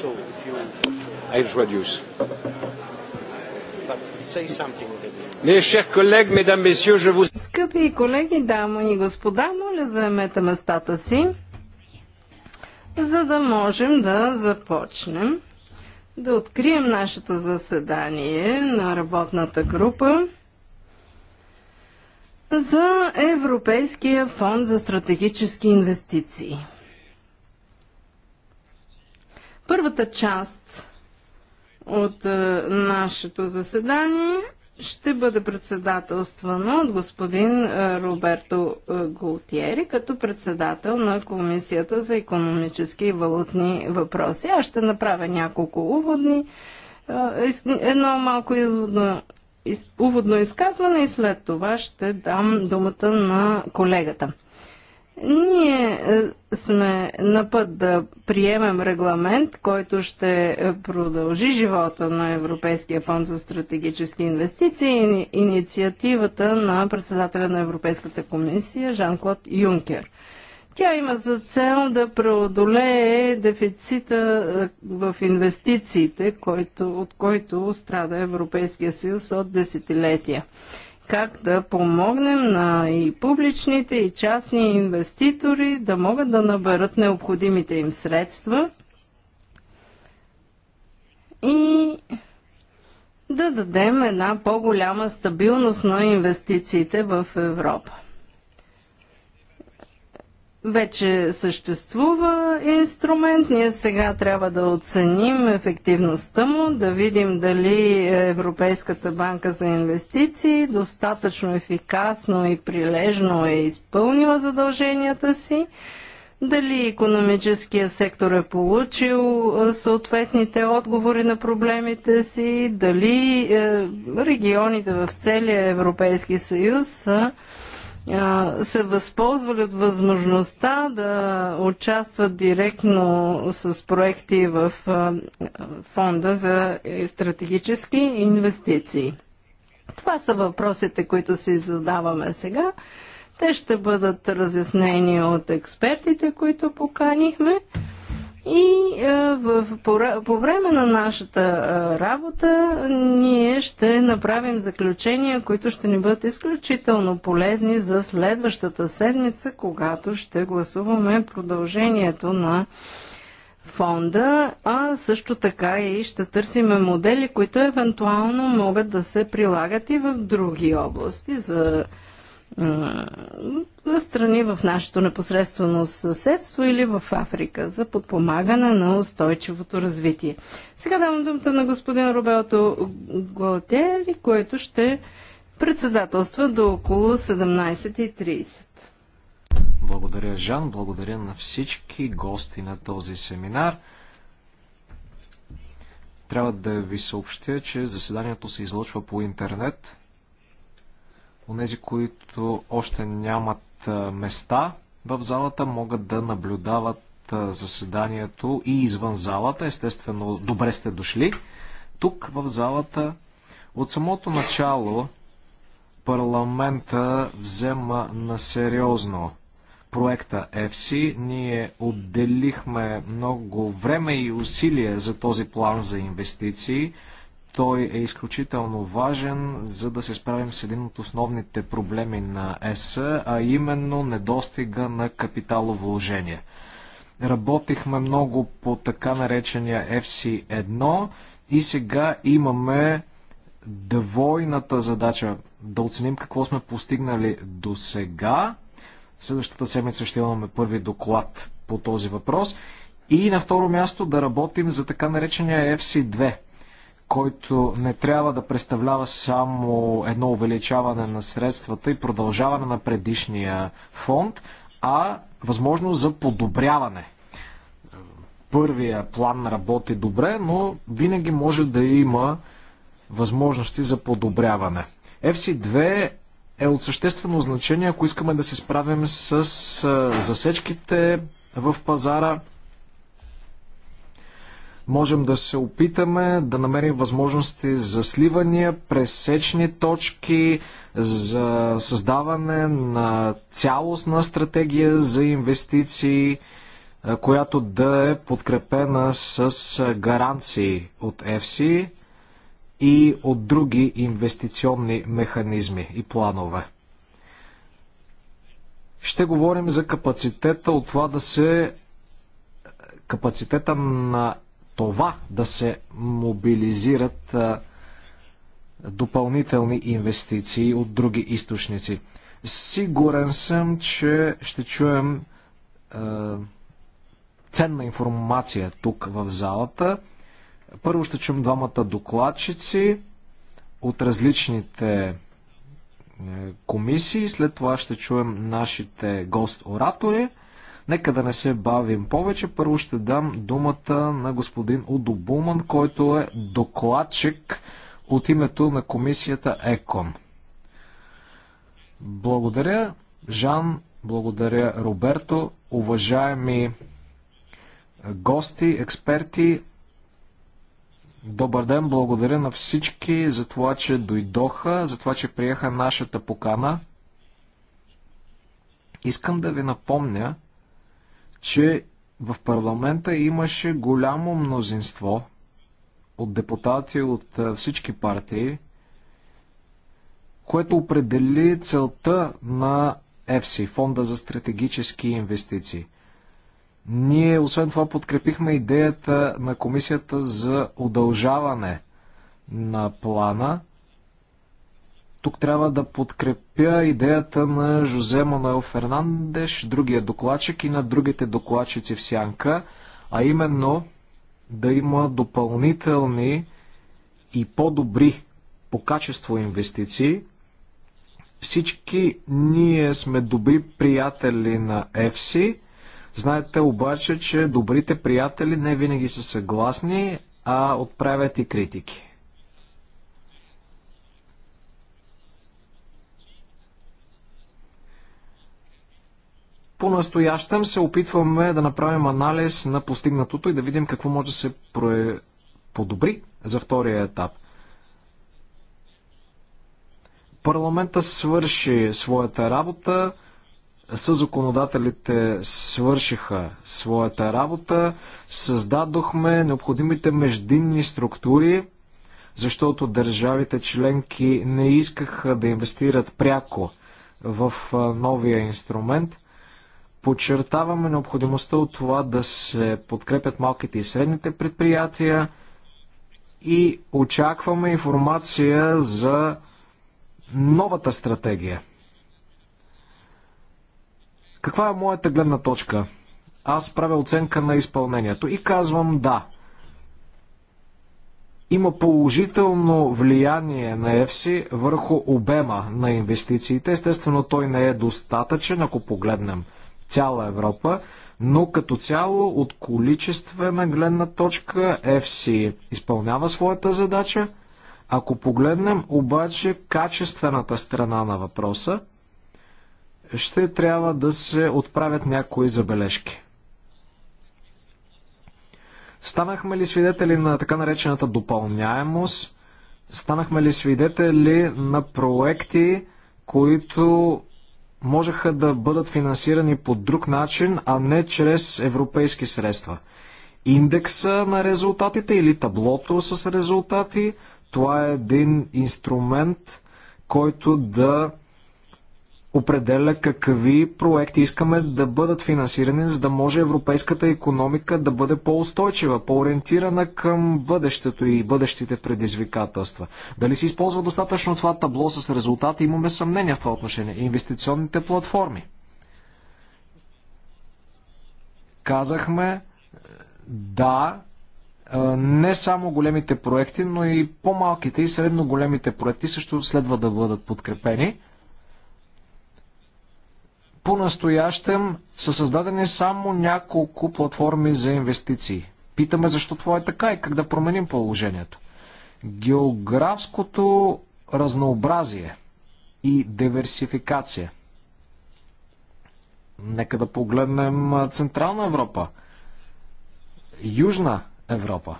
So if you... I introduce. je vous... Скъпи колеги, дами и господа, моля заемете местата си, за да можем да започнем да открием нашето заседание на работната група за Европейския фонд за стратегически инвестиции. Първата част от е, нашето заседание ще бъде председателствано от господин е, Роберто е, Голтиери като председател на Комисията за економически и валутни въпроси. Аз ще направя няколко уводни, едно малко изводно, уводно изказване и след това ще дам думата на колегата. Ние е, сме на път да приемем регламент, който ще е, продължи живота на Европейския фонд за стратегически инвестиции и инициативата на председателя на Европейската комисия Жан-Клод Юнкер. Тя има за цел да преодолее дефицита е, в инвестициите, който, от който страда Европейския съюз от десетилетия как да помогнем на и публичните, и частни инвеститори да могат да наберат необходимите им средства и да дадем една по-голяма стабилност на инвестициите в Европа вече съществува инструмент. Ние сега трябва да оценим ефективността му, да видим дали Европейската банка за инвестиции достатъчно ефикасно и прилежно е изпълнила задълженията си, дали економическия сектор е получил съответните отговори на проблемите си, дали е, регионите в целия Европейски съюз са се възползвали от възможността да участват директно с проекти в фонда за стратегически инвестиции. Това са въпросите, които си задаваме сега. Те ще бъдат разяснени от експертите, които поканихме. И е, в, по, по време на нашата е, работа ние ще направим заключения, които ще ни бъдат изключително полезни за следващата седмица, когато ще гласуваме продължението на фонда, а също така и ще търсиме модели, които евентуално могат да се прилагат и в други области за за страни в нашето непосредствено съседство или в Африка за подпомагане на устойчивото развитие. Сега давам думата на господин Робелто Голтери, който ще председателства до около 17.30. Благодаря, Жан. Благодаря на всички гости на този семинар. Трябва да ви съобщя, че заседанието се излъчва по интернет – Онези, които още нямат места в залата, могат да наблюдават заседанието и извън залата. Естествено, добре сте дошли. Тук в залата от самото начало парламента взема на сериозно проекта FC. Ние отделихме много време и усилия за този план за инвестиции. Той е изключително важен, за да се справим с един от основните проблеми на ЕС, а именно недостига на капиталовложение. Работихме много по така наречения FC1 и сега имаме двойната задача да оценим какво сме постигнали до сега. Следващата седмица ще имаме първи доклад по този въпрос. И на второ място да работим за така наречения FC2 който не трябва да представлява само едно увеличаване на средствата и продължаване на предишния фонд, а възможност за подобряване. Първия план работи добре, но винаги може да има възможности за подобряване. FC2 е от съществено значение, ако искаме да се справим с засечките в пазара, Можем да се опитаме да намерим възможности за сливания, пресечни точки, за създаване на цялостна стратегия за инвестиции, която да е подкрепена с гаранции от FC и от други инвестиционни механизми и планове. Ще говорим за капацитета от това да се капацитета на това да се мобилизират допълнителни инвестиции от други източници. Сигурен съм, че ще чуем е, ценна информация тук в залата. Първо ще чуем двамата докладчици от различните е, комисии, след това ще чуем нашите гост-оратори Нека да не се бавим повече. Първо ще дам думата на господин Удобуман, който е докладчик от името на комисията ЕКОН. Благодаря, Жан, благодаря, Роберто, уважаеми гости, експерти. Добър ден, благодаря на всички за това, че дойдоха, за това, че приеха нашата покана. Искам да ви напомня, че в парламента имаше голямо мнозинство от депутати от всички партии, което определи целта на ЕФСИ, Фонда за стратегически инвестиции. Ние, освен това, подкрепихме идеята на комисията за удължаване на плана. Тук трябва да подкрепя идеята на Жозе Мануел Фернандеш, другия докладчик и на другите докладчици в Сянка, а именно да има допълнителни и по-добри по качество инвестиции. Всички ние сме добри приятели на FC, Знаете обаче, че добрите приятели не винаги са съгласни, а отправят и критики. По-настоящем се опитваме да направим анализ на постигнатото и да видим какво може да се подобри за втория етап. Парламента свърши своята работа, съзаконодателите свършиха своята работа, създадохме необходимите междинни структури, защото държавите членки не искаха да инвестират пряко в новия инструмент – Подчертаваме необходимостта от това да се подкрепят малките и средните предприятия и очакваме информация за новата стратегия. Каква е моята гледна точка? Аз правя оценка на изпълнението и казвам да. Има положително влияние на Ефси върху обема на инвестициите. Естествено, той не е достатъчен, ако погледнем цяла Европа, но като цяло от количествена гледна точка FC изпълнява своята задача. Ако погледнем обаче качествената страна на въпроса, ще трябва да се отправят някои забележки. Станахме ли свидетели на така наречената допълняемост? Станахме ли свидетели на проекти, които можеха да бъдат финансирани по друг начин, а не чрез европейски средства. Индекса на резултатите или таблото с резултати, това е един инструмент, който да определя какви проекти искаме да бъдат финансирани, за да може европейската економика да бъде по-устойчива, по-ориентирана към бъдещето и бъдещите предизвикателства. Дали се използва достатъчно това табло с резултати, имаме съмнение в това отношение. Инвестиционните платформи. Казахме, да, не само големите проекти, но и по-малките и средно големите проекти също следва да бъдат подкрепени. По-настоящем са създадени само няколко платформи за инвестиции. Питаме защо това е така и как да променим положението. Географското разнообразие и диверсификация. Нека да погледнем Централна Европа, Южна Европа.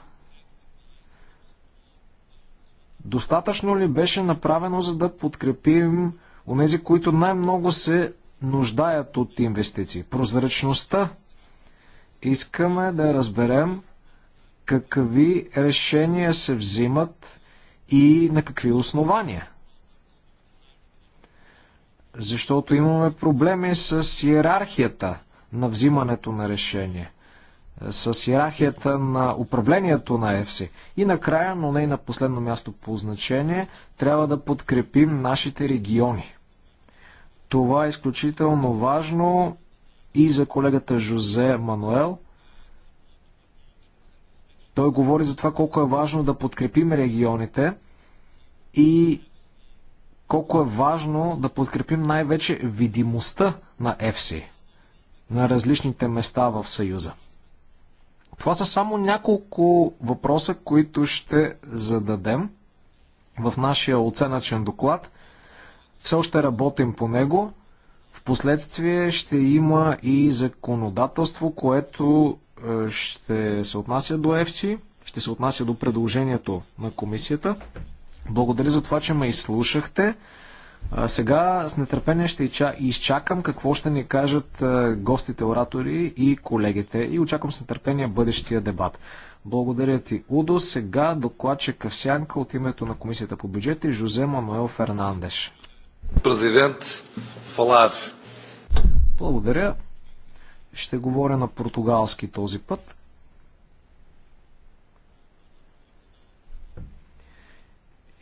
Достатъчно ли беше направено, за да подкрепим нези, които най-много се нуждаят от инвестиции. Прозрачността искаме да разберем какви решения се взимат и на какви основания. Защото имаме проблеми с иерархията на взимането на решение, с иерархията на управлението на ЕФСИ. И накрая, но не и на последно място по значение, трябва да подкрепим нашите региони. Това е изключително важно и за колегата Жозе Мануел. Той говори за това колко е важно да подкрепим регионите и колко е важно да подкрепим най-вече видимостта на ЕФСИ на различните места в Съюза. Това са само няколко въпроса, които ще зададем в нашия оценъчен доклад. Все още работим по него. В последствие ще има и законодателство, което е, ще се отнася до ЕФСИ, ще се отнася до предложението на комисията. Благодаря за това, че ме изслушахте. Е, сега с нетърпение ще изчакам какво ще ни кажат е, гостите оратори и колегите и очаквам с нетърпение бъдещия дебат. Благодаря ти, Удо. Сега докладче Кавсянка от името на Комисията по бюджет и Жозе Мануел Фернандеш. Президент, фалар. Благодаря. Ще говоря на португалски този път.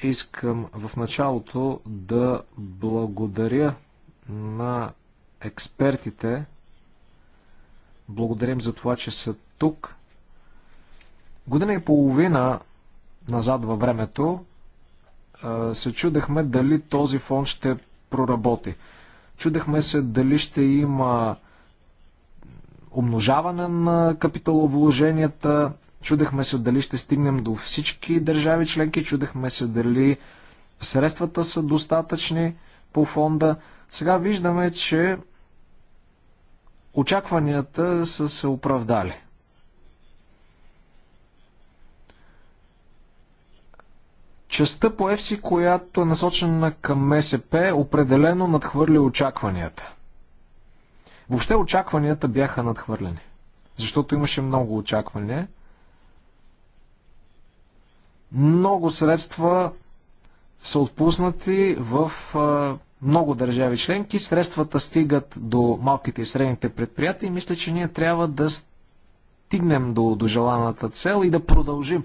Искам в началото да благодаря на експертите. Благодарим за това, че са тук. Година и половина назад във времето се чудехме дали този фонд ще проработи. Чудехме се дали ще има умножаване на капиталовложенията, чудехме се дали ще стигнем до всички държави членки, чудехме се дали средствата са достатъчни по фонда. Сега виждаме, че очакванията са се оправдали. Частта по ЕФСИ, която е насочена към МСП, определено надхвърля очакванията. Въобще очакванията бяха надхвърлени, защото имаше много очаквания. Много средства са отпуснати в много държави членки. Средствата стигат до малките и средните предприятия и мисля, че ние трябва да стигнем до, до желаната цел и да продължим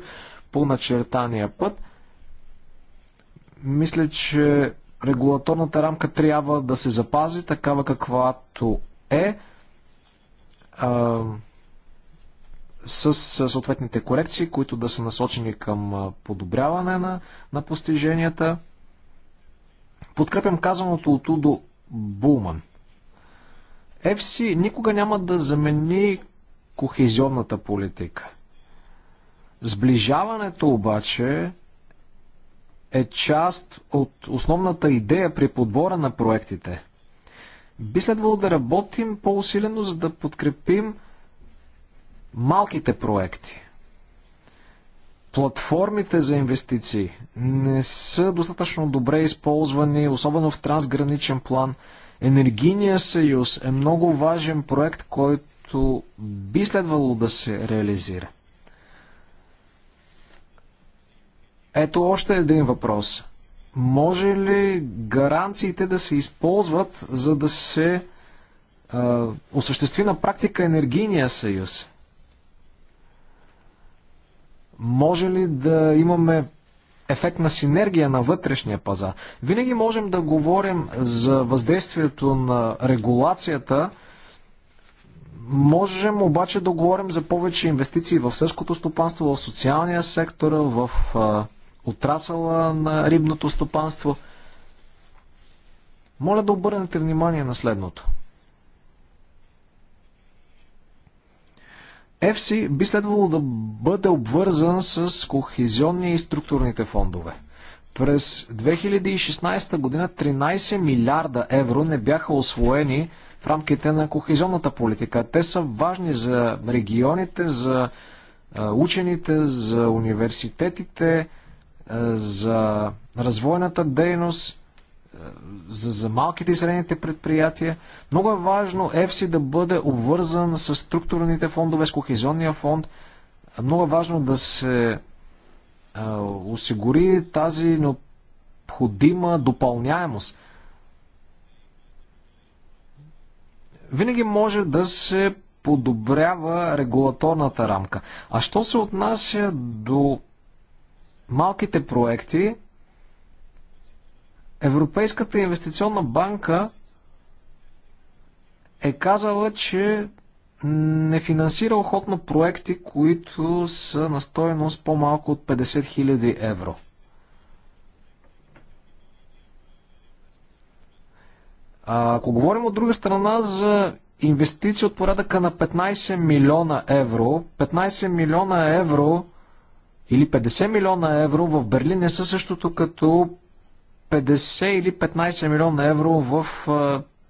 по начертания път – мисля, че регулаторната рамка трябва да се запази такава каквато е а, с съответните корекции, които да са насочени към подобряване на, на постиженията. Подкрепям казаното от Удо Булман. FC никога няма да замени кохезионната политика. Сближаването обаче е част от основната идея при подбора на проектите. Би следвало да работим по-усилено, за да подкрепим малките проекти. Платформите за инвестиции не са достатъчно добре използвани, особено в трансграничен план. Енергийния съюз е много важен проект, който би следвало да се реализира. Ето още един въпрос. Може ли гаранциите да се използват, за да се а, осъществи на практика енергийния съюз? Може ли да имаме ефект на синергия на вътрешния пазар? Винаги можем да говорим за въздействието на регулацията, Можем обаче да говорим за повече инвестиции в сърското стопанство, в социалния сектор, в отрасъла на рибното стопанство. Моля да обърнете внимание на следното. ЕФСИ би следвало да бъде обвързан с кохезионни и структурните фондове. През 2016 година 13 милиарда евро не бяха освоени в рамките на кохезионната политика. Те са важни за регионите, за учените, за университетите, е, за развойната дейност, е, за, за малките и средните предприятия. Много е важно ЕФСИ да бъде обвързан с структурните фондове, с кохезионния фонд. Много е важно да се а, е, осигури тази необходима допълняемост. Винаги може да се подобрява регулаторната рамка. А що се отнася до малките проекти, Европейската инвестиционна банка е казала, че не финансира охотно проекти, които са на стоеност по-малко от 50 000 евро. А, ако говорим от друга страна за инвестиции от порядъка на 15 милиона евро, 15 милиона евро или 50 милиона евро в Берлин не са същото като 50 или 15 милиона евро в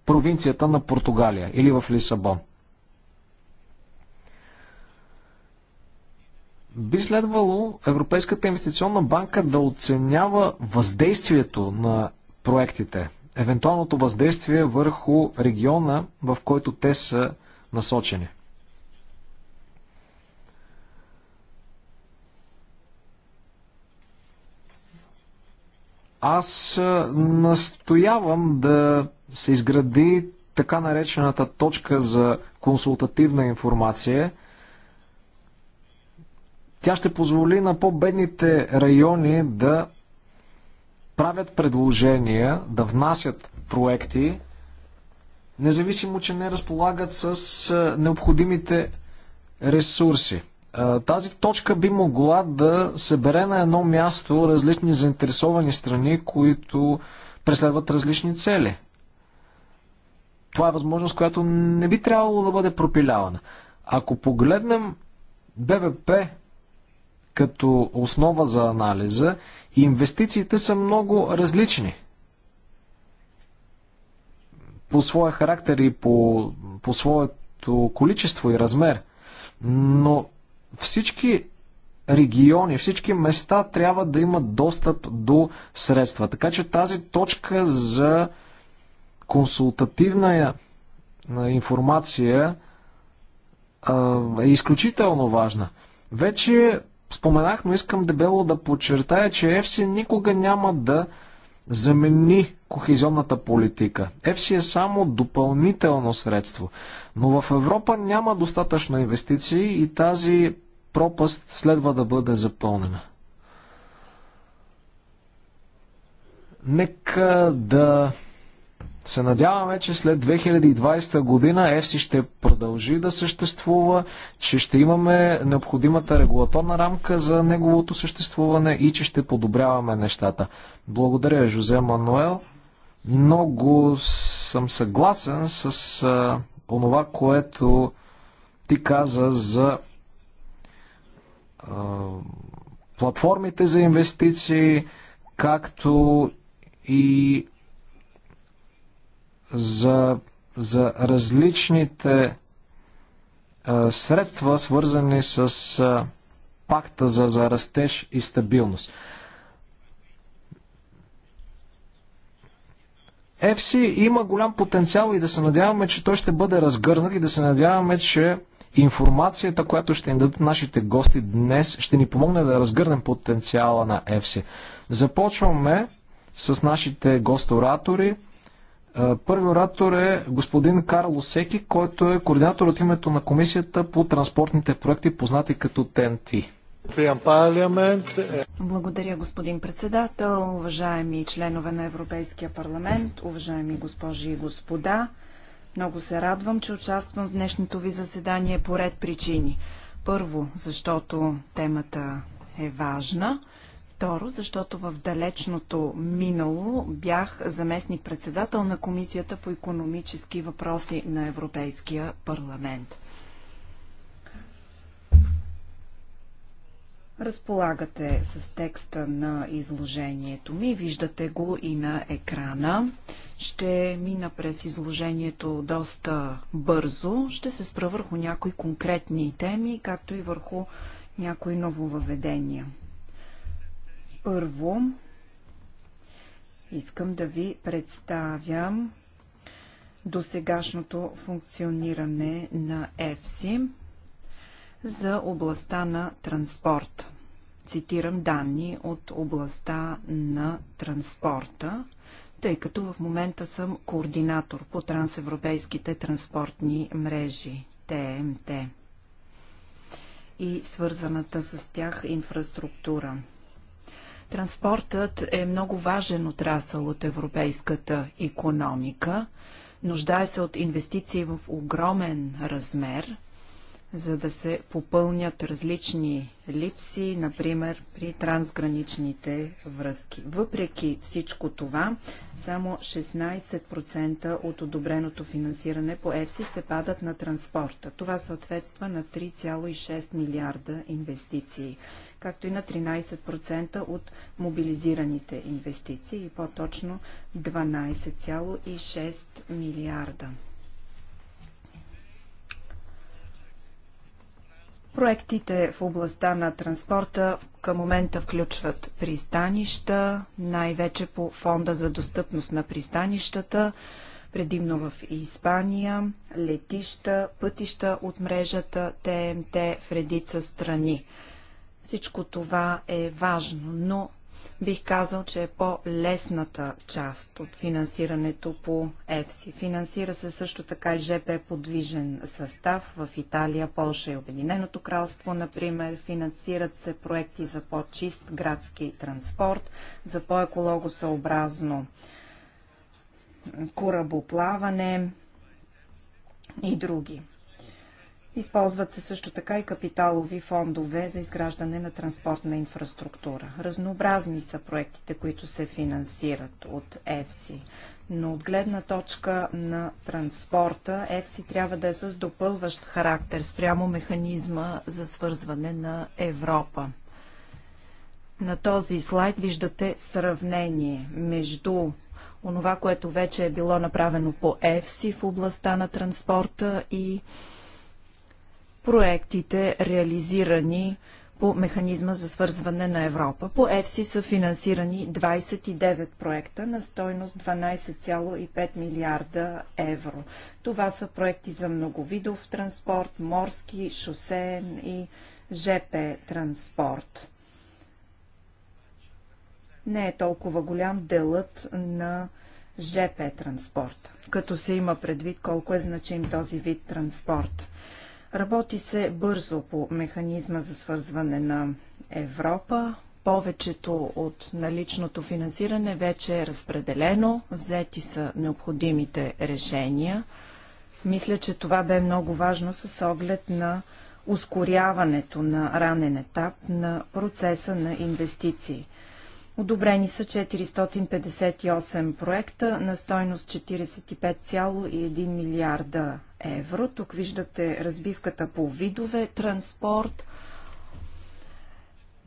провинцията на Португалия или в Лисабон. би следвало Европейската инвестиционна банка да оценява въздействието на проектите, евентуалното въздействие върху региона, в който те са насочени. Аз настоявам да се изгради така наречената точка за консултативна информация. Тя ще позволи на по-бедните райони да правят предложения, да внасят проекти, независимо, че не разполагат с необходимите ресурси. Тази точка би могла да събере на едно място различни заинтересовани страни, които преследват различни цели. Това е възможност, която не би трябвало да бъде пропилявана. Ако погледнем БВП като основа за анализа, инвестициите са много различни по своя характер и по, по своето количество и размер. Но всички региони, всички места трябва да имат достъп до средства. Така че тази точка за консултативна е, информация е изключително важна. Вече споменах, но искам дебело да подчертая, че ЕФСИ никога няма да замени кохезионната политика. ЕФСИ е само допълнително средство. Но в Европа няма достатъчно инвестиции и тази пропаст следва да бъде запълнена. Нека да се надяваме, че след 2020 година ЕФСИ ще продължи да съществува, че ще имаме необходимата регулаторна рамка за неговото съществуване и че ще подобряваме нещата. Благодаря, Жозе Мануел. Много съм съгласен с а, онова, което ти каза за а, платформите за инвестиции, както и за, за различните а, средства, свързани с а, пакта за, за растеж и стабилност. FC има голям потенциал и да се надяваме, че той ще бъде разгърнат и да се надяваме, че информацията, която ще ни дадат нашите гости днес, ще ни помогне да разгърнем потенциала на FC. Започваме с нашите госторатори. Е, първи оратор е господин Карло Секи, който е координатор от името на Комисията по транспортните проекти, познати като ТНТ. Благодаря, господин председател, уважаеми членове на Европейския парламент, уважаеми госпожи и господа. Много се радвам, че участвам в днешното ви заседание по ред причини. Първо, защото темата е важна. Второ, защото в далечното минало бях заместник-председател на Комисията по економически въпроси на Европейския парламент. Разполагате с текста на изложението ми, виждате го и на екрана. Ще мина през изложението доста бързо, ще се спра върху някои конкретни теми, както и върху някои нововъведения. Първо, искам да ви представя досегашното функциониране на ЕФСИ за областта на транспорт. Цитирам данни от областта на транспорта, тъй като в момента съм координатор по трансевропейските транспортни мрежи ТМТ и свързаната с тях инфраструктура. Транспортът е много важен отрасъл от европейската економика. Нуждае се от инвестиции в огромен размер, за да се попълнят различни липси, например при трансграничните връзки. Въпреки всичко това, само 16% от одобреното финансиране по ЕФСИ се падат на транспорта. Това съответства на 3,6 милиарда инвестиции както и на 13% от мобилизираните инвестиции и по-точно 12,6 милиарда. Проектите в областта на транспорта към момента включват пристанища, най-вече по фонда за достъпност на пристанищата, предимно в Испания, летища, пътища от мрежата ТМТ в редица страни. Всичко това е важно, но бих казал, че е по-лесната част от финансирането по ЕФСИ. Финансира се също така и ЖП подвижен състав в Италия, Полша и Обединеното кралство, например. Финансират се проекти за по-чист градски транспорт, за по-екологосъобразно корабоплаване и други. Използват се също така и капиталови фондове за изграждане на транспортна инфраструктура. Разнообразни са проектите, които се финансират от ЕФСИ. Но от гледна точка на транспорта, ЕФСИ трябва да е с допълващ характер спрямо механизма за свързване на Европа. На този слайд виждате сравнение между онова, което вече е било направено по ЕФСИ в областта на транспорта и проектите реализирани по механизма за свързване на Европа. По ЕФСИ са финансирани 29 проекта на стойност 12,5 милиарда евро. Това са проекти за многовидов транспорт, морски, шосеен и ЖП транспорт. Не е толкова голям делът на ЖП транспорт, като се има предвид колко е значим този вид транспорт. Работи се бързо по механизма за свързване на Европа. Повечето от наличното финансиране вече е разпределено, взети са необходимите решения. Мисля, че това бе много важно с оглед на ускоряването на ранен етап на процеса на инвестиции. Одобрени са 458 проекта на стойност 45,1 милиарда евро. Тук виждате разбивката по видове транспорт.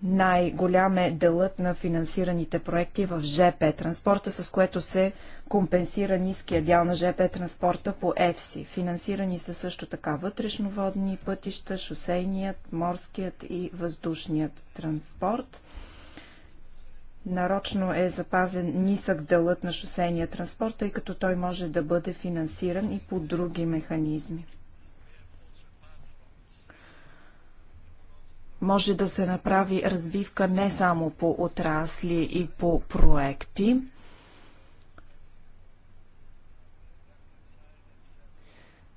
Най-голям е делът на финансираните проекти в ЖП транспорта, с което се компенсира ниския дял на ЖП транспорта по ЕФСИ. Финансирани са също така вътрешноводни пътища, шосейният, морският и въздушният транспорт нарочно е запазен нисък дълът на шосейния транспорт, тъй като той може да бъде финансиран и по други механизми. Може да се направи разбивка не само по отрасли и по проекти.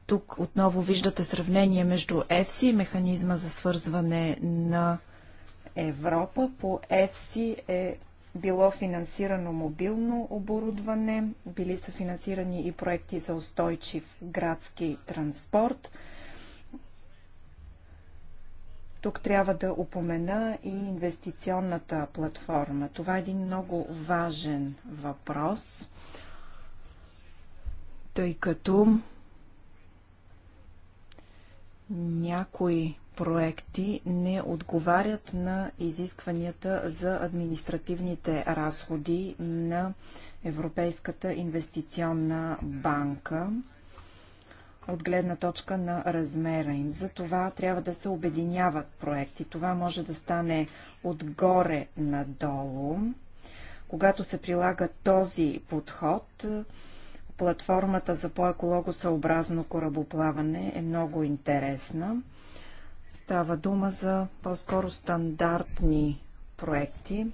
Тук отново виждате сравнение между ЕФСИ и механизма за свързване на Европа. По ЕФСИ е било финансирано мобилно оборудване, били са финансирани и проекти за устойчив градски транспорт. Тук трябва да упомена и инвестиционната платформа. Това е един много важен въпрос, тъй като някои проекти не отговарят на изискванията за административните разходи на Европейската инвестиционна банка от гледна точка на размера им. За това трябва да се обединяват проекти. Това може да стане отгоре надолу. Когато се прилага този подход, платформата за по-екологосъобразно корабоплаване е много интересна. Става дума за по-скоро стандартни проекти.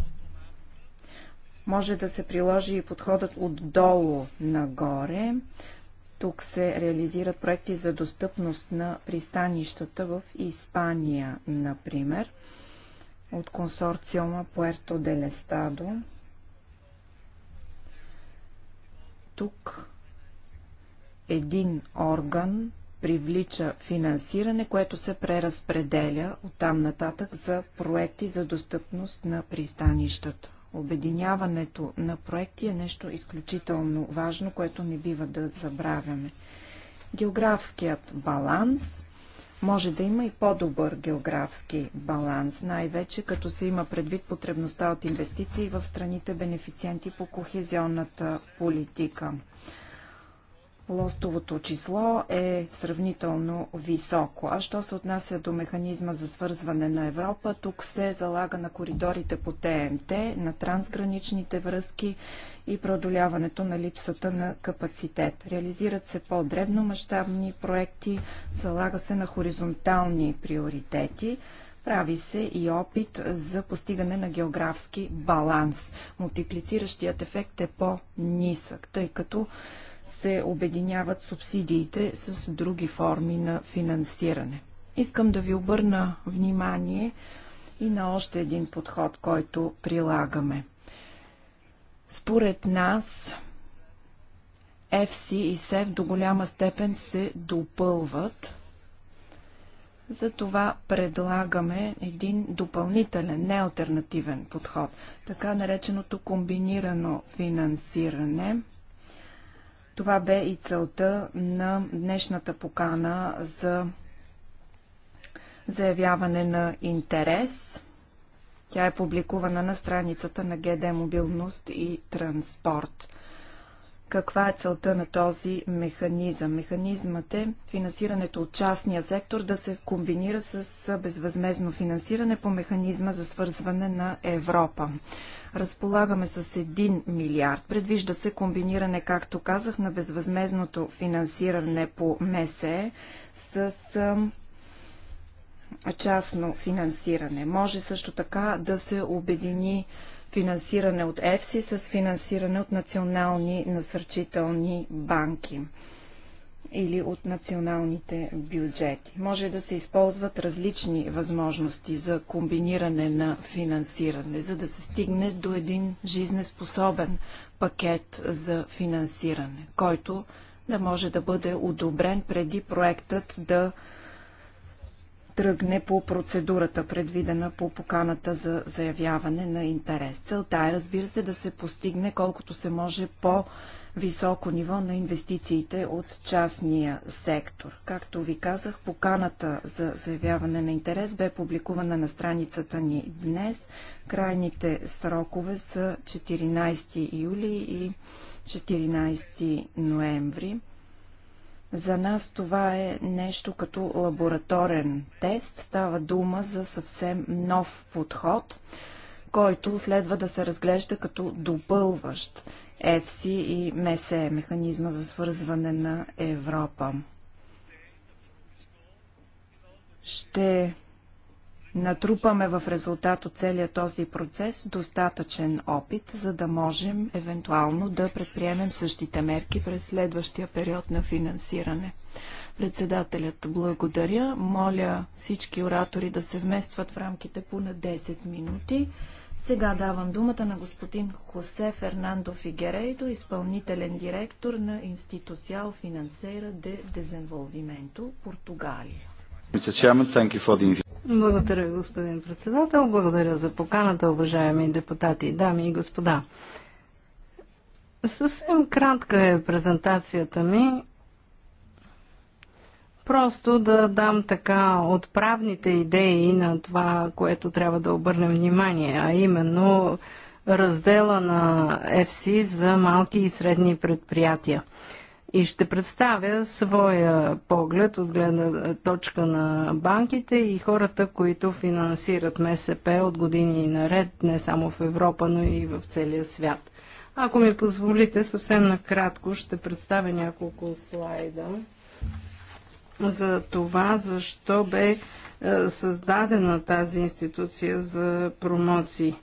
Може да се приложи и подходът отдолу нагоре. Тук се реализират проекти за достъпност на пристанищата в Испания, например, от консорциума Puerto del Estado. Тук един орган привлича финансиране, което се преразпределя от там нататък за проекти за достъпност на пристанищата. Обединяването на проекти е нещо изключително важно, което не бива да забравяме. Географският баланс може да има и по-добър географски баланс, най-вече като се има предвид потребността от инвестиции в страните бенефициенти по кохезионната политика лостовото число е сравнително високо. А що се отнася до механизма за свързване на Европа, тук се залага на коридорите по ТНТ, на трансграничните връзки и продоляването на липсата на капацитет. Реализират се по мащабни проекти, залага се на хоризонтални приоритети прави се и опит за постигане на географски баланс. Мултиплициращият ефект е по-нисък, тъй като се обединяват субсидиите с други форми на финансиране. Искам да ви обърна внимание и на още един подход, който прилагаме. Според нас FC и СЕФ до голяма степен се допълват. Затова предлагаме един допълнителен, неалтернативен подход, така нареченото комбинирано финансиране – това бе и целта на днешната покана за заявяване на интерес. Тя е публикувана на страницата на ГД Мобилност и Транспорт каква е целта на този механизъм. Механизмът е финансирането от частния сектор да се комбинира с безвъзмезно финансиране по механизма за свързване на Европа. Разполагаме с 1 милиард. Предвижда се комбиниране, както казах, на безвъзмезното финансиране по МСЕ с частно финансиране. Може също така да се обедини финансиране от ЕФСИ с финансиране от национални насърчителни банки или от националните бюджети. Може да се използват различни възможности за комбиниране на финансиране, за да се стигне до един жизнеспособен пакет за финансиране, който да може да бъде одобрен преди проектът да тръгне по процедурата, предвидена по поканата за заявяване на интерес. Целта е, разбира се, да се постигне колкото се може по- високо ниво на инвестициите от частния сектор. Както ви казах, поканата за заявяване на интерес бе публикувана на страницата ни днес. Крайните срокове са 14 юли и 14 ноември. За нас това е нещо като лабораторен тест. Става дума за съвсем нов подход, който следва да се разглежда като допълващ ЕФСИ и МСЕ, механизма за свързване на Европа. Ще натрупаме в резултат от целият този процес достатъчен опит, за да можем евентуално да предприемем същите мерки през следващия период на финансиране. Председателят благодаря. Моля всички оратори да се вместват в рамките по на 10 минути. Сега давам думата на господин Хосе Фернандо Фигерейдо, изпълнителен директор на Институциал Финансера де Дезенволвименто, Португалия. Благодаря, господин председател. Благодаря за поканата, уважаеми депутати, дами и господа. Съвсем кратка е презентацията ми. Просто да дам така отправните идеи на това, което трябва да обърнем внимание, а именно раздела на FC за малки и средни предприятия. И ще представя своя поглед от гледна точка на банките и хората, които финансират МСП от години наред, не само в Европа, но и в целия свят. Ако ми позволите, съвсем накратко ще представя няколко слайда за това, защо бе е, създадена тази институция за промоции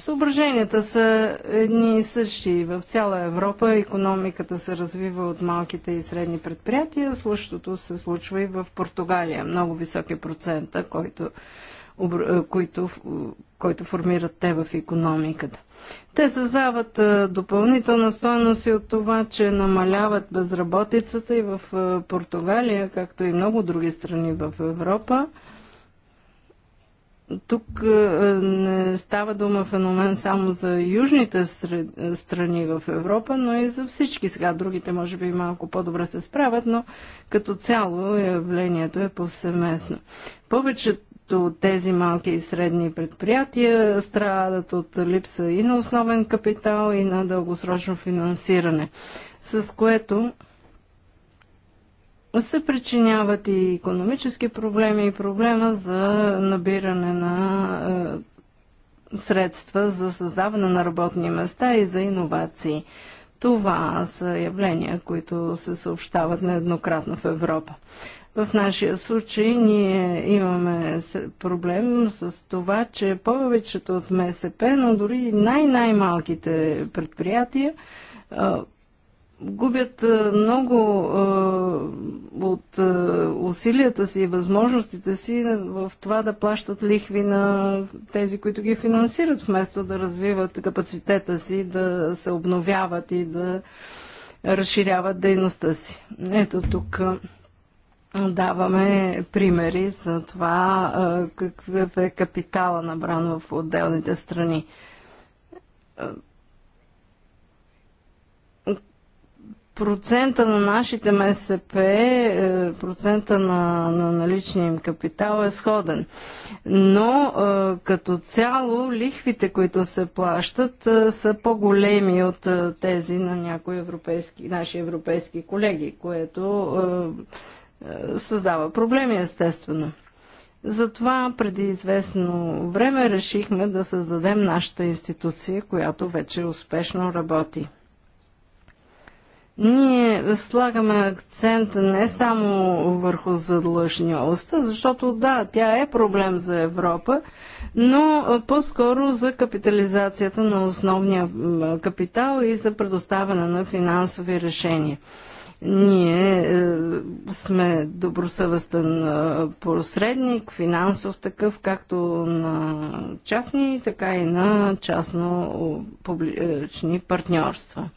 Съображенията са едни и същи. В цяла Европа економиката се развива от малките и средни предприятия. Същото се случва и в Португалия. Много високи е процента, който, е, който, който формират те в економиката. Те създават е, допълнителна стоеност и от това, че намаляват безработицата и в Португалия, както и много други страни в Европа тук е, не става дума феномен само за южните е, страни в Европа, но и за всички. Сега другите може би малко по-добре се справят, но като цяло явлението е повсеместно. Повечето от тези малки и средни предприятия страдат от липса и на основен капитал, и на дългосрочно финансиране, с което се причиняват и економически проблеми и проблема за набиране на е, средства за създаване на работни места и за иновации. Това са явления, които се съобщават нееднократно в Европа. В нашия случай ние имаме проблем с това, че повечето от МСП, но дори най-най-малките предприятия е, губят много от усилията си и възможностите си в това да плащат лихви на тези, които ги финансират, вместо да развиват капацитета си, да се обновяват и да разширяват дейността си. Ето тук даваме примери за това е, какъв е капитала набран в отделните страни процента на нашите МСП, е, процента на, на наличния им капитал е сходен. Но е, като цяло лихвите, които се плащат, е, са по-големи от тези на някои европейски, наши европейски колеги, което създава проблеми естествено. Затова преди известно време решихме да създадем нашата институция, която вече успешно работи. Ние слагаме акцент не само върху задлъжнялостта, защото да, тя е проблем за Европа, но по-скоро за капитализацията на основния капитал и за предоставяне на финансови решения ние е, сме добросъвестен посредник, финансов такъв, както на частни, така и на частно-публични партньорства.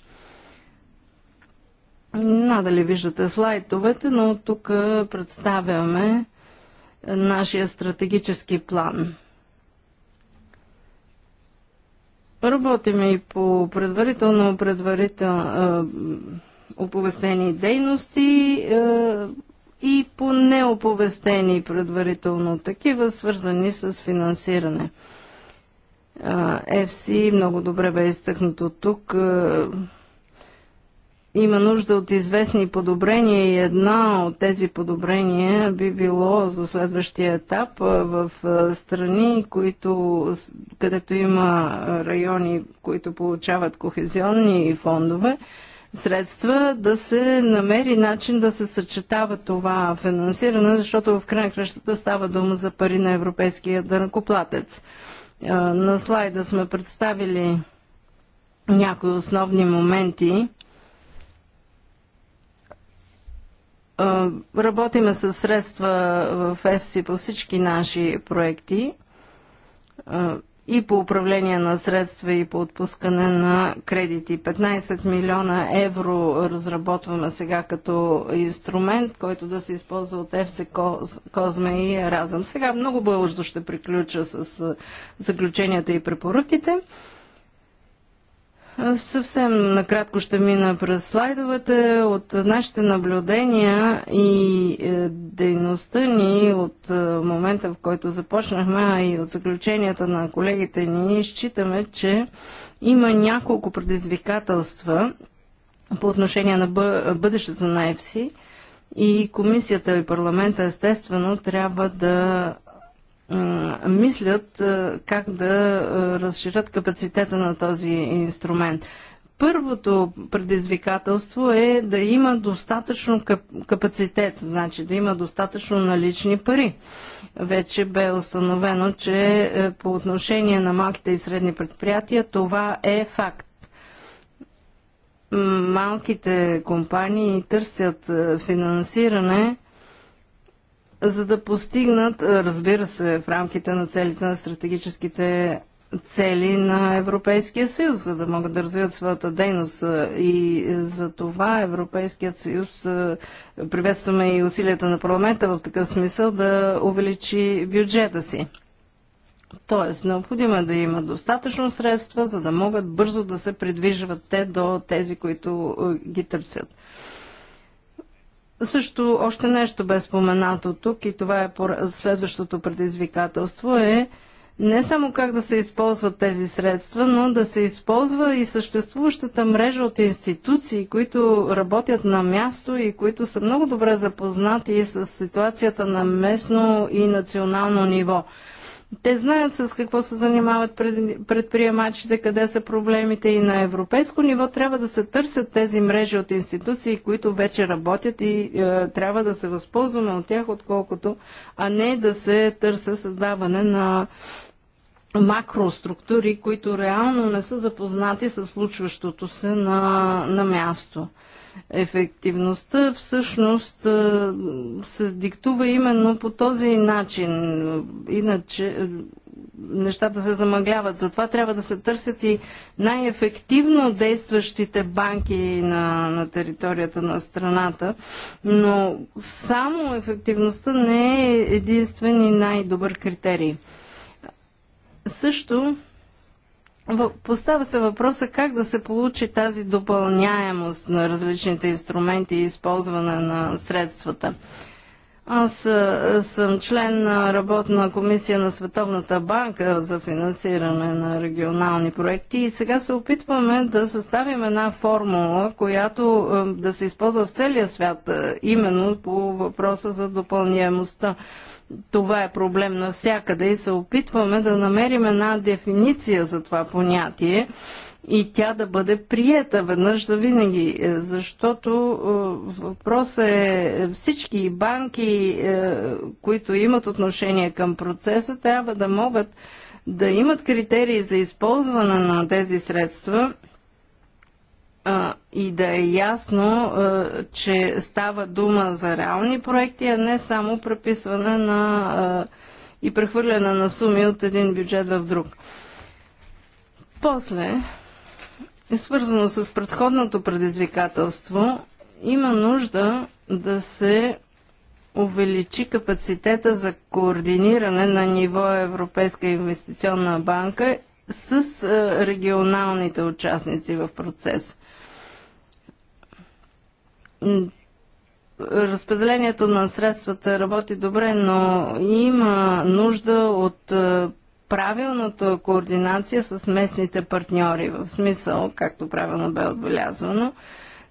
Надали виждате слайдовете, но тук представяме нашия стратегически план. Работим и по предварително предварител, оповестени дейности и по неоповестени предварително такива, свързани с финансиране. ФСИ много добре бе изтъкнато тук има нужда от известни подобрения и една от тези подобрения би било за следващия етап в страни, които, където има райони, които получават кохезионни фондове, средства, да се намери начин да се съчетава това финансиране, защото в край на кръщата става дума за пари на европейския дънакоплатец. На слайда сме представили някои основни моменти, Работиме с средства в ЕФСИ по всички наши проекти и по управление на средства и по отпускане на кредити. 15 милиона евро разработваме сега като инструмент, който да се използва от ФС Козме и Еразъм. Сега много бълждо ще приключа с заключенията и препоръките. Съвсем накратко ще мина през слайдовете. От нашите наблюдения и е, дейността ни от е, момента, в който започнахме, а и от заключенията на колегите ни, считаме, че има няколко предизвикателства по отношение на бъдещето на ЕФСИ и комисията и парламента естествено трябва да мислят как да разширят капацитета на този инструмент. Първото предизвикателство е да има достатъчно капацитет, значи да има достатъчно налични пари. Вече бе установено, че е, по отношение на малките и средни предприятия това е факт малките компании търсят е, финансиране за да постигнат, е, разбира се, в рамките на целите на стратегическите цели на Европейския съюз, за да могат да развиват своята дейност. Е, и е, за това Европейският съюз приветстваме и усилията на парламента в такъв смисъл да увеличи бюджета си. Тоест, необходимо е да има достатъчно средства, за да могат бързо да се придвижват те до тези, които ги търсят. Също още нещо бе споменато тук и това е следващото предизвикателство е не само как да се използват тези средства, но да се използва и съществуващата мрежа от институции, които работят на място и които са много добре запознати с ситуацията на местно и национално ниво. Те знаят с какво се занимават предприемачите, къде са проблемите и на европейско ниво трябва да се търсят тези мрежи от институции, които вече работят и е, трябва да се възползваме от тях, отколкото, а не да се търся създаване на макроструктури, които реално не са запознати с случващото се на, на място ефективността всъщност се диктува именно по този начин. Иначе нещата се замъгляват. Затова трябва да се търсят и най-ефективно действащите банки на, на територията на страната. Но само ефективността не е единствен и най-добър критерий. Също Постава се въпроса как да се получи тази допълняемост на различните инструменти и използване на средствата. Аз съм член на работна комисия на Световната банка за финансиране на регионални проекти и сега се опитваме да съставим една формула, която да се използва в целия свят, именно по въпроса за допълняемостта това е проблем навсякъде и се опитваме да намерим една дефиниция за това понятие и тя да бъде приета веднъж за винаги, е, защото е, въпросът е всички банки, е, които имат отношение към процеса, трябва да могат да имат критерии за използване на тези средства – а, и да е ясно, а, че става дума за реални проекти, а не само преписване на а, и прехвърляне на суми от един бюджет в друг. После, свързано с предходното предизвикателство, има нужда да се увеличи капацитета за координиране на ниво Европейска инвестиционна банка с регионалните участници в процеса разпределението на средствата работи добре, но има нужда от е, правилната координация с местните партньори, в смисъл, както правилно бе отбелязано,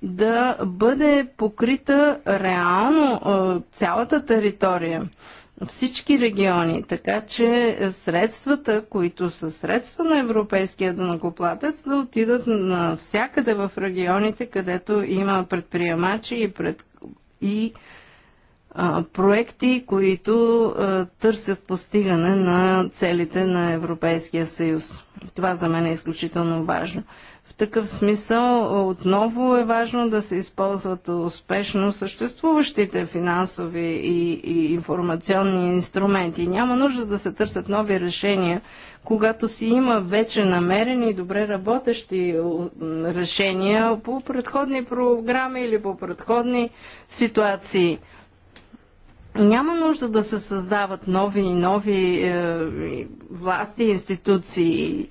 да бъде покрита реално е, цялата територия всички региони. Така че средствата, които са средства на европейския данакоплатец, да отидат навсякъде в регионите, където има предприемачи и, пред... и а, проекти, които а, търсят постигане на целите на Европейския съюз. Това за мен е изключително важно такъв смисъл отново е важно да се използват успешно съществуващите финансови и, и информационни инструменти. Няма нужда да се търсят нови решения, когато си има вече намерени и добре работещи решения по предходни програми или по предходни ситуации. Няма нужда да се създават нови и нови е, власти, институции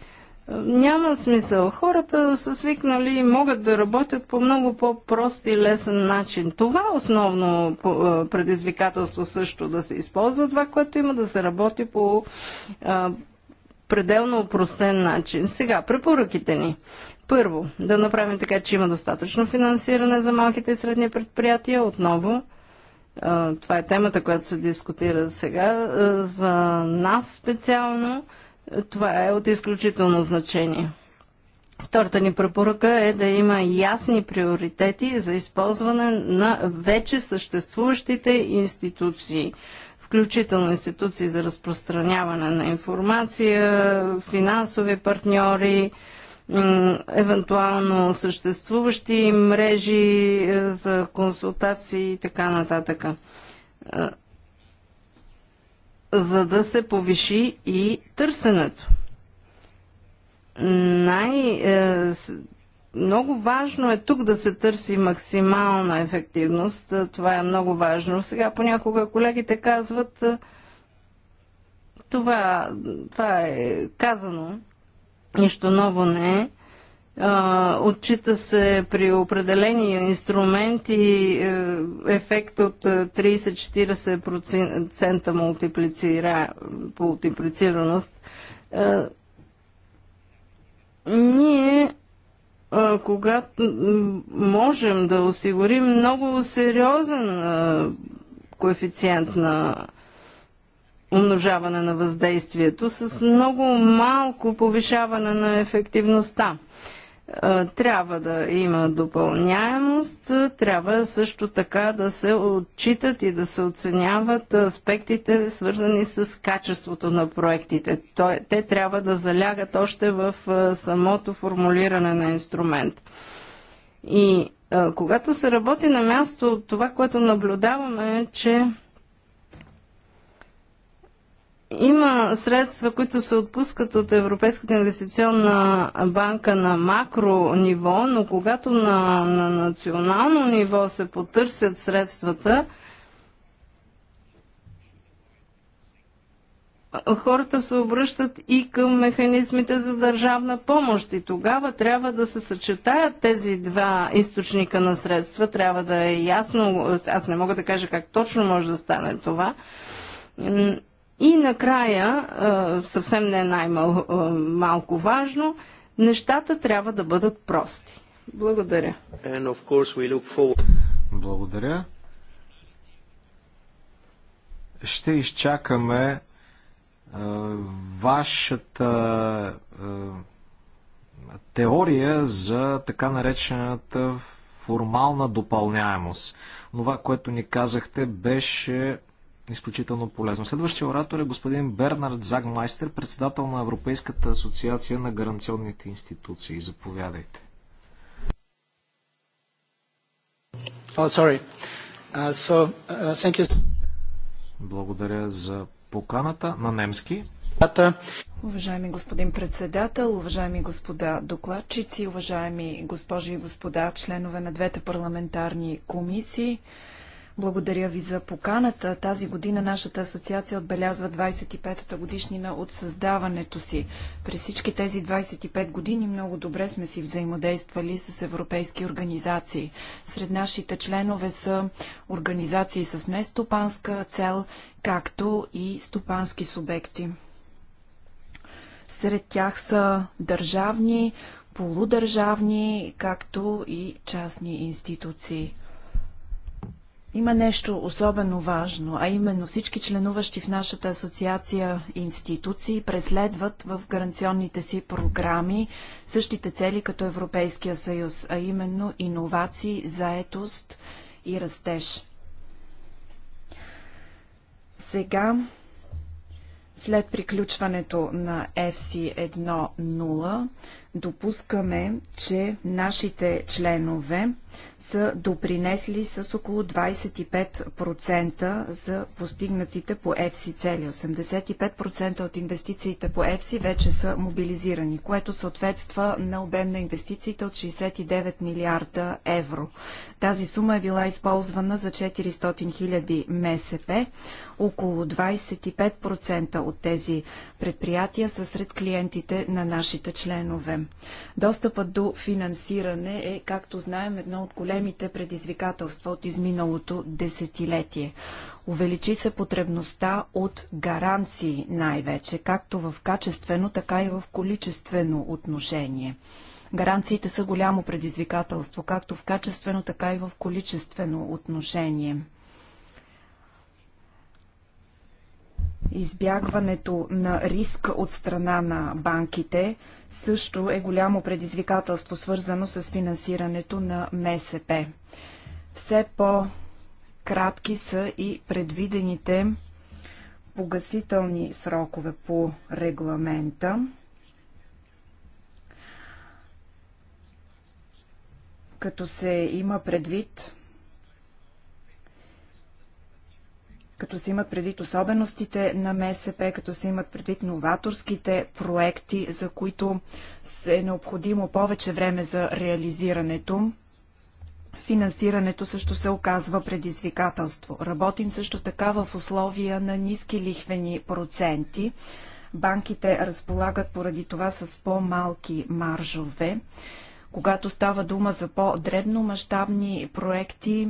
няма смисъл. Хората са свикнали и могат да работят по много по-прост и лесен начин. Това е основно предизвикателство също да се използва това, което има да се работи по пределно упростен начин. Сега, препоръките ни. Първо, да направим така, че има достатъчно финансиране за малките и средни предприятия. Отново, това е темата, която се дискутира сега. за нас специално – това е от изключително значение. Втората ни препоръка е да има ясни приоритети за използване на вече съществуващите институции, включително институции за разпространяване на информация, финансови партньори, евентуално съществуващи мрежи е, за консултации и така нататък. Е, за да се повиши и търсенето. Най- е, много важно е тук да се търси максимална ефективност. Това е много важно. Сега понякога колегите казват е, това, това е казано, нищо ново не е. Отчита се при определени инструменти е, ефект от 30-40% е, мултиплицира, мултиплицираност. Ние когато можем да осигурим много сериозен коефициент на умножаване на въздействието с много малко повишаване на ефективността трябва да има допълняемост, трябва също така да се отчитат и да се оценяват аспектите, свързани с качеството на проектите. Те трябва да залягат още в самото формулиране на инструмент. И когато се работи на място, това, което наблюдаваме е, че има средства, които се отпускат от Европейската инвестиционна банка на макро ниво, но когато на, на национално ниво се потърсят средствата, хората се обръщат и към механизмите за държавна помощ. И тогава трябва да се съчетаят тези два източника на средства. Трябва да е ясно, аз не мога да кажа как точно може да стане това, и накрая, съвсем не най-малко важно, нещата трябва да бъдат прости. Благодаря. Благодаря. Ще изчакаме вашата теория за така наречената формална допълняемост. Това, което ни казахте, беше изключително полезно. Следващия оратор е господин Бернард Загмайстер, председател на Европейската асоциация на гаранционните институции. Заповядайте. Oh, sorry. Uh, so, uh, thank you. Благодаря за поканата на немски. Уважаеми господин председател, уважаеми господа докладчици, уважаеми госпожи и господа членове на двете парламентарни комисии, благодаря ви за поканата. Тази година нашата асоциация отбелязва 25-та годишнина от създаването си. През всички тези 25 години много добре сме си взаимодействали с европейски организации. Сред нашите членове са организации с нестопанска цел, както и стопански субекти. Сред тях са държавни, полудържавни, както и частни институции – има нещо особено важно, а именно всички членуващи в нашата асоциация институции преследват в гаранционните си програми същите цели като Европейския съюз, а именно иновации, заетост и растеж. Сега, след приключването на FC 1.0, допускаме, че нашите членове са допринесли с около 25% за постигнатите по ЕФСИ цели. 85% от инвестициите по ЕФСИ вече са мобилизирани, което съответства на обем на инвестициите от 69 милиарда евро. Тази сума е била използвана за 400 хиляди МСП. Около 25% от тези предприятия са сред клиентите на нашите членове. Достъпът до финансиране е, както знаем, едно от големите големите предизвикателства от изминалото десетилетие. Увеличи се потребността от гаранции най-вече, както в качествено, така и в количествено отношение. Гаранциите са голямо предизвикателство, както в качествено, така и в количествено отношение. Избягването на риск от страна на банките също е голямо предизвикателство, свързано с финансирането на МСП. Все по-кратки са и предвидените погасителни срокове по регламента. Като се има предвид като се имат предвид особеностите на МСП, като се имат предвид новаторските проекти, за които е необходимо повече време за реализирането. Финансирането също се оказва предизвикателство. Работим също така в условия на ниски лихвени проценти. Банките разполагат поради това с по-малки маржове. Когато става дума за по-дребномащабни проекти,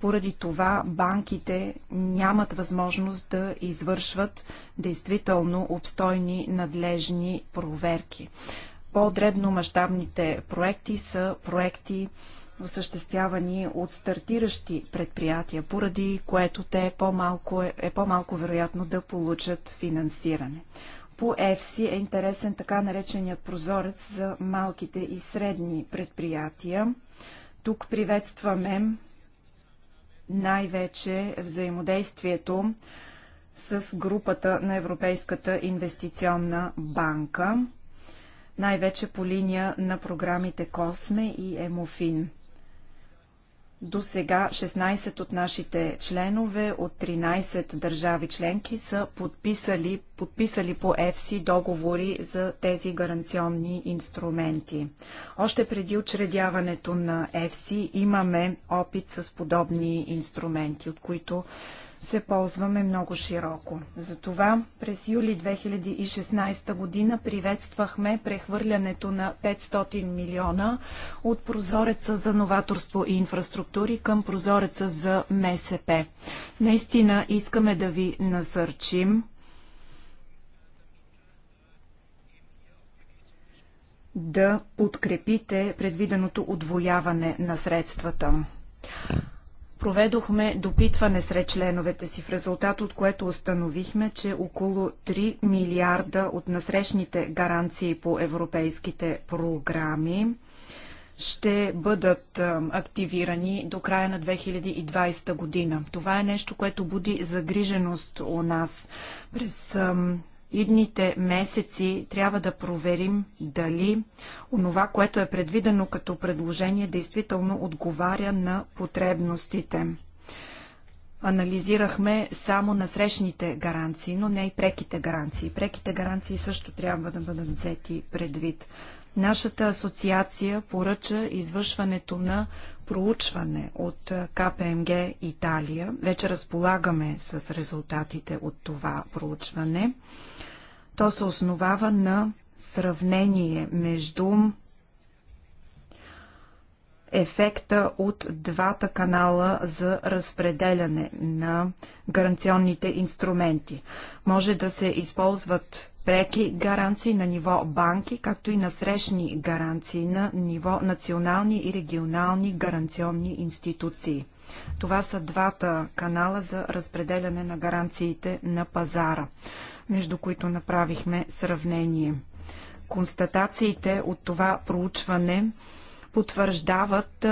поради това банките нямат възможност да извършват действително обстойни надлежни проверки. по мащабните проекти са проекти, осъществявани от стартиращи предприятия, поради което те е по-малко, е по-малко вероятно да получат финансиране. По Ефси е интересен така нареченият прозорец за малките и средни предприятия. Тук приветстваме най-вече взаимодействието с групата на Европейската инвестиционна банка, най-вече по линия на програмите Косме и Емофин. До сега 16 от нашите членове от 13 държави членки са подписали, подписали по ЕФСИ договори за тези гаранционни инструменти. Още преди учредяването на ЕФСИ имаме опит с подобни инструменти, от които се ползваме много широко. Затова през юли 2016 година приветствахме прехвърлянето на 500 милиона от прозореца за новаторство и инфраструктури към прозореца за МСП. Наистина искаме да ви насърчим да подкрепите предвиденото отвояване на средствата. Проведохме допитване сред членовете си, в резултат от което установихме, че около 3 милиарда от насрещните гаранции по европейските програми ще бъдат активирани до края на 2020 година. Това е нещо, което буди загриженост у нас. През идните месеци трябва да проверим дали онова, което е предвидено като предложение, действително отговаря на потребностите. Анализирахме само насрещните гаранции, но не и преките гаранции. Преките гаранции също трябва да бъдат взети предвид. Нашата асоциация поръча извършването на проучване от КПМГ Италия. Вече разполагаме с резултатите от това проучване. То се основава на сравнение между ефекта от двата канала за разпределяне на гаранционните инструменти. Може да се използват преки гаранции на ниво банки, както и насрещни гаранции на ниво национални и регионални гаранционни институции. Това са двата канала за разпределяне на гаранциите на пазара, между които направихме сравнение. Констатациите от това проучване – потвърждават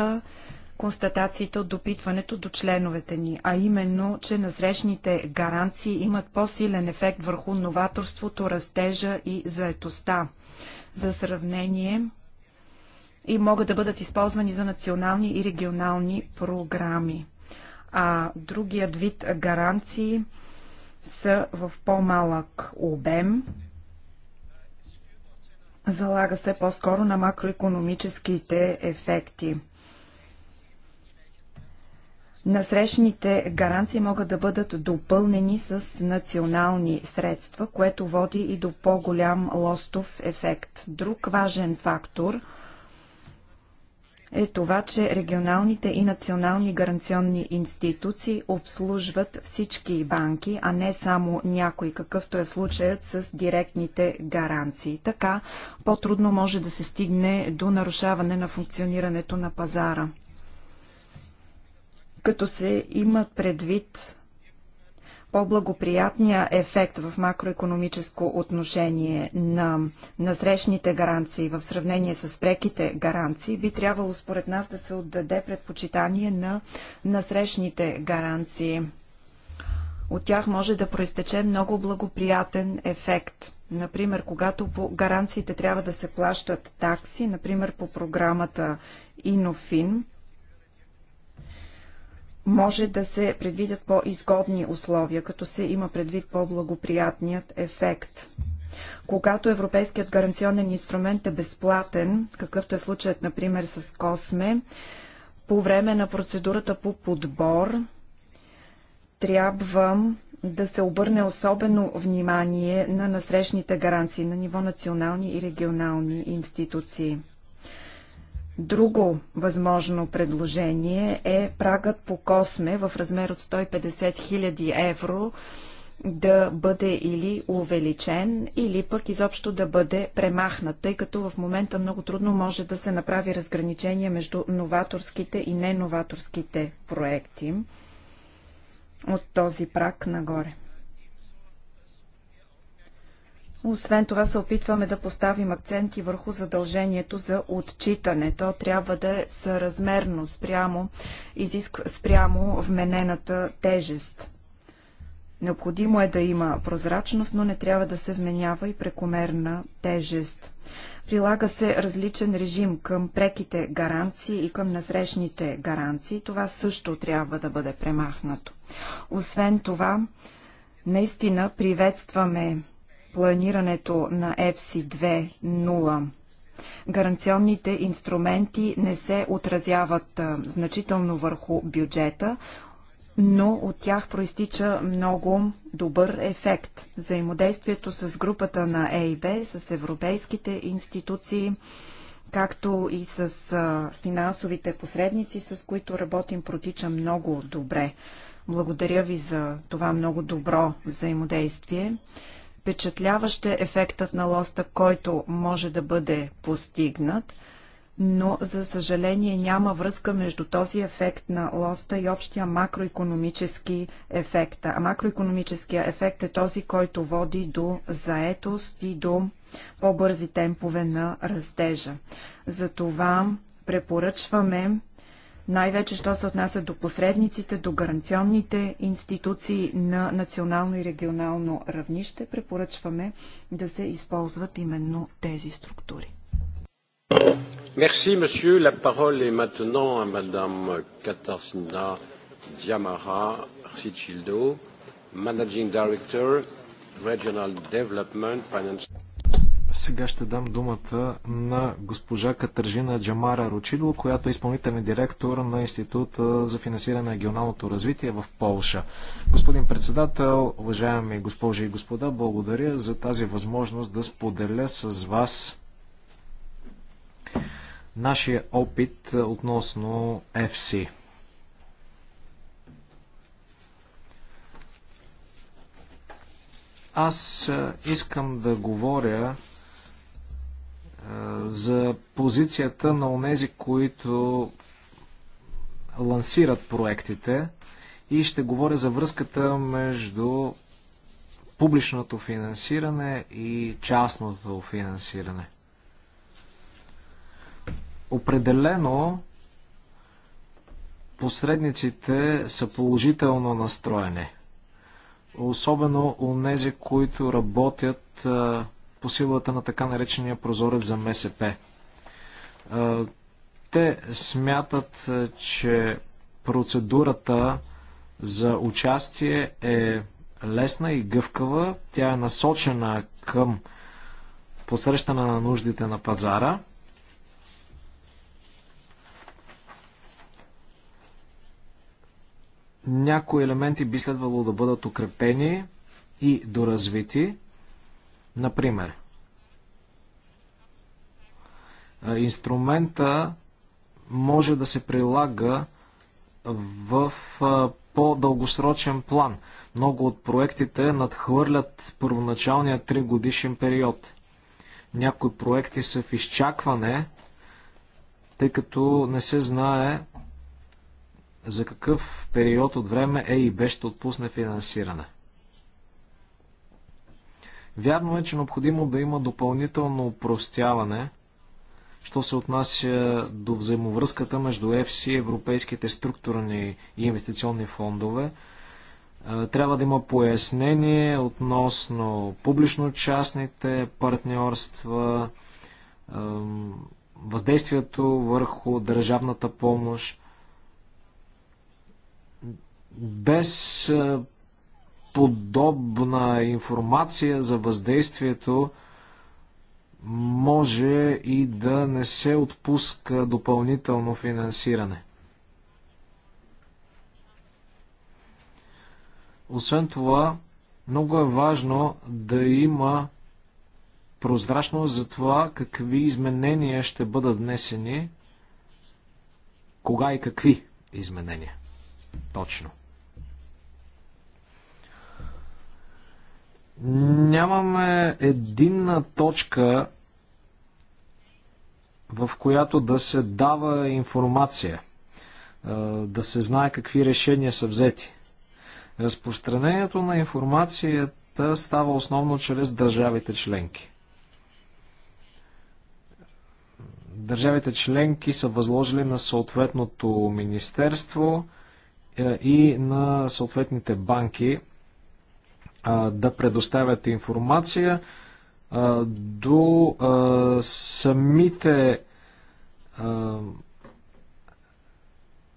констатациите от допитването до членовете ни, а именно, че назрешните гаранции имат по-силен ефект върху новаторството, растежа и заетостта. За сравнение и могат да бъдат използвани за национални и регионални програми. А другият вид гаранции са в по-малък обем, Залага се по-скоро на макроекономическите ефекти. Насрещните гаранции могат да бъдат допълнени с национални средства, което води и до по-голям лостов ефект. Друг важен фактор – е това, че регионалните и национални гаранционни институции обслужват всички банки, а не само някой, какъвто е случаят с директните гаранции. Така по-трудно може да се стигне до нарушаване на функционирането на пазара. Като се имат предвид по-благоприятния ефект в макроекономическо отношение на насрещните гаранции в сравнение с преките гаранции, би трябвало според нас да се отдаде предпочитание на насрещните гаранции. От тях може да проистече много благоприятен ефект. Например, когато по гаранциите трябва да се плащат такси, например по програмата Инофин, може да се предвидят по-изгодни условия, като се има предвид по-благоприятният ефект. Когато Европейският гаранционен инструмент е безплатен, какъвто е случаят, например, с Косме, по време на процедурата по подбор трябва да се обърне особено внимание на насрещните гаранции на ниво национални и регионални институции. Друго възможно предложение е прагът по Косме в размер от 150 000 евро да бъде или увеличен, или пък изобщо да бъде премахнат, тъй като в момента много трудно може да се направи разграничение между новаторските и неноваторските проекти от този прак нагоре. Освен това се опитваме да поставим акценти върху задължението за отчитане. То трябва да е съразмерно спрямо, изиск, спрямо вменената тежест. Необходимо е да има прозрачност, но не трябва да се вменява и прекомерна тежест. Прилага се различен режим към преките гаранции и към насрещните гаранции. Това също трябва да бъде премахнато. Освен това, наистина приветстваме планирането на FC 2.0. Гаранционните инструменти не се отразяват значително върху бюджета, но от тях проистича много добър ефект. Взаимодействието с групата на ЕИБ, с европейските институции, както и с финансовите посредници, с които работим, протича много добре. Благодаря ви за това много добро взаимодействие. Впечатляващ е ефектът на лоста, който може да бъде постигнат, но за съжаление няма връзка между този ефект на лоста и общия макроекономически ефект. А макроекономическия ефект е този, който води до заетост и до по-бързи темпове на растежа. Затова препоръчваме най-вече що се отнася до посредниците, до гаранционните институции на национално и регионално равнище, препоръчваме да се използват именно тези структури. Merci, monsieur. La parole est maintenant à madame Katarzyna Diamara managing director, regional development, financial. Сега ще дам думата на госпожа Катържина Джамара Ручидло, която е изпълнителен директор на Института за финансиране на регионалното развитие в Полша. Господин председател, уважаеми госпожи и господа, благодаря за тази възможност да споделя с вас нашия опит относно FC. Аз искам да говоря за позицията на онези, които лансират проектите и ще говоря за връзката между публичното финансиране и частното финансиране. Определено посредниците са положително настроени. Особено у нези, които работят по силата на така наречения прозорец за МСП. Те смятат, че процедурата за участие е лесна и гъвкава. Тя е насочена към посрещане на нуждите на пазара. Някои елементи би следвало да бъдат укрепени и доразвити. Например, инструмента може да се прилага в по-дългосрочен план. Много от проектите надхвърлят първоначалния 3 годишен период. Някои проекти са в изчакване, тъй като не се знае за какъв период от време е и беше отпусне финансиране. Вярно е, че е необходимо да има допълнително упростяване, що се отнася до взаимовръзката между ЕФС и европейските структурни и инвестиционни фондове. Е, трябва да има пояснение относно публично-частните партньорства, въздействието върху държавната помощ. Без е, подобна информация за въздействието може и да не се отпуска допълнително финансиране. Освен това, много е важно да има прозрачност за това какви изменения ще бъдат внесени, кога и какви изменения. Точно. Нямаме единна точка, в която да се дава информация, да се знае какви решения са взети. Разпространението на информацията става основно чрез държавите членки. Държавите членки са възложили на съответното министерство и на съответните банки да предоставят информация до самите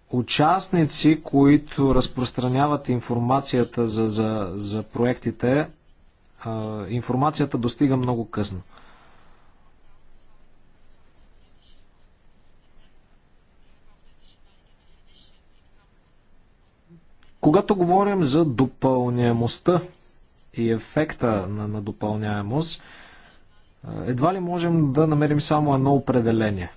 участници, които разпространяват информацията за, за, за проектите, информацията достига много късно. Когато говорим за допълняемостта и ефекта на, на допълняемост, едва ли можем да намерим само едно определение.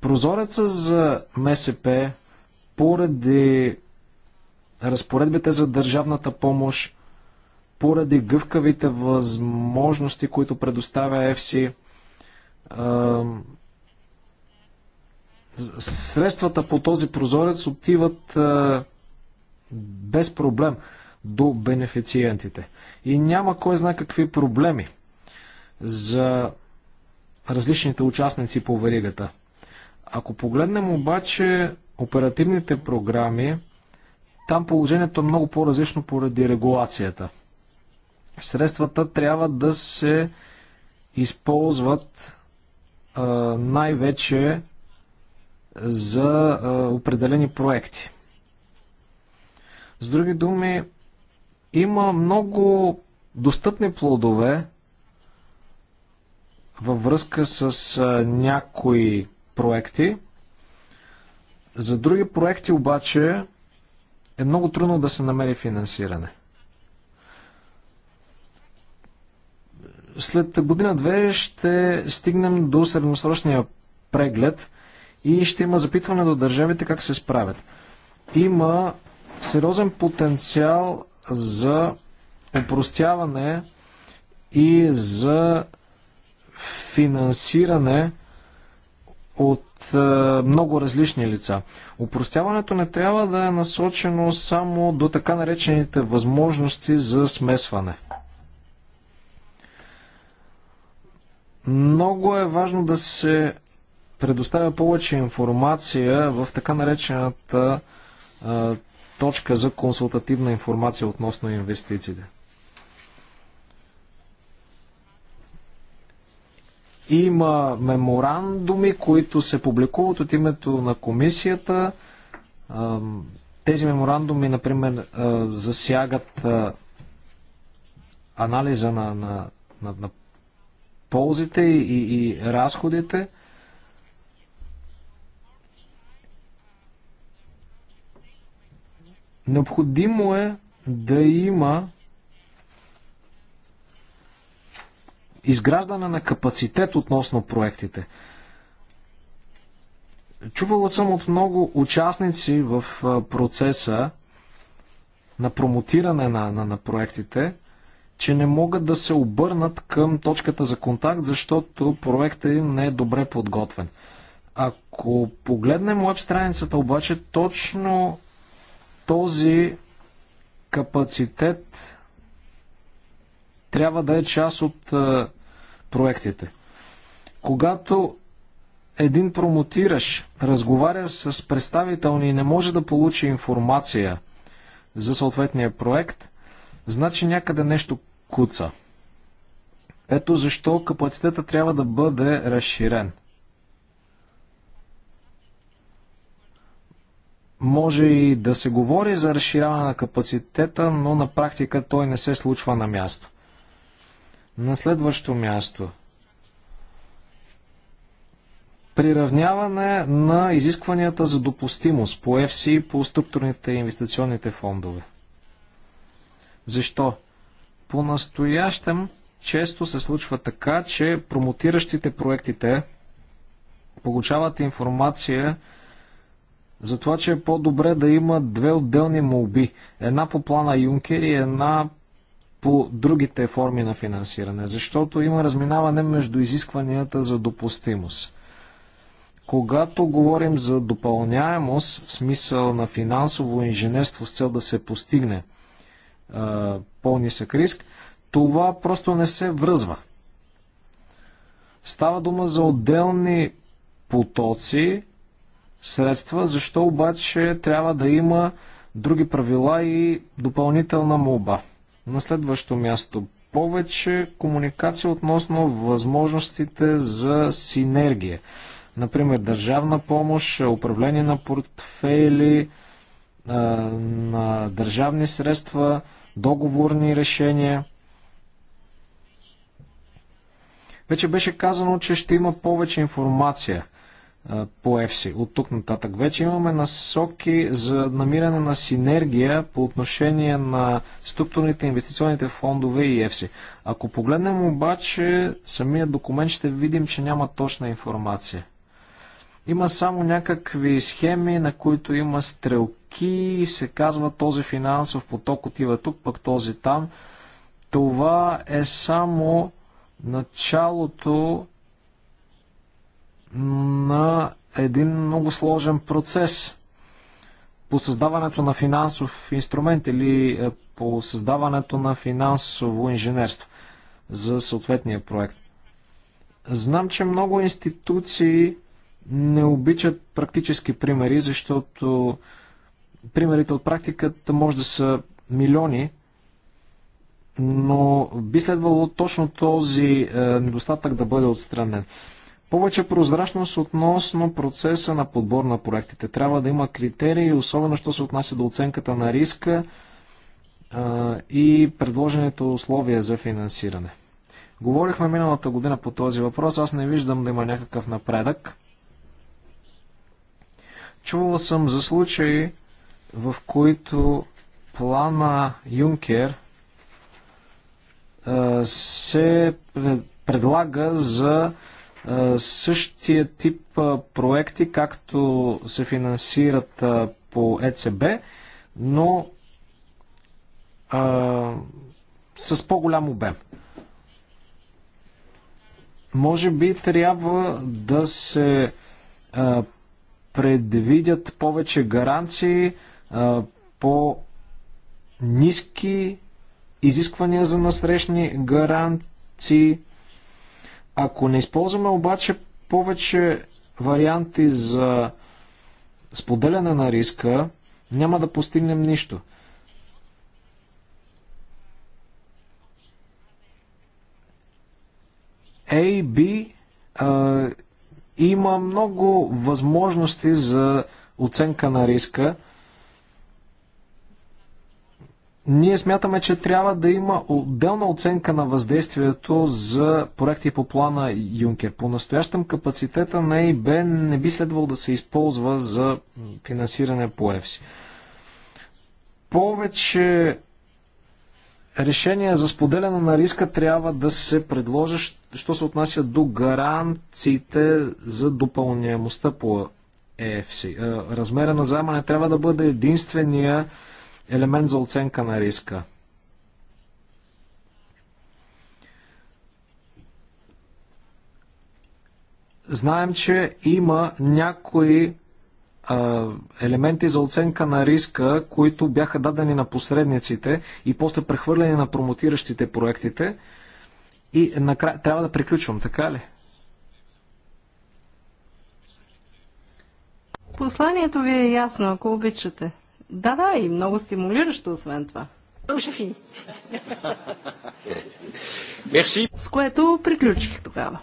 Прозореца за МСП поради разпоредбите за държавната помощ, поради гъвкавите възможности, които предоставя ЕФСИ, средствата по този прозорец отиват а, без проблем до бенефициентите. И няма кой знае какви проблеми за различните участници по веригата. Ако погледнем обаче оперативните програми, там положението е много по-различно поради регулацията. Средствата трябва да се използват най-вече за а, определени проекти. С други думи, има много достъпни плодове във връзка с някои проекти. За други проекти обаче е много трудно да се намери финансиране. След година-две ще стигнем до средносрочния преглед и ще има запитване до държавите как се справят. Има сериозен потенциал за упростяване и за финансиране от е, много различни лица. Упростяването не трябва да е насочено само до така наречените възможности за смесване. Много е важно да се предоставя повече информация в така наречената е, точка за консултативна информация относно инвестициите. Има меморандуми, които се публикуват от името на комисията. Тези меморандуми, например, засягат анализа на, на, на, на ползите и, и разходите – Необходимо е да има изграждане на капацитет относно проектите. Чувала съм от много участници в процеса на промотиране на, на, на проектите, че не могат да се обърнат към точката за контакт, защото проектът им не е добре подготвен. Ако погледнем веб страницата, обаче точно този капацитет трябва да е част от е, проектите. Когато един промотираш разговаря с представителни и не може да получи информация за съответния проект, значи някъде нещо куца. Ето защо капацитета трябва да бъде разширен. Може и да се говори за разширяване на капацитета, но на практика той не се случва на място. На следващо място. Приравняване на изискванията за допустимост по ЕФСИ и по структурните инвестиционните фондове. Защо? По-настоящем често се случва така, че промотиращите проектите получават информация за това, че е по-добре да има две отделни молби. Една по плана Юнкер и една по другите форми на финансиране, защото има разминаване между изискванията за допустимост. Когато говорим за допълняемост в смисъл на финансово инженерство с цел да се постигне е, по-нисък риск, това просто не се връзва. Става дума за отделни потоци, средства, защо обаче трябва да има други правила и допълнителна молба? На следващо място, повече комуникация относно възможностите за синергия. Например, държавна помощ, управление на портфейли, на държавни средства, договорни решения. Вече беше казано, че ще има повече информация – по ЕФСИ. От тук нататък вече имаме насоки за намиране на синергия по отношение на структурните инвестиционните фондове и ЕФСИ. Ако погледнем обаче самия документ, ще видим, че няма точна информация. Има само някакви схеми, на които има стрелки и се казва този финансов поток отива тук, пък този там. Това е само началото на един много сложен процес по създаването на финансов инструмент или е, по създаването на финансово инженерство за съответния проект. Знам, че много институции не обичат практически примери, защото примерите от практиката може да са милиони, но би следвало точно този е, недостатък да бъде отстранен повече прозрачност относно процеса на подбор на проектите. Трябва да има критерии, особено що се отнася до оценката на риска а, и предложените условия за финансиране. Говорихме миналата година по този въпрос. Аз не виждам да има някакъв напредък. Чувал съм за случаи, в които плана Юнкер а, се предлага за а, същия тип проекти, както се финансират по ЕЦБ, но а, с по-голям обем. Може би трябва да се а, предвидят повече гаранции а, по ниски изисквания за насрещни гаранции. Ако не използваме обаче повече варианти за споделяне на риска, няма да постигнем нищо. A, B а, има много възможности за оценка на риска. Ние смятаме, че трябва да има отделна оценка на въздействието за проекти по плана Юнкер. По настоящем капацитета на ИБ не би следвало да се използва за финансиране по ЕФСИ. Повече решения за споделяне на риска трябва да се предложи, що се отнася до гаранциите за допълняемостта по ЕФСИ. Е, размера на заема не трябва да бъде единствения елемент за оценка на риска. Знаем, че има някои а, елементи за оценка на риска, които бяха дадени на посредниците и после прехвърлени на промотиращите проектите. И накрая трябва да приключвам, така ли? Посланието ви е ясно, ако обичате. Да, да, и много стимулиращо, освен това. С което приключих тогава.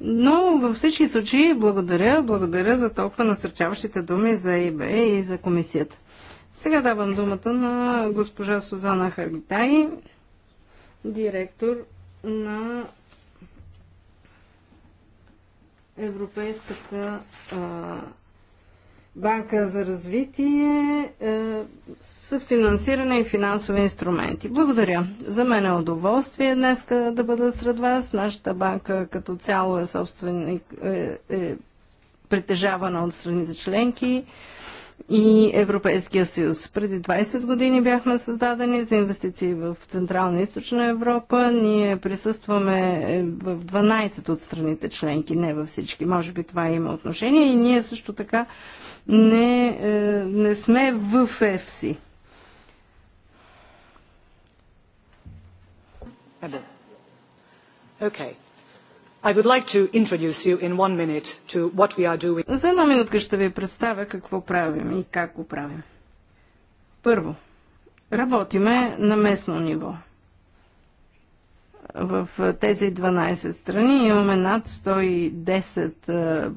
Но във всички случаи благодаря, благодаря за толкова насърчаващите думи за ИБ и за комисията. Сега давам думата на госпожа Сузана Харгитай, директор на Европейската а, банка за развитие, е, са финансиране и финансови инструменти. Благодаря. За мен е удоволствие днес да бъда сред вас. Нашата банка като цяло е, собственик, е, е притежавана от страните членки и Европейския съюз. Преди 20 години бяхме създадени за инвестиции в Централна и Източна Европа. Ние присъстваме е, в 12 от страните членки, не във всички. Може би това има отношение и ние също така не, е, не сме в ЕФСИ. За една минутка ще ви представя какво правим и как го правим. Първо, работиме на местно ниво в тези 12 страни имаме над 110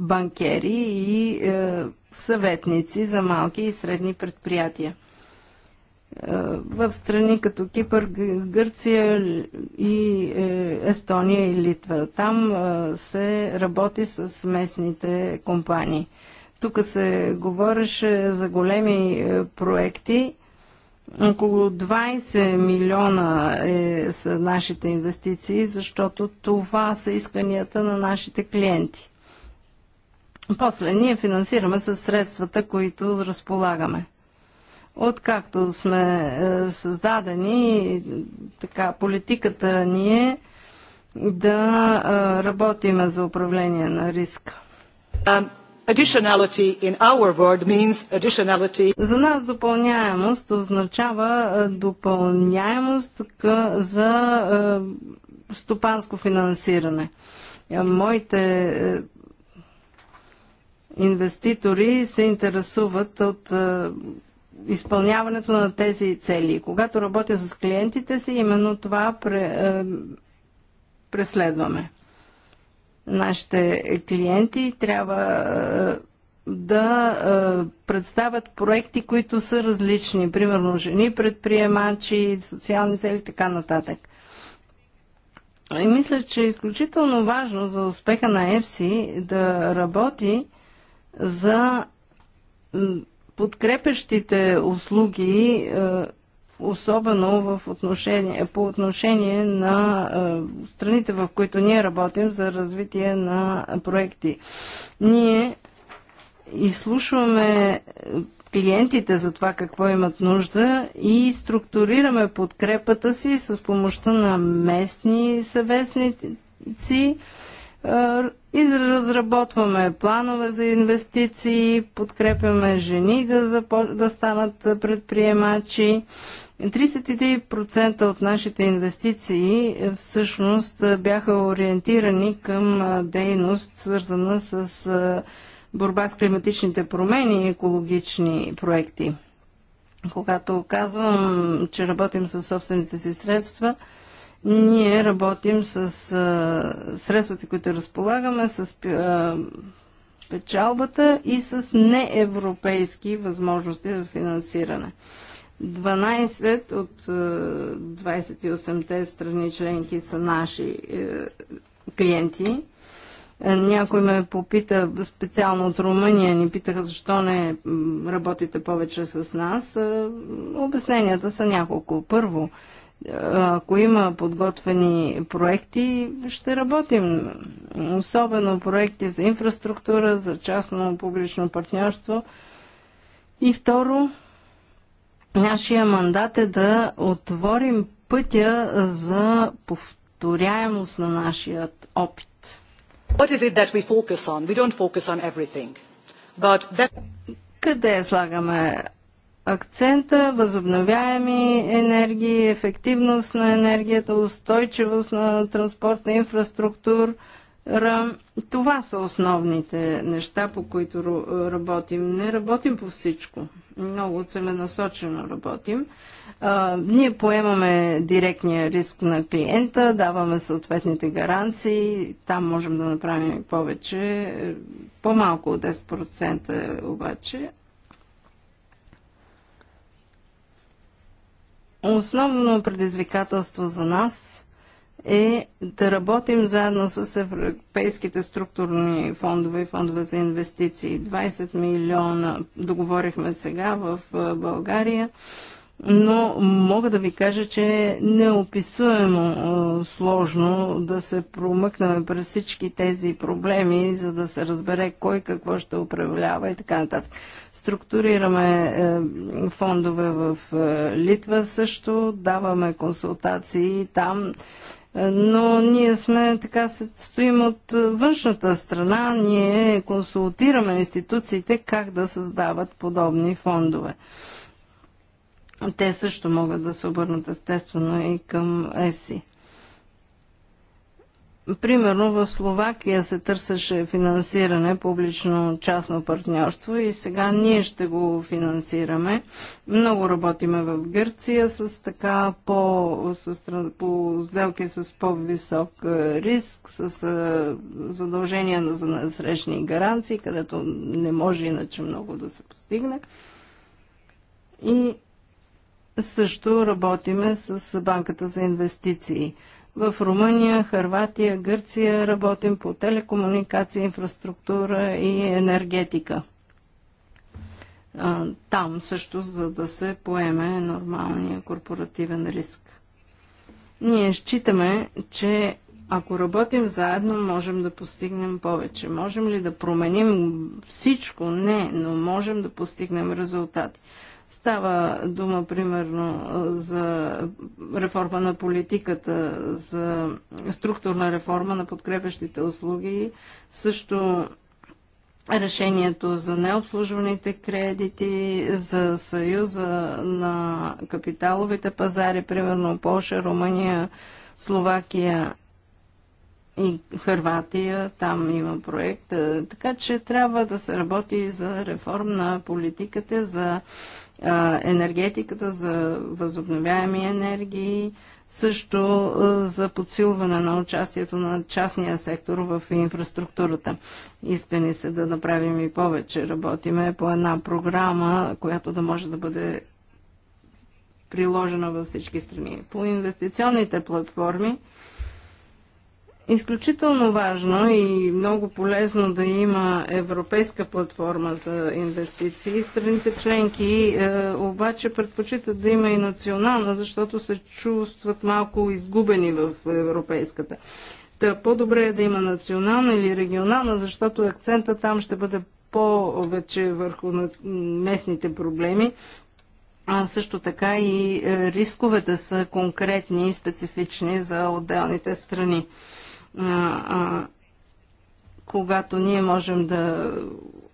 банкери и е, съветници за малки и средни предприятия. Е, в страни като Кипър, Гърция и е, Естония и Литва. Там е, се работи с местните компании. Тук се говореше за големи е, проекти. Около 20 милиона е, са нашите инвестиции, защото това са исканията на нашите клиенти. После ние финансираме със средствата, които разполагаме. Откакто сме е, създадени, така, политиката ни е да е, работиме за управление на риска. Um, за нас допълняемост означава е, допълняемост за стопанско финансиране. Моите инвеститори се интересуват от изпълняването на тези цели. когато работя с клиентите си, именно това преследваме. Нашите клиенти трябва да представят проекти, които са различни. Примерно жени, предприемачи, социални цели и така нататък. И мисля, че е изключително важно за успеха на ЕФСИ да работи за подкрепещите услуги, е, особено в отношение, по отношение на е, страните, в които ние работим за развитие на проекти. Ние изслушваме е, клиентите за това какво имат нужда и структурираме подкрепата си с помощта на местни съвестници, и разработваме планове за инвестиции, подкрепяме жени да, запо... да станат предприемачи. 33% от нашите инвестиции е, всъщност е, бяха ориентирани към е, дейност, свързана с борба с климатичните промени и екологични проекти. Когато казвам, че работим със собствените си средства, ние работим с а, средствата, които разполагаме, с а, печалбата и с неевропейски възможности за финансиране. 12 от 28-те страни членки са наши е, клиенти. Е, някой ме попита, специално от Румъния, ни питаха защо не работите повече с нас. Е, обясненията са няколко. Първо, ако има подготвени проекти, ще работим. Особено проекти за инфраструктура, за частно-публично партньорство. И второ, нашия мандат е да отворим пътя за повторяемост на нашия опит. That... Къде слагаме акцента възобновяеми енергии, ефективност на енергията, устойчивост на транспортна инфраструктура. Това са основните неща, по които работим. Не работим по всичко. Много целенасочено работим. А, ние поемаме директния риск на клиента, даваме съответните гаранции. Там можем да направим повече. По-малко от 10% обаче, Основно предизвикателство за нас е да работим заедно с европейските структурни фондове и фондове за инвестиции. 20 милиона договорихме сега в България, но мога да ви кажа, че е неописуемо сложно да се промъкнем през всички тези проблеми, за да се разбере кой какво ще управлява и така нататък. Структурираме е, фондове в е, Литва също, даваме консултации там, е, но ние сме така се стоим от външната страна, ние консултираме институциите как да създават подобни фондове. Те също могат да се обърнат естествено и към еси. Примерно в Словакия се търсеше финансиране, публично-частно партньорство и сега ние ще го финансираме. Много работиме в Гърция с така по, с, по сделки с по-висок е, риск, с е, задължения на за насрещни гаранции, където не може иначе много да се постигне. И също работиме с Банката за инвестиции – в Румъния, Харватия, Гърция работим по телекомуникация, инфраструктура и енергетика. Там също, за да се поеме нормалния корпоративен риск. Ние считаме, че ако работим заедно, можем да постигнем повече. Можем ли да променим всичко? Не, но можем да постигнем резултати. Става дума, примерно, за реформа на политиката, за структурна реформа на подкрепящите услуги, също решението за необслужваните кредити, за съюза на капиталовите пазари, примерно Польша, Румъния, Словакия и Харватия, там има проект. Така че трябва да се работи за реформ на политиката, за енергетиката, за възобновяеми енергии, също за подсилване на участието на частния сектор в инфраструктурата. Искани се да направим и повече. Работиме по една програма, която да може да бъде приложена във всички страни. По инвестиционните платформи, Изключително важно и много полезно да има европейска платформа за инвестиции. Страните членки е, обаче предпочитат да има и национална, защото се чувстват малко изгубени в европейската. Та по-добре е да има национална или регионална, защото акцента там ще бъде повече върху местните проблеми. А също така и е, рисковете са конкретни и специфични за отделните страни а, когато ние можем да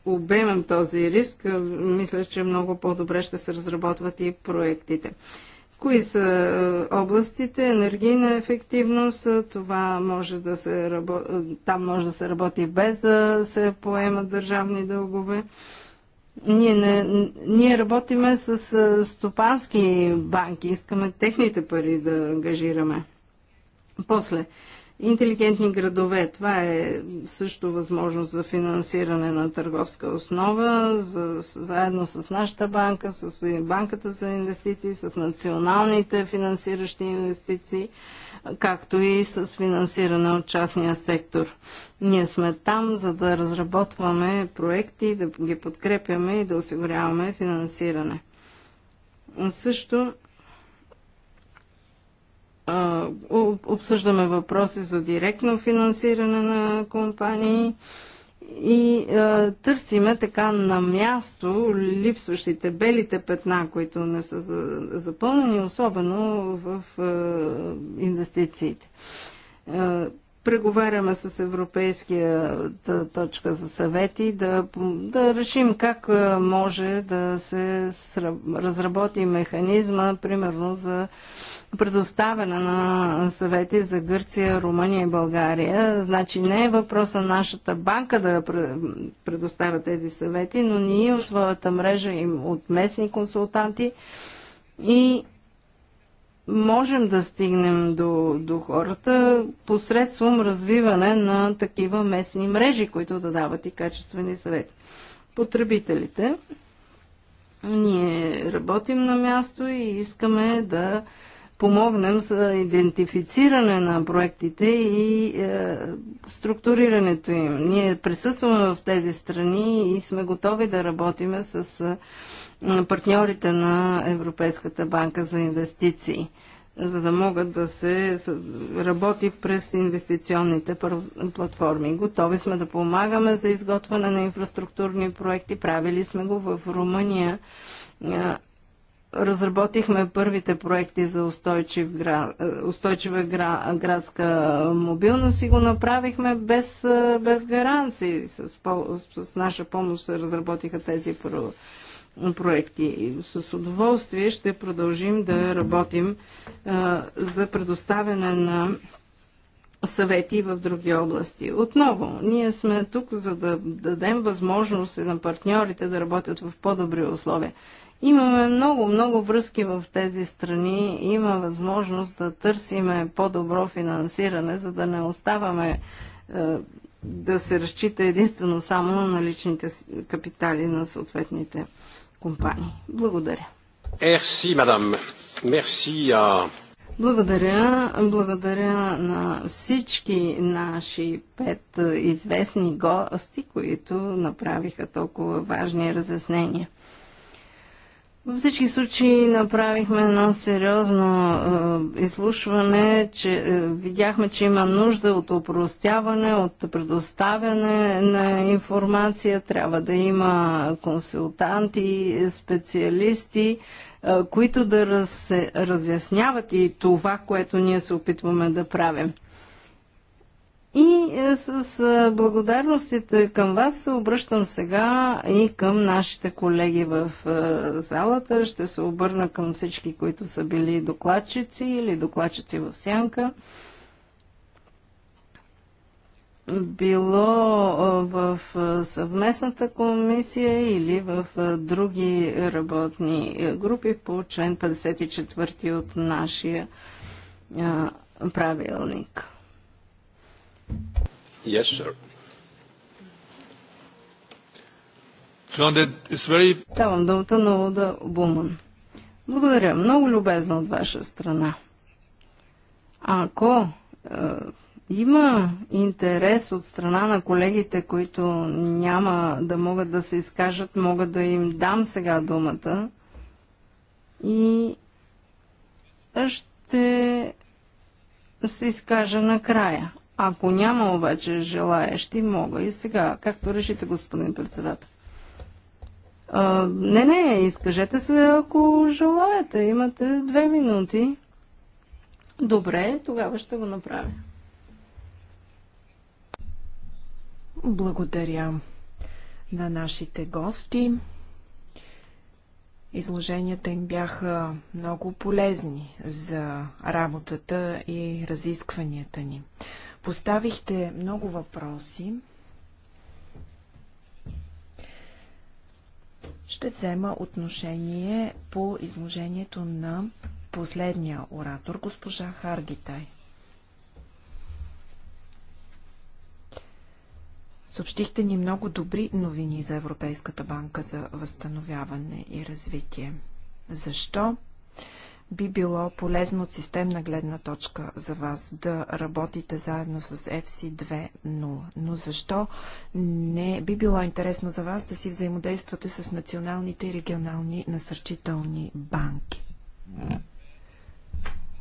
обемем този риск, мисля, че много по-добре ще се разработват и проектите. Кои са е, областите? Енергийна ефективност, е, това може да се работи, е, там може да се работи без да се поемат държавни дългове. Ние, не, ние работиме с стопански банки, искаме техните пари да ангажираме. После, Интелигентни градове. Това е също възможност за финансиране на търговска основа, за, заедно с нашата банка, с банката за инвестиции, с националните финансиращи инвестиции, както и с финансиране от частния сектор. Ние сме там, за да разработваме проекти, да ги подкрепяме и да осигуряваме финансиране. Също обсъждаме въпроси за директно финансиране на компании и а, търсиме така на място липсващите белите петна, които не са запълнени, особено в а, инвестициите. А, преговаряме с Европейския точка за съвети да, да решим как може да се разработи механизма, примерно за а, предоставена на съвети за Гърция, Румъния и България. Значи не е въпроса нашата банка да предоставя тези съвети, но ние от своята мрежа им от местни консултанти и можем да стигнем до, до хората посредством развиване на такива местни мрежи, които да дават и качествени съвети. Потребителите. Ние работим на място и искаме да помогнем за идентифициране на проектите и е, структурирането им. Ние присъстваме в тези страни и сме готови да работиме с е, партньорите на Европейската банка за инвестиции, за да могат да се работи през инвестиционните платформи. Готови сме да помагаме за изготвяне на инфраструктурни проекти. Правили сме го в Румъния е, разработихме първите проекти за устойчив град, е, устойчива град, градска мобилност и го направихме без, е, без гаранции. С, по... с наша помощ се разработиха тези про... проекти. И с удоволствие ще продължим да работим а, е, за предоставяне на съвети в други области. Отново, ние сме тук, за да дадем възможност на партньорите да работят в по-добри условия. Имаме много, много връзки в тези страни. Има възможност да търсиме по-добро финансиране, за да не оставаме е, да се разчита единствено само на наличните капитали на съответните компании. Благодаря. Мерси, мадам. Мерси. Благодаря. Благодаря на всички наши пет известни гости, които направиха толкова важни разяснения. Във всички случаи направихме едно сериозно е, изслушване, че е, видяхме, че има нужда от опростяване, от предоставяне на информация, трябва да има консултанти, специалисти, е, които да раз, разясняват и това, което ние се опитваме да правим. И е, с е, благодарностите към вас се обръщам сега и към нашите колеги в е, залата. Ще се обърна към всички, които са били докладчици или докладчици в сянка. Било в съвместната комисия или в други работни групи по член 54 от нашия правилник. Yes, sir. Very... Давам думата на Луда Буман. Благодаря. Много любезно от ваша страна. Ако е, има интерес от страна на колегите, които няма да могат да се изкажат, мога да им дам сега думата и ще се изкажа накрая. Ако няма обаче желаещи, мога и сега, както решите, господин председател. А, не, не, изкажете се, ако желаете. Имате две минути. Добре, тогава ще го направя. Благодаря на нашите гости. Изложенията им бяха много полезни за работата и разискванията ни. Поставихте много въпроси. Ще взема отношение по изложението на последния оратор, госпожа Харгитай. Съобщихте ни много добри новини за Европейската банка за възстановяване и развитие. Защо би било полезно от системна гледна точка за вас да работите заедно с FC2.0. Но защо не би било интересно за вас да си взаимодействате с националните и регионални насърчителни банки?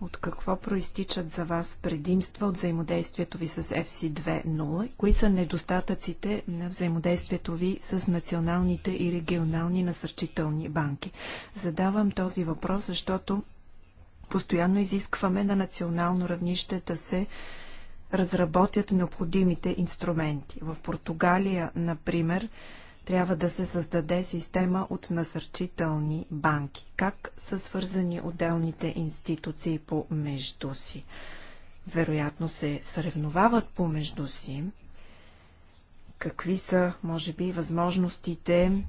От какво проистичат за вас предимства от взаимодействието ви с FC2.0? Кои са недостатъците на взаимодействието ви с националните и регионални насърчителни банки? Задавам този въпрос, защото Постоянно изискваме на национално равнище да се разработят необходимите инструменти. В Португалия, например, трябва да се създаде система от насърчителни банки. Как са свързани отделните институции помежду си? Вероятно се съревновават помежду си. Какви са, може би, възможностите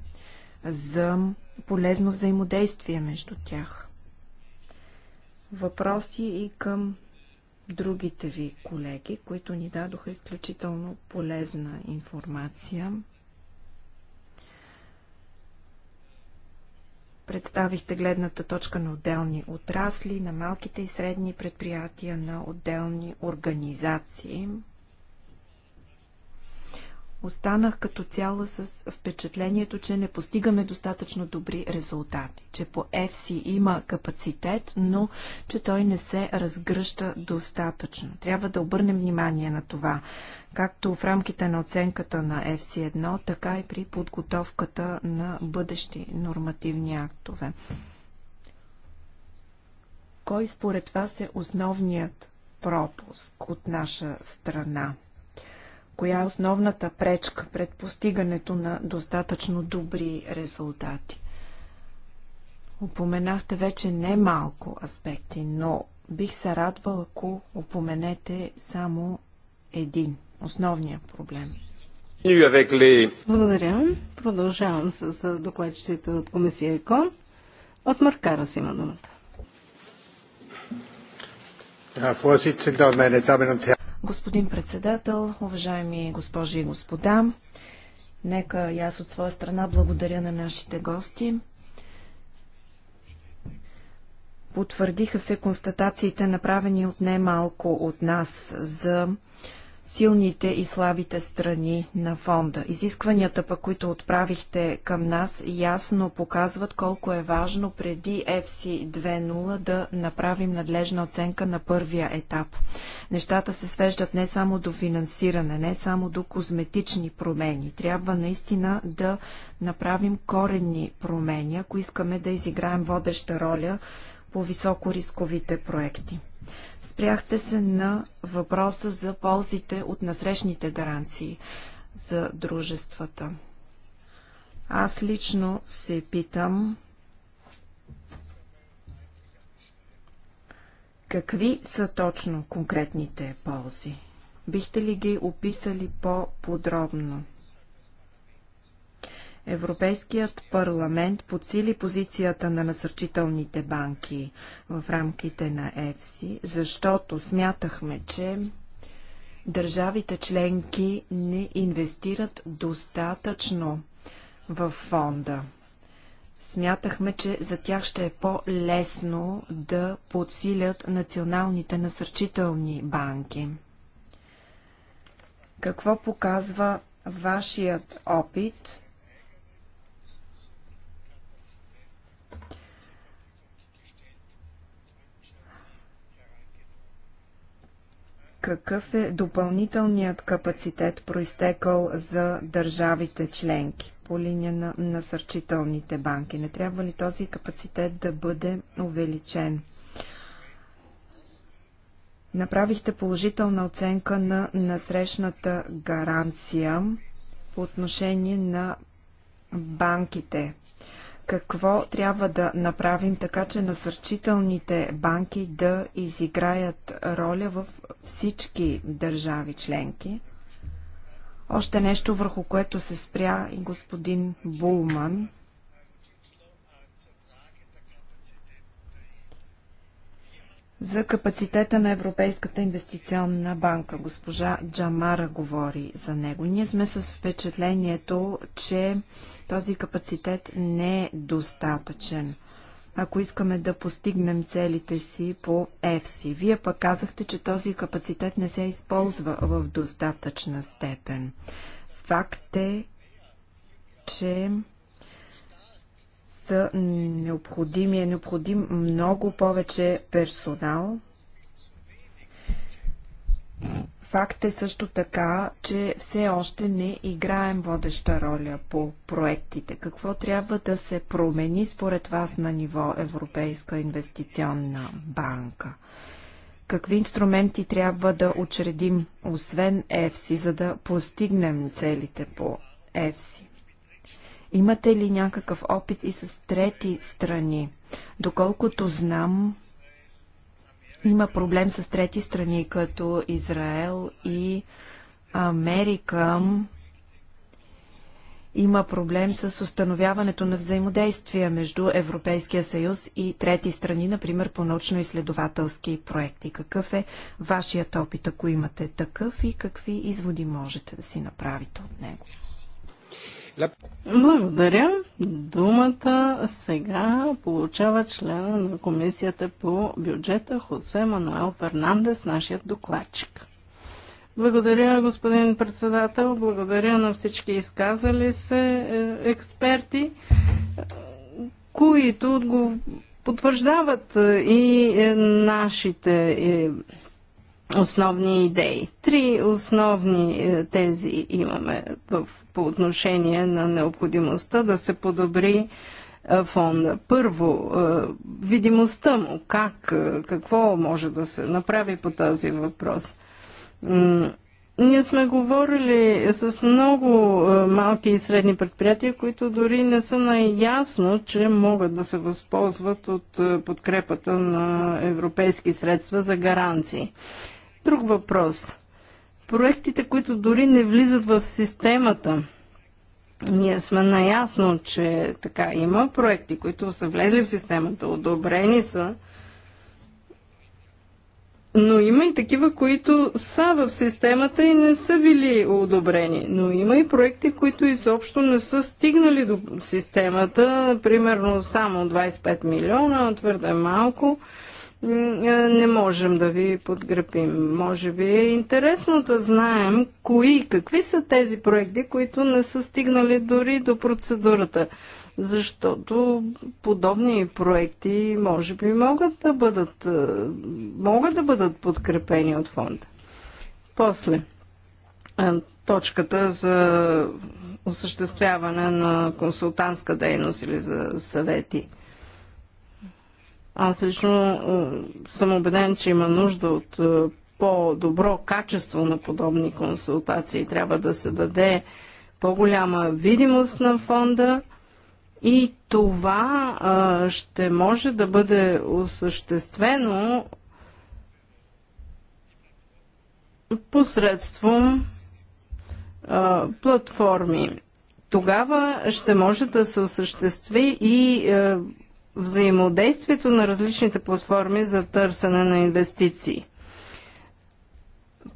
за полезно взаимодействие между тях? въпроси и към другите ви колеги, които ни дадоха изключително полезна информация. Представихте гледната точка на отделни отрасли, на малките и средни предприятия, на отделни организации – останах като цяло с впечатлението, че не постигаме достатъчно добри резултати, че по FC има капацитет, но че той не се разгръща достатъчно. Трябва да обърнем внимание на това, както в рамките на оценката на FC1, така и при подготовката на бъдещи нормативни актове. Кой според вас е основният пропуск от наша страна? коя е основната пречка пред постигането на достатъчно добри резултати? Упоменахте вече не малко аспекти, но бих се радвал, ако упоменете само един, основния проблем. Благодаря. Продължавам с докладчиците от комисия ЕКОН. От маркара си има думата. Господин председател, уважаеми госпожи и господа, нека и аз от своя страна благодаря на нашите гости. Потвърдиха се констатациите, направени от немалко от нас за силните и слабите страни на фонда. Изискванията, по които отправихте към нас, ясно показват колко е важно преди FC 2.0 да направим надлежна оценка на първия етап. Нещата се свеждат не само до финансиране, не само до козметични промени. Трябва наистина да направим коренни промени, ако искаме да изиграем водеща роля по високорисковите проекти. Спряхте се на въпроса за ползите от насрещните гаранции за дружествата. Аз лично се питам какви са точно конкретните ползи. Бихте ли ги описали по-подробно? Европейският парламент подсили позицията на насърчителните банки в рамките на ЕФСИ, защото смятахме, че държавите членки не инвестират достатъчно в фонда. Смятахме, че за тях ще е по-лесно да подсилят националните насърчителни банки. Какво показва вашият опит какъв е допълнителният капацитет, проистекал за държавите членки по линия на насърчителните банки? Не трябва ли този капацитет да бъде увеличен? Направихте положителна оценка на насрещната гаранция по отношение на банките какво трябва да направим така, че насърчителните банки да изиграят роля в всички държави членки. Още нещо, върху което се спря и господин Булман. За капацитета на Европейската инвестиционна банка госпожа Джамара говори за него. Ние сме с впечатлението, че този капацитет не е достатъчен ако искаме да постигнем целите си по ЕФСИ. Вие пък казахте, че този капацитет не се използва в достатъчна степен. Факт е, че са необходими, е необходим много повече персонал. Факт е също така, че все още не играем водеща роля по проектите. Какво трябва да се промени според вас на ниво Европейска инвестиционна банка? Какви инструменти трябва да учредим, освен ЕФСИ, за да постигнем целите по ЕФСИ? Имате ли някакъв опит и с трети страни? Доколкото знам, има проблем с трети страни, като Израел и Америка. Има проблем с установяването на взаимодействие между Европейския съюз и трети страни, например по научно-изследователски проекти. Какъв е вашият опит, ако имате такъв и какви изводи можете да си направите от него? Благодаря. Думата сега получава члена на Комисията по бюджета Хосе Мануел Фернандес, нашият докладчик. Благодаря, господин председател. Благодаря на всички изказали се е, експерти, които потвърждават е, и е, нашите основни идеи. Три основни е, тези имаме в, по отношение на необходимостта да се подобри е, фонда. Първо, е, видимостта му, как, какво може да се направи по този въпрос. Ние сме говорили с много малки и средни предприятия, които дори не са наясно, че могат да се възползват от подкрепата на европейски средства за гаранции друг въпрос. Проектите, които дори не влизат в системата, ние сме наясно, че така има проекти, които са влезли в системата, одобрени са, но има и такива, които са в системата и не са били одобрени. Но има и проекти, които изобщо не са стигнали до системата, примерно само 25 милиона, твърде малко не можем да ви подгрепим. Може би е интересно да знаем кои, какви са тези проекти, които не са стигнали дори до процедурата. Защото подобни проекти може би могат да бъдат, могат да бъдат подкрепени от фонда. После, точката за осъществяване на консултантска дейност или за съвети – аз лично е, съм убеден, че има нужда от е, по-добро качество на подобни консултации. Трябва да се даде по-голяма видимост на фонда и това е, ще може да бъде осъществено посредством платформи. Тогава ще може да се осъществи и взаимодействието на различните платформи за търсене на инвестиции.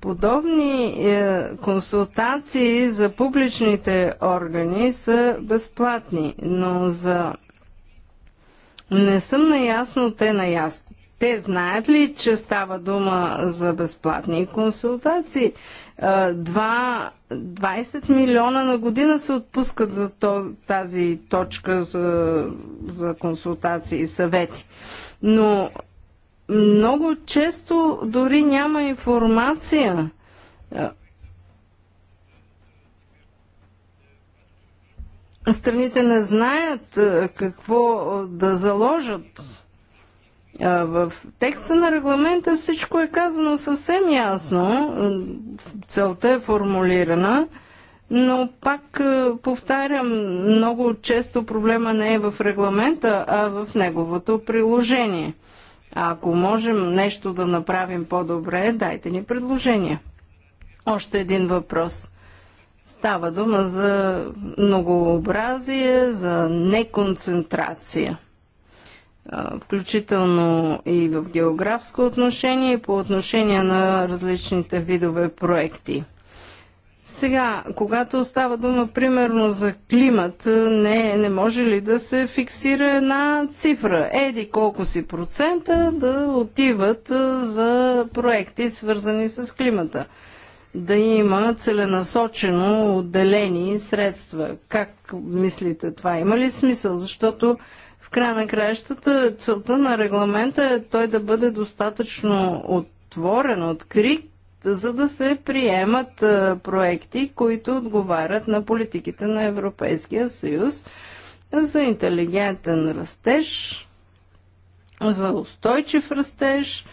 Подобни е, консултации за публичните органи са безплатни, но за не съм наясно те наясно те знаят ли, че става дума за безплатни консултации? 20 милиона на година се отпускат за тази точка за, за консултации и съвети. Но много често дори няма информация. Страните не знаят какво да заложат в текста на регламента всичко е казано съвсем ясно, целта е формулирана, но пак повтарям, много често проблема не е в регламента, а в неговото приложение. А ако можем нещо да направим по-добре, дайте ни предложения. Още един въпрос. Става дума за многообразие, за неконцентрация включително и в географско отношение и по отношение на различните видове проекти. Сега, когато става дума примерно за климат, не, не може ли да се фиксира една цифра? Еди колко си процента да отиват за проекти свързани с климата? Да има целенасочено отделени средства. Как мислите това? Има ли смисъл? Защото края на краищата целта на регламента е той да бъде достатъчно отворен, открит, за да се приемат е, проекти, които отговарят на политиките на Европейския съюз за интелигентен растеж, за устойчив растеж,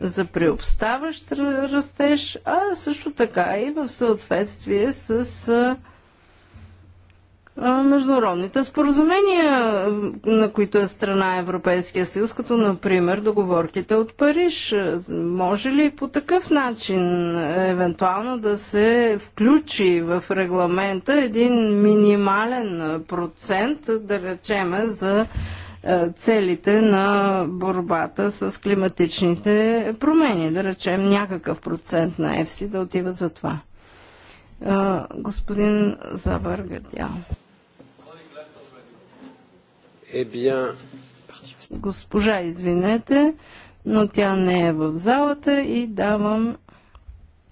за приобставащ растеж, а също така и в съответствие с а, е, международните споразумения, на които е страна Европейския съюз, като например договорките от Париж. Може ли по такъв начин евентуално да се включи в регламента един минимален процент, да речеме, за целите на борбата с климатичните промени. Да речем някакъв процент на ЕФСИ да отива за това. Господин Гърдял. Е Госпожа, извинете, но тя не е в залата и давам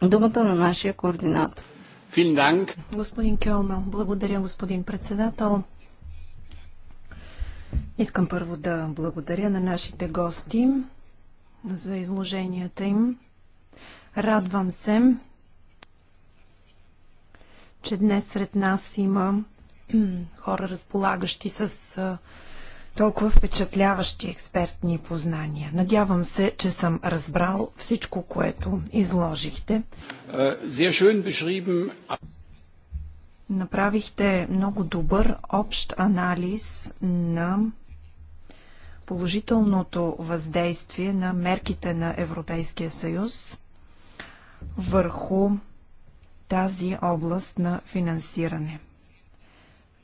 думата на нашия координатор. Господин Келмел, благодаря, господин председател. Искам първо да благодаря на нашите гости за изложенията им. Радвам се, че днес сред нас има хора, разполагащи с толкова впечатляващи експертни познания. Надявам се, че съм разбрал всичко, което изложихте. Е, Направихте много добър общ анализ на положителното въздействие на мерките на Европейския съюз върху тази област на финансиране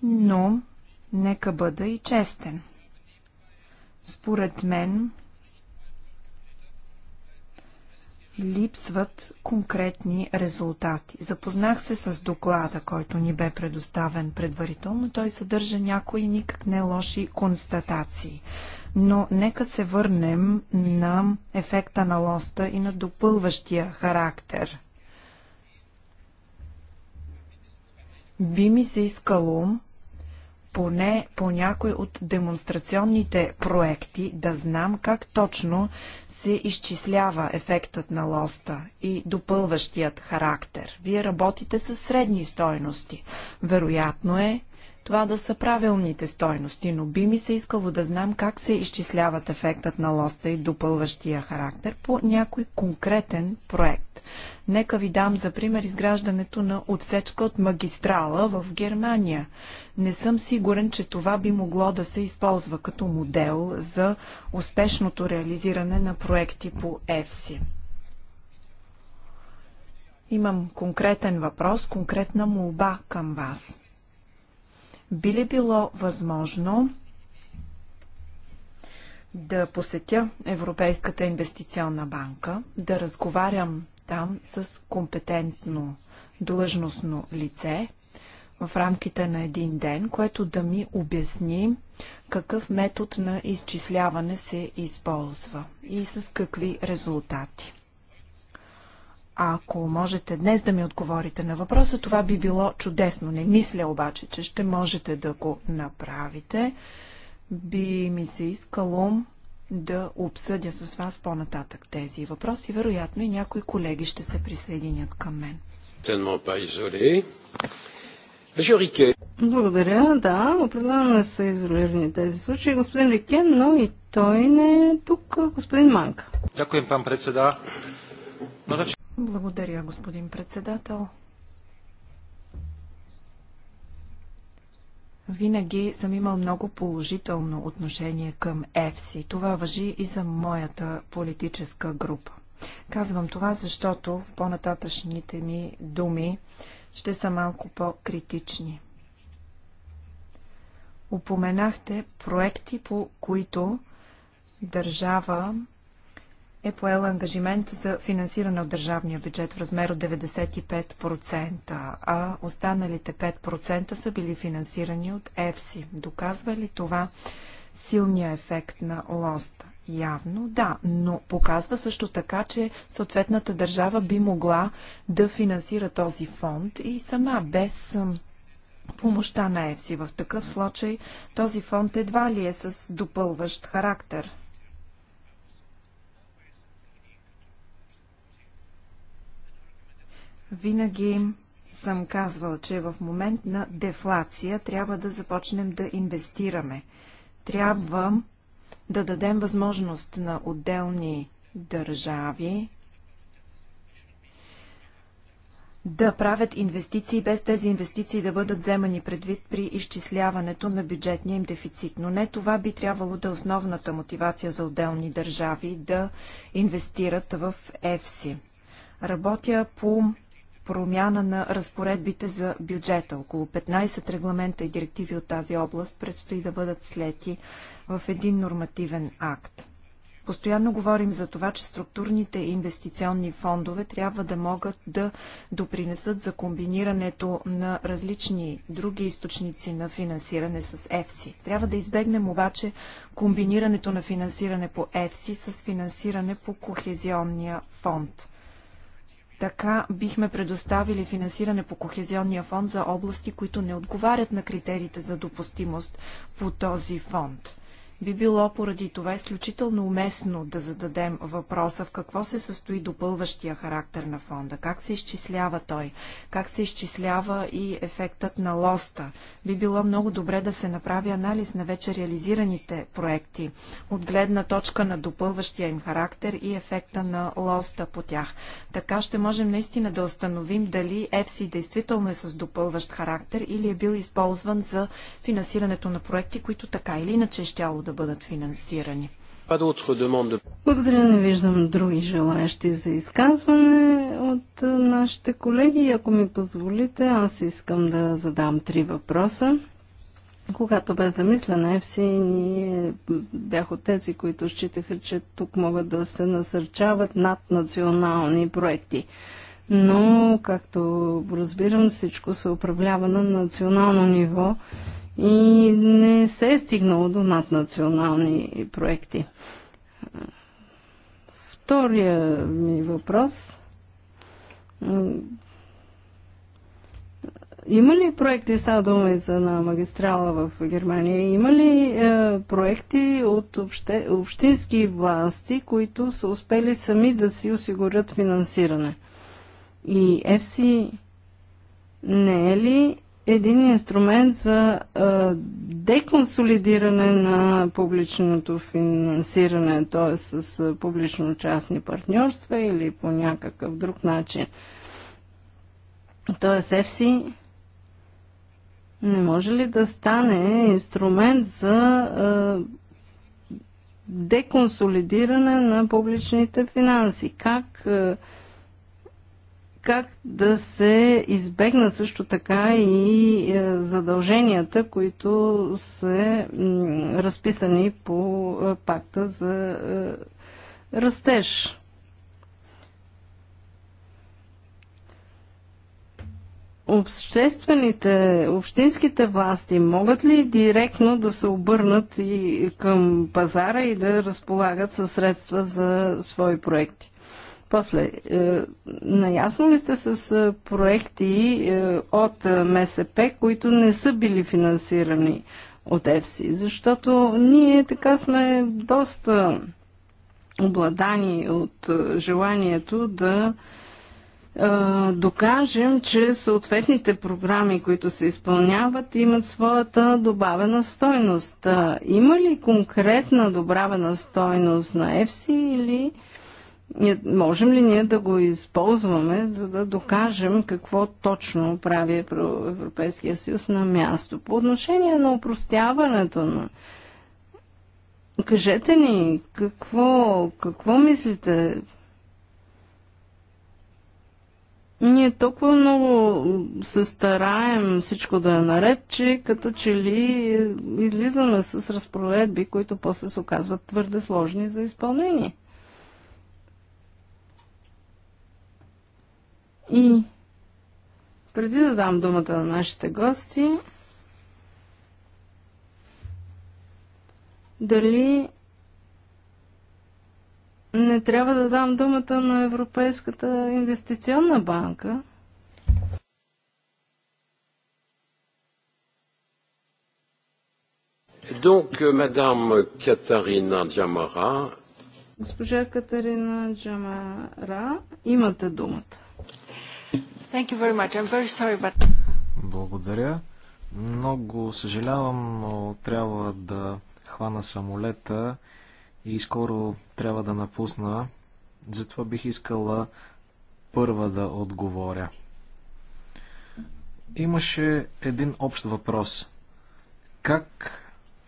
но нека бъда и честен. Според мен липсват конкретни резултати. Запознах се с доклада, който ни бе предоставен предварително. Той съдържа някои никак не лоши констатации. Но нека се върнем на ефекта на лоста и на допълващия характер. Би ми се искало поне по някой от демонстрационните проекти да знам как точно се изчислява ефектът на лоста и допълващият характер. Вие работите със средни стойности. Вероятно е това да са правилните стойности, но би ми се искало да знам как се изчисляват ефектът на лоста и допълващия характер по някой конкретен проект. Нека ви дам за пример изграждането на отсечка от магистрала в Германия. Не съм сигурен, че това би могло да се използва като модел за успешното реализиране на проекти по ЕФСИ. Имам конкретен въпрос, конкретна молба към вас. Би ли било възможно да посетя Европейската инвестиционна банка, да разговарям там с компетентно длъжностно лице в рамките на един ден, което да ми обясни какъв метод на изчисляване се използва и с какви резултати. Ако можете днес да ми отговорите на въпроса, това би било чудесно. Не мисля обаче, че ще можете да го направите. Би ми се искало да обсъдя с вас по-нататък тези въпроси. Вероятно и някои колеги ще се присъединят към мен. Благодаря, да, определено са изолирани тези случаи. Господин Рикен, но и той не е тук. Господин Манка. Дякуем, пан председа. Благодаря, господин председател. Винаги съм имал много положително отношение към ЕФСИ. Това въжи и за моята политическа група. Казвам това, защото в по-нататъчните ми думи ще са малко по-критични. Упоменахте проекти, по които държава е поела ангажимент за финансиране от държавния бюджет в размер от 95%, а останалите 5% са били финансирани от ЕФСИ. Доказва ли това силния ефект на лоста? Явно да, но показва също така, че съответната държава би могла да финансира този фонд и сама, без помощта на ЕФСИ. В такъв случай този фонд едва ли е с допълващ характер. Винаги съм казвал, че в момент на дефлация трябва да започнем да инвестираме. Трябва да дадем възможност на отделни държави да правят инвестиции, без тези инвестиции да бъдат вземани предвид при изчисляването на бюджетния им дефицит. Но не това би трябвало да е основната мотивация за отделни държави да инвестират в ЕФСИ. Работя по промяна на разпоредбите за бюджета. Около 15 регламента и директиви от тази област предстои да бъдат слети в един нормативен акт. Постоянно говорим за това, че структурните инвестиционни фондове трябва да могат да допринесат за комбинирането на различни други източници на финансиране с ЕФСИ. Трябва да избегнем обаче комбинирането на финансиране по ЕФСИ с финансиране по Кохезионния фонд. Така бихме предоставили финансиране по Кохезионния фонд за области, които не отговарят на критериите за допустимост по този фонд. Би било поради това изключително уместно да зададем въпроса в какво се състои допълващия характер на фонда, как се изчислява той, как се изчислява и ефектът на лоста. Би било много добре да се направи анализ на вече реализираните проекти от гледна точка на допълващия им характер и ефекта на лоста по тях. Така ще можем наистина да установим дали FC действително е с допълващ характер или е бил използван за финансирането на проекти, които така или иначе е щяло да да бъдат финансирани. Благодаря, не виждам други желаящи за изказване от нашите колеги. Ако ми позволите, аз искам да задам три въпроса. Когато бе замислена ЕФСИ, ние бях от тези, които считаха, че тук могат да се насърчават наднационални проекти. Но, както разбирам, всичко се управлява на национално ниво и не се е стигнало до наднационални проекти. Втория ми въпрос. Има ли проекти, става дума и за на магистрала в Германия, има ли е, проекти от обще, общински власти, които са успели сами да си осигурят финансиране? И ЕФСИ не е ли един инструмент за а, деконсолидиране на публичното финансиране, т.е. с публично-частни партньорства или по някакъв друг начин. Т.е. EFSI не може ли да стане инструмент за а, деконсолидиране на публичните финанси? Как а, как да се избегнат също така и е, задълженията, които са разписани по е, пакта за е, растеж. Обществените, общинските власти могат ли директно да се обърнат и към пазара и да разполагат със средства за свои проекти? После, е, наясно ли сте с е, проекти е, от МСП, които не са били финансирани от ЕФСИ? Защото ние така сме доста обладани от желанието да докажем, че съответните програми, които се изпълняват, имат своята добавена стойност. Има ли конкретна добавена стойност на ЕФСИ или ние, можем ли ние да го използваме, за да докажем какво точно прави Европейския съюз на място? По отношение на упростяването на Кажете ни, какво, какво мислите? Ние толкова много се стараем всичко да е наред, че като че ли излизаме с разпроведби, които после се оказват твърде сложни за изпълнение. И преди да дам думата на нашите гости, дали не трябва да дам думата на Европейската инвестиционна банка? Donc, euh, Madame Катарина Джамара. Госпожа Катарина Джамара, имате думата. Sorry, but... Благодаря. Много съжалявам, но трябва да хвана самолета и скоро трябва да напусна. Затова бих искала първа да отговоря. Имаше един общ въпрос. Как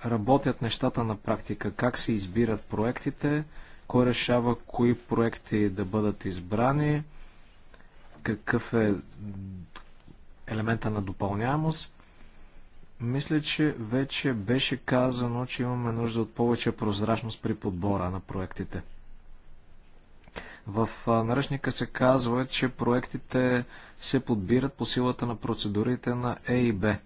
работят нещата на практика? Как се избират проектите? Кой решава кои проекти да бъдат избрани? какъв е елемента на допълняемост. Мисля, че вече беше казано, че имаме нужда от повече прозрачност при подбора на проектите. В наръчника се казва, че проектите се подбират по силата на процедурите на Е и Б.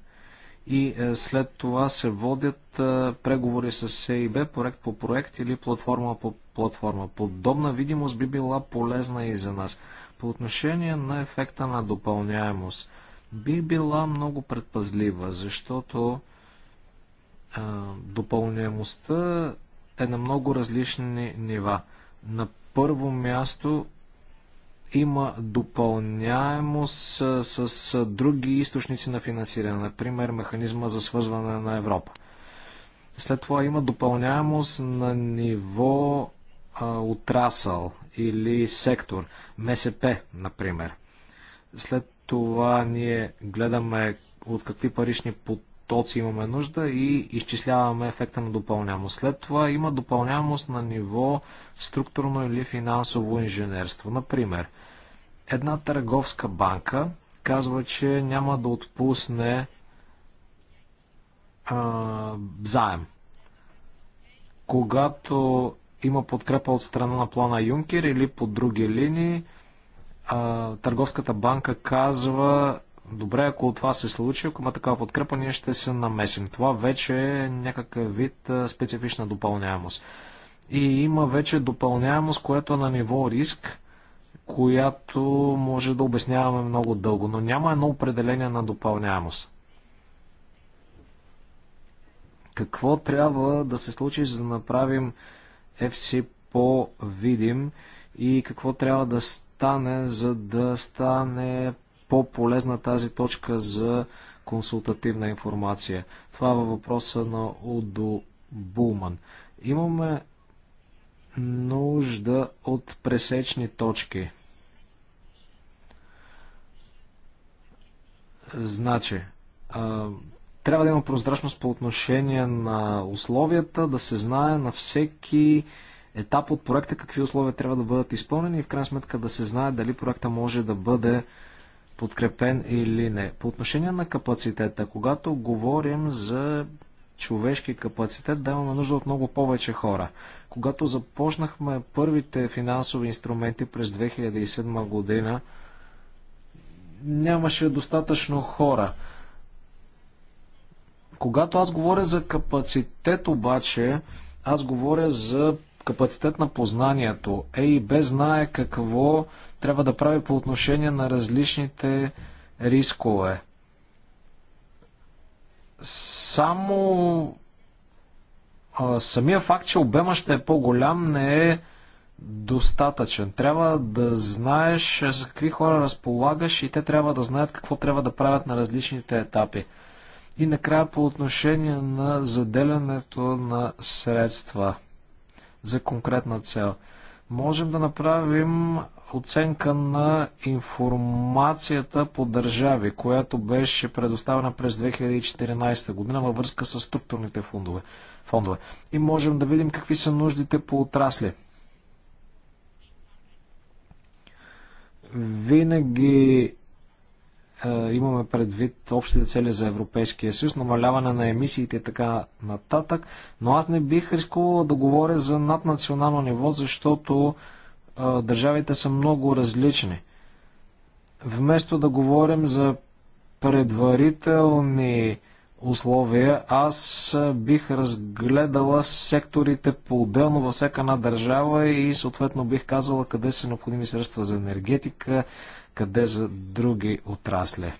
И е, след това се водят е, преговори с Е и Б, проект по проект или платформа по платформа. Подобна видимост би била полезна и за нас. По отношение на ефекта на допълняемост, бих била много предпазлива, защото а, допълняемостта е на много различни нива. На първо място има допълняемост с, с, с други източници на финансиране, например механизма за свързване на Европа. След това има допълняемост на ниво а, отрасъл или сектор, МСП, например. След това ние гледаме от какви парични потоци имаме нужда и изчисляваме ефекта на допълнямост. След това има допълнямост на ниво структурно или финансово инженерство. Например, една търговска банка казва, че няма да отпусне а, заем. Когато има подкрепа от страна на плана Юнкер или по други линии. А, Търговската банка казва, добре, ако това се случи, ако има такава подкрепа, ние ще се намесим. Това вече е някакъв вид специфична допълняемост. И има вече допълняемост, която е на ниво риск, която може да обясняваме много дълго, но няма едно определение на допълняемост. Какво трябва да се случи, за да направим FC по-видим и какво трябва да стане, за да стане по-полезна тази точка за консултативна информация. Това е въпроса на Удо Булман. Имаме нужда от пресечни точки. Значи, трябва да има прозрачност по отношение на условията, да се знае на всеки етап от проекта какви условия трябва да бъдат изпълнени и в крайна сметка да се знае дали проекта може да бъде подкрепен или не. По отношение на капацитета, когато говорим за човешки капацитет, да имаме нужда от много повече хора. Когато започнахме първите финансови инструменти през 2007 година, нямаше достатъчно хора. Когато аз говоря за капацитет обаче, аз говоря за капацитет на познанието. Е и Б знае какво трябва да прави по отношение на различните рискове. Само а, самия факт, че обема ще е по-голям, не е достатъчен. Трябва да знаеш с какви хора разполагаш и те трябва да знаят какво трябва да правят на различните етапи. И накрая по отношение на заделянето на средства за конкретна цел. Можем да направим оценка на информацията по държави, която беше предоставена през 2014 година във връзка с структурните фондове. фондове. И можем да видим какви са нуждите по отрасли. Винаги е, имаме предвид общите цели за Европейския съюз, намаляване на емисиите и така нататък. Но аз не бих рискувал да говоря за наднационално ниво, защото а, е, държавите са много различни. Вместо да говорим за предварителни условия, аз бих разгледала секторите по-отделно във всяка една държава и съответно бих казала къде са необходими средства за енергетика, къде за други отрасли.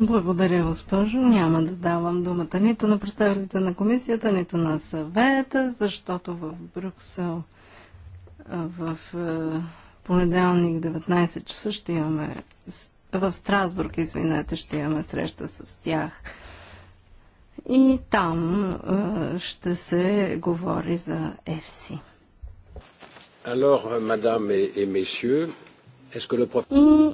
Благодаря, госпожо. Няма да давам думата нито на представителите на комисията, нито на съвета, защото в Брюксел в понеделник 19 часа ще имаме в Страсбург, извинете, ще имаме среща с тях. И там ще се говори за ЕФСИ. Alors, madame et messieurs, и,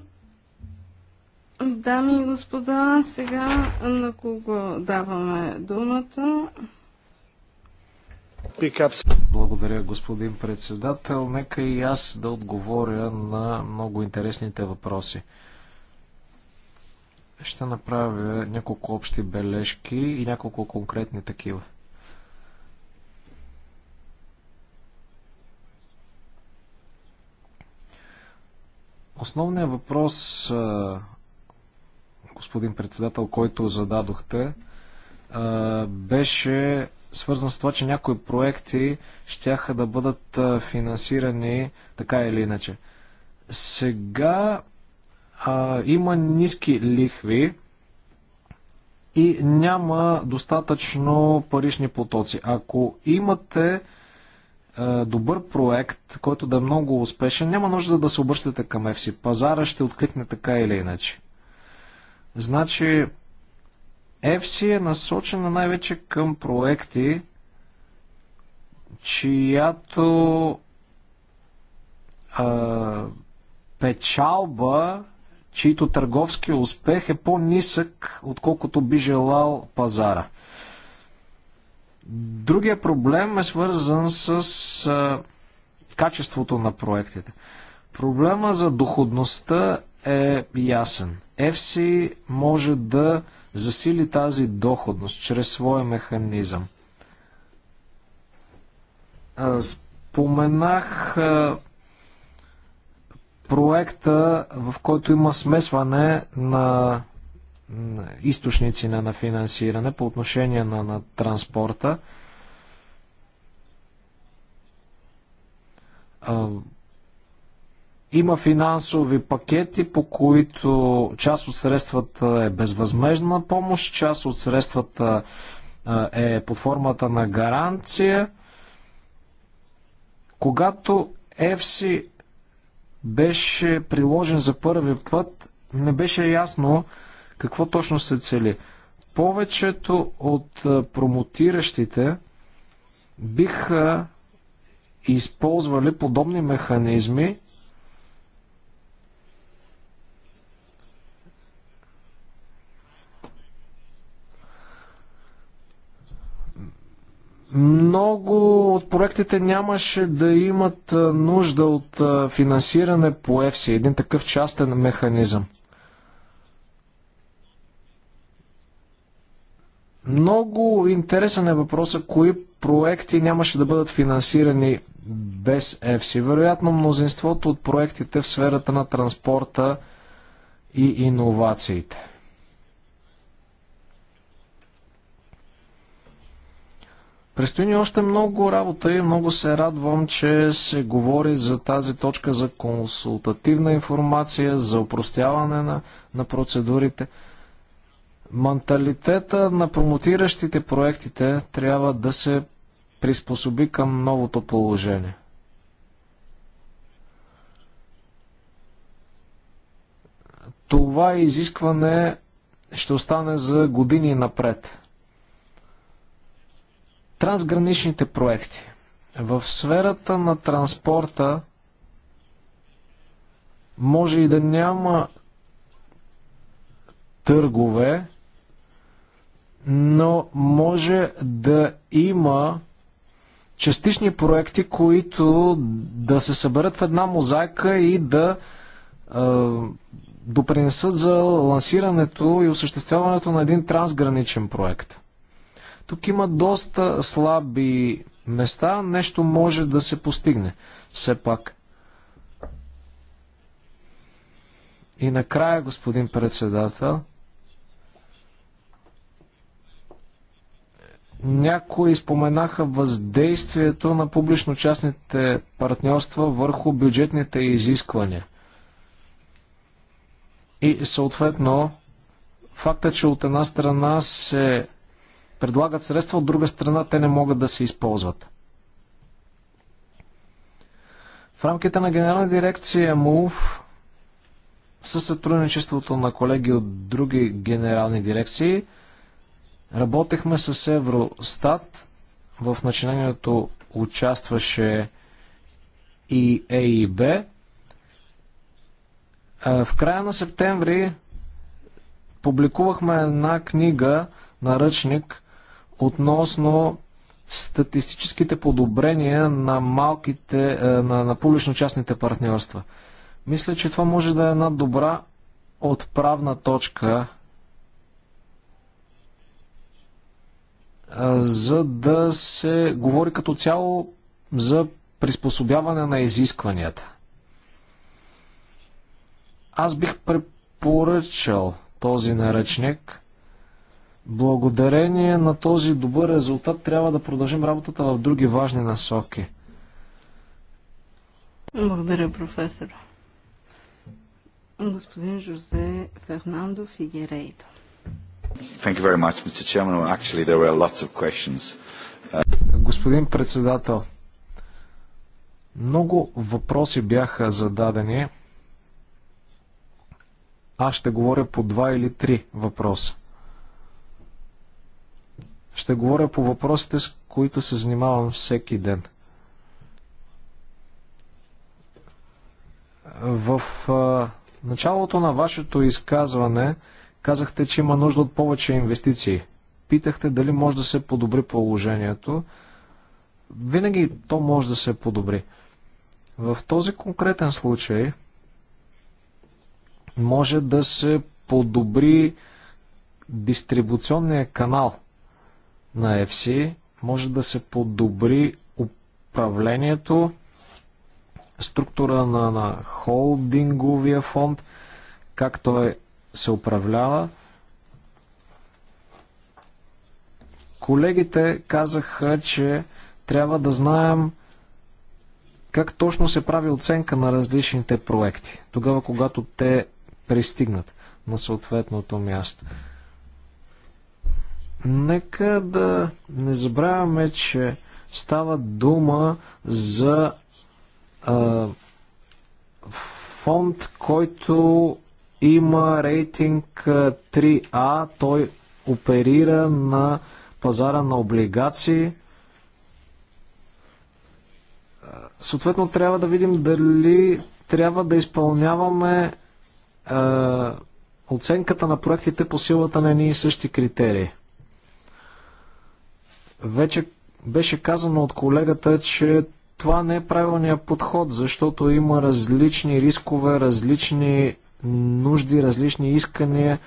дами и господа, сега на кого даваме думата? Благодаря, господин председател. Нека и аз да отговоря на много интересните въпроси. Ще направя няколко общи бележки и няколко конкретни такива. Основният въпрос, господин председател, който зададохте, беше свързан с това, че някои проекти ще да бъдат финансирани така или иначе. Сега а, има ниски лихви и няма достатъчно парични потоци. Ако имате е, добър проект, който да е много успешен, няма нужда да се обръщате към FC. Пазара ще откликне така или иначе. Значи, FC е насочена най-вече към проекти, чиято а, е, печалба, чието търговски успех е по-нисък, отколкото би желал пазара. Другия проблем е свързан с качеството на проектите. Проблема за доходността е ясен. FC може да засили тази доходност чрез своя механизъм. Споменах проекта, в който има смесване на източници на, на финансиране по отношение на, на транспорта. Има финансови пакети, по които част от средствата е безвъзмежна помощ, част от средствата е под формата на гаранция. Когато ЕФСИ беше приложен за първи път, не беше ясно какво точно се цели? Повечето от промотиращите биха използвали подобни механизми, много от проектите нямаше да имат нужда от финансиране по ЕФСИ, един такъв частен механизъм. Много интересен е въпросът, кои проекти нямаше да бъдат финансирани без ЕФСИ. Вероятно мнозинството от проектите в сферата на транспорта и иновациите. Престои ни още много работа и много се радвам, че се говори за тази точка за консултативна информация, за упростяване на, на процедурите. Менталитета на промотиращите проектите трябва да се приспособи към новото положение. Това изискване ще остане за години напред. Трансграничните проекти. В сферата на транспорта може и да няма търгове, но може да има частични проекти, които да се съберат в една мозайка и да е, допринесат за лансирането и осъществяването на един трансграничен проект. Тук има доста слаби места, нещо може да се постигне. Все пак. И накрая, господин председател, Някои споменаха въздействието на публично-частните партньорства върху бюджетните изисквания. И съответно, факта, че от една страна се предлагат средства, от друга страна те не могат да се използват. В рамките на Генерална дирекция МУВ със сътрудничеството на колеги от други генерални дирекции – Работехме с Евростат. В начинанието участваше и Е и Б. В края на септември публикувахме една книга, на ръчник относно статистическите подобрения на малките, е, на, на публично-частните партньорства. Мисля, че това може да е една добра отправна точка за да се говори като цяло за приспособяване на изискванията. Аз бих препоръчал този наръчник. Благодарение на този добър резултат трябва да продължим работата в други важни насоки. Благодаря, професор. Господин Жозе Фернандо Фигерейдо. Господин председател, много въпроси бяха зададени. Аз ще говоря по два или три въпроса. Ще говоря по въпросите, с които се занимавам всеки ден. В началото на вашето изказване Казахте, че има нужда от повече инвестиции. Питахте дали може да се подобри положението. Винаги то може да се подобри. В този конкретен случай може да се подобри дистрибуционния канал на FC, може да се подобри управлението, структура на, на холдинговия фонд, как той е се управлява. Колегите казаха, че трябва да знаем как точно се прави оценка на различните проекти, тогава когато те пристигнат на съответното място. Нека да не забравяме, че става дума за а, фонд, който има рейтинг 3А, той оперира на пазара на облигации. Съответно, трябва да видим дали трябва да изпълняваме е, оценката на проектите по силата на едни и същи критерии. Вече беше казано от колегата, че това не е правилният подход, защото има различни рискове, различни нужди, различни искания.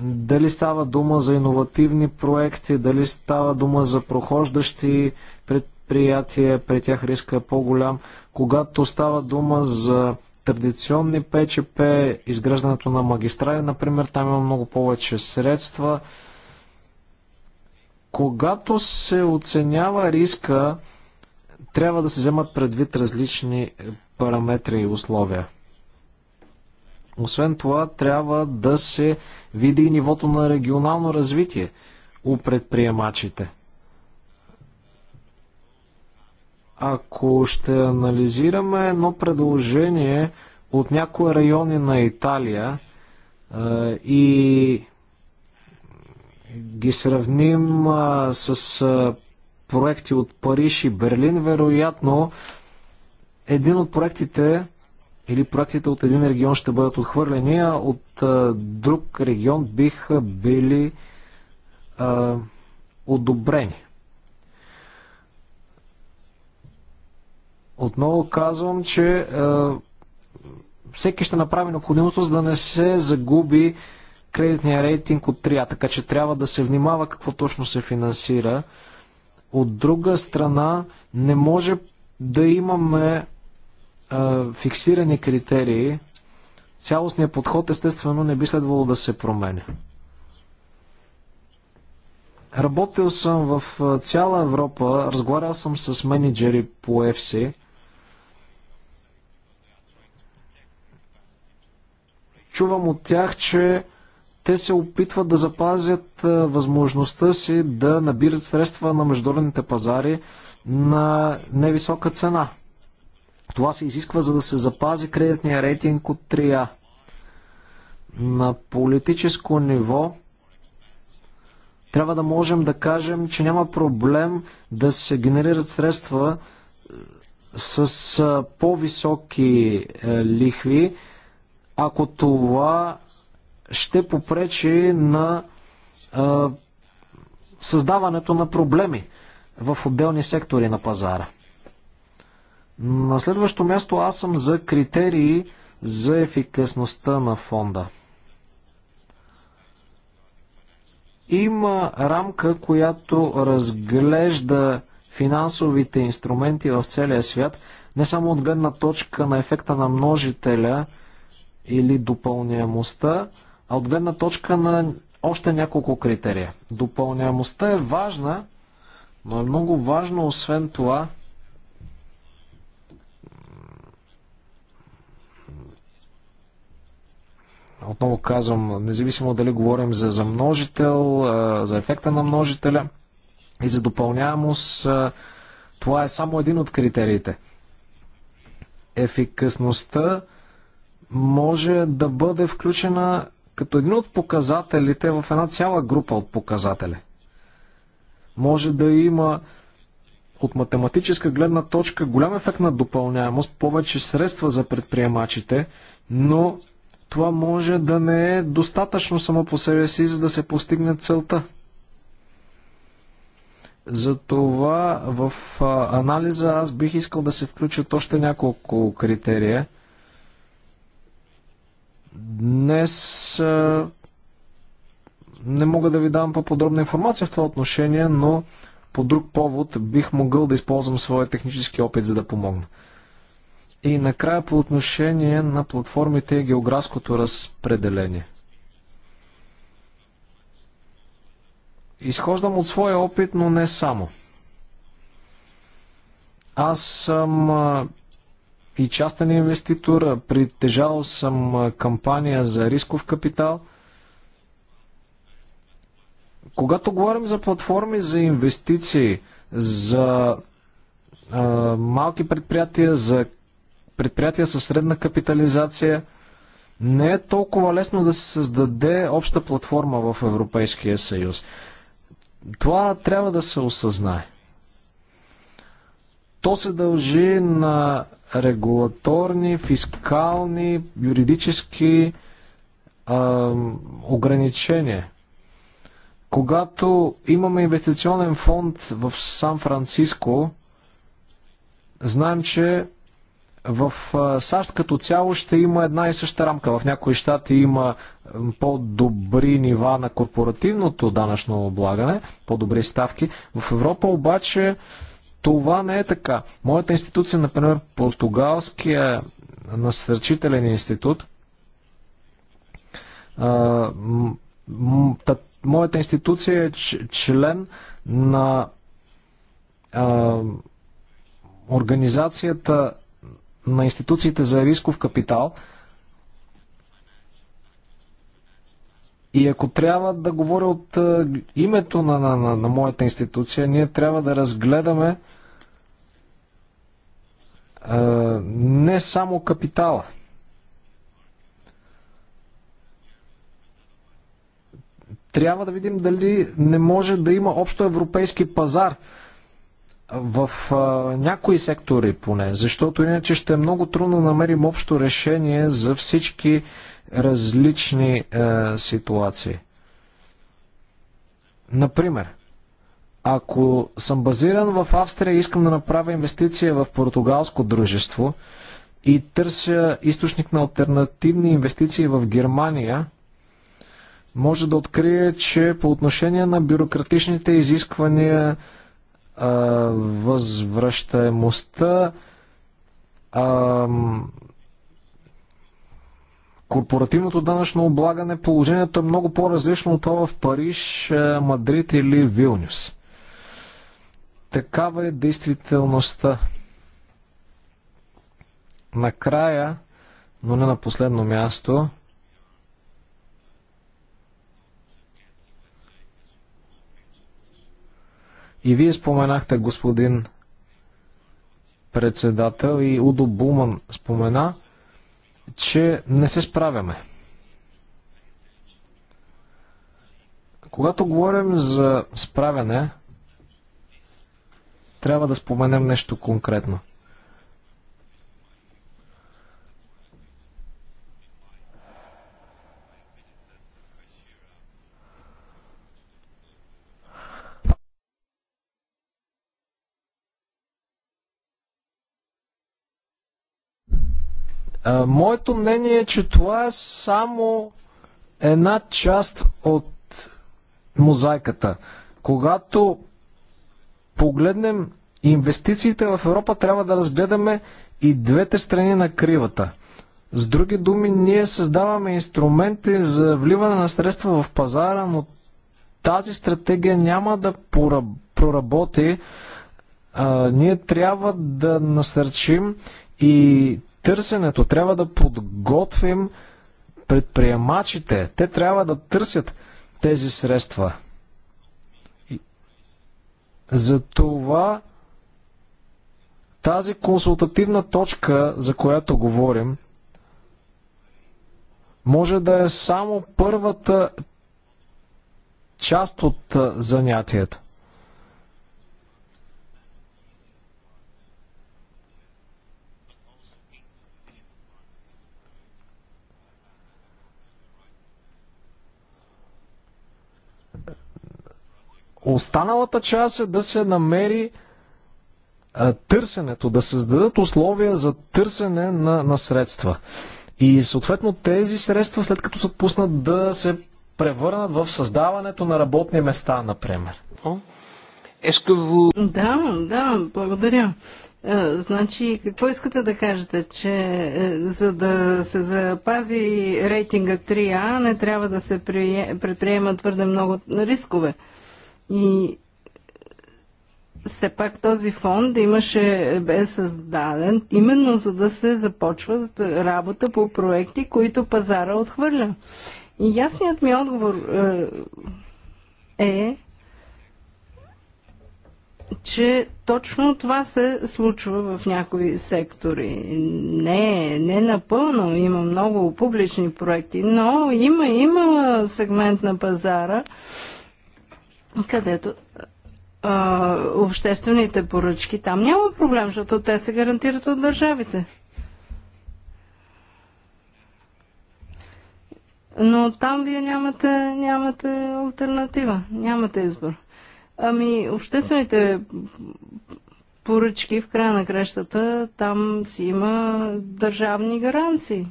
Дали става дума за иновативни проекти, дали става дума за прохождащи предприятия, при тях риска е по-голям. Когато става дума за традиционни ПЧП, изграждането на магистрали, например, там има много повече средства. Когато се оценява риска, трябва да се вземат предвид различни параметри и условия. Освен това, трябва да се види и нивото на регионално развитие у предприемачите. Ако ще анализираме едно предложение от някои райони на Италия е, и ги сравним е, с е, проекти от Париж и Берлин, вероятно един от проектите или проектите от един регион ще бъдат отхвърлени, а от друг регион биха били а, одобрени. Отново казвам, че а, всеки ще направи необходимото, за да не се загуби кредитния рейтинг от 3, така че трябва да се внимава какво точно се финансира. От друга страна, не може да имаме фиксирани критерии, цялостният подход естествено не би следвало да се променя. Работил съм в цяла Европа, разговарял съм с менеджери по FC. Чувам от тях, че те се опитват да запазят възможността си да набират средства на международните пазари на невисока цена – това се изисква, за да се запази кредитния рейтинг от 3А. На политическо ниво трябва да можем да кажем, че няма проблем да се генерират средства е, с е, по-високи е, лихви, ако това ще попречи на създаването на проблеми в отделни сектори на пазара. На следващо място аз съм за критерии за ефикасността на фонда. Има рамка, която разглежда финансовите инструменти в целия свят, не само от гледна точка на ефекта на множителя или допълняемостта, а от гледна точка на още няколко критерия. Допълняемостта е важна, но е много важно освен това Отново казвам, независимо дали говорим за, за множител, за ефекта на множителя и за допълняемост, това е само един от критериите. Ефикасността може да бъде включена като един от показателите в една цяла група от показатели. Може да има от математическа гледна точка голям ефект на допълняемост, повече средства за предприемачите, но това може да не е достатъчно само по себе си, за да се постигне целта. Затова в анализа аз бих искал да се включат още няколко критерия. Днес не мога да ви дам по-подробна информация в това отношение, но по друг повод бих могъл да използвам своя технически опит, за да помогна. И накрая по отношение на платформите и географското разпределение. Изхождам от своя опит, но не само. Аз съм и частен инвеститор, притежавал съм кампания за рисков капитал. Когато говорим за платформи за инвестиции, за малки предприятия, за предприятия със средна капитализация. Не е толкова лесно да се създаде обща платформа в Европейския съюз. Това трябва да се осъзнае. То се дължи на регулаторни, фискални, юридически а, ограничения. Когато имаме инвестиционен фонд в Сан Франциско, знаем, че в САЩ като цяло ще има една и съща рамка. В някои щати има по-добри нива на корпоративното данъчно облагане, по-добри ставки. В Европа обаче това не е така. Моята институция, например, Португалския насърчителен институт, моята институция е член на организацията на институциите за рисков капитал. И ако трябва да говоря от е, името на, на, на, на моята институция, ние трябва да разгледаме е, не само капитала. Трябва да видим дали не може да има общо европейски пазар в а, някои сектори поне, защото иначе ще е много трудно намерим общо решение за всички различни а, е, ситуации. Например, ако съм базиран в Австрия и искам да направя инвестиция в португалско дружество и търся източник на альтернативни инвестиции в Германия, може да открия, че по отношение на бюрократичните изисквания възвръщаемостта, корпоративното данъчно облагане, положението е много по-различно от това в Париж, Мадрид или Вилнюс. Такава е действителността. Накрая, но не на последно място, И вие споменахте, господин председател, и Удо Буман спомена, че не се справяме. Когато говорим за справяне, трябва да споменем нещо конкретно – Моето мнение е, че това е само една част от мозайката. Когато погледнем инвестициите в Европа, трябва да разгледаме и двете страни на кривата. С други думи, ние създаваме инструменти за вливане на средства в пазара, но тази стратегия няма да проработи. А, ние трябва да насърчим и търсенето. Трябва да подготвим предприемачите. Те трябва да търсят тези средства. Затова тази консултативна точка, за която говорим, може да е само първата част от занятието. Останалата част е да се намери а, търсенето, да създадат условия за търсене на, на средства. И съответно тези средства, след като се пуснат, да се превърнат в създаването на работни места, например. Да, да, благодаря. Значи, какво искате да кажете, че е, за да се запази рейтинга 3А не трябва да се предприема твърде много рискове? И все пак този фонд имаше, бе създаден именно за да се започват работа по проекти, които пазара отхвърля. И ясният ми отговор е, е че точно това се случва в някои сектори. Не, не напълно. Има много публични проекти, но има, има сегмент на пазара, където а, обществените поръчки, там няма проблем, защото те се гарантират от държавите. Но там вие нямате, нямате альтернатива, нямате избор. Ами, обществените поръчки в края на крещата, там си има държавни гаранции.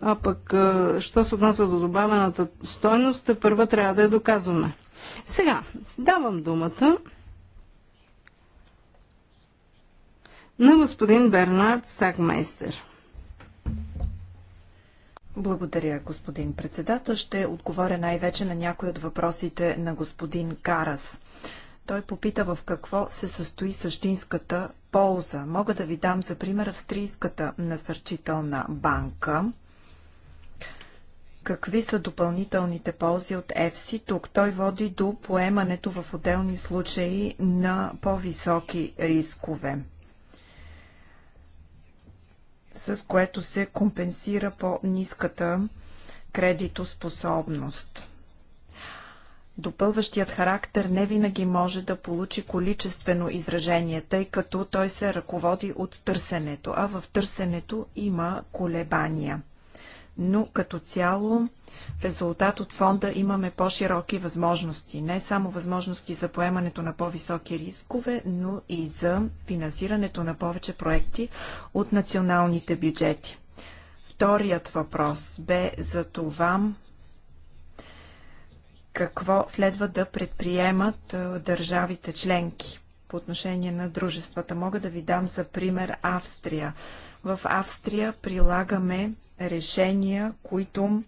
А пък, що се отнася до добавената стойност, първа трябва да я доказваме. Сега, давам думата на господин Бернард Сагмейстер. Благодаря, господин председател. Ще отговоря най-вече на някои от въпросите на господин Карас. Той попита в какво се състои същинската полза. Мога да ви дам за пример австрийската насърчителна банка. Какви са допълнителните ползи от ЕФСИ? Тук той води до поемането в отделни случаи на по-високи рискове, с което се компенсира по-низката кредитоспособност. Допълващият характер не винаги може да получи количествено изражение, тъй като той се ръководи от търсенето, а в търсенето има колебания но като цяло в резултат от фонда имаме по-широки възможности. Не само възможности за поемането на по-високи рискове, но и за финансирането на повече проекти от националните бюджети. Вторият въпрос бе за това какво следва да предприемат държавите членки по отношение на дружествата. Мога да ви дам за пример Австрия. В Австрия прилагаме решения, които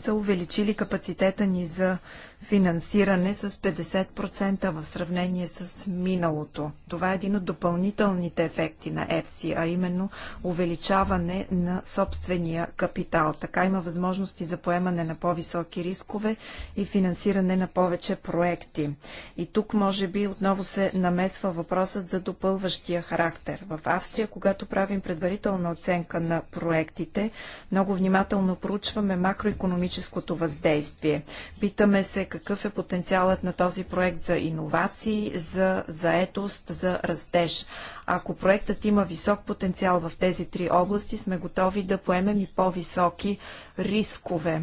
са увеличили капацитета ни за финансиране с 50% в сравнение с миналото. Това е един от допълнителните ефекти на ЕФСИ, а именно увеличаване на собствения капитал. Така има възможности за поемане на по-високи рискове и финансиране на повече проекти. И тук може би отново се намесва въпросът за допълващия характер. В Австрия, когато правим предварителна оценка на проектите, много внимателно проучваме макроекономическото въздействие. Питаме се какъв е потенциалът на този проект за иновации, за заетост, за растеж. Ако проектът има висок потенциал в тези три области, сме готови да поемем и по-високи рискове.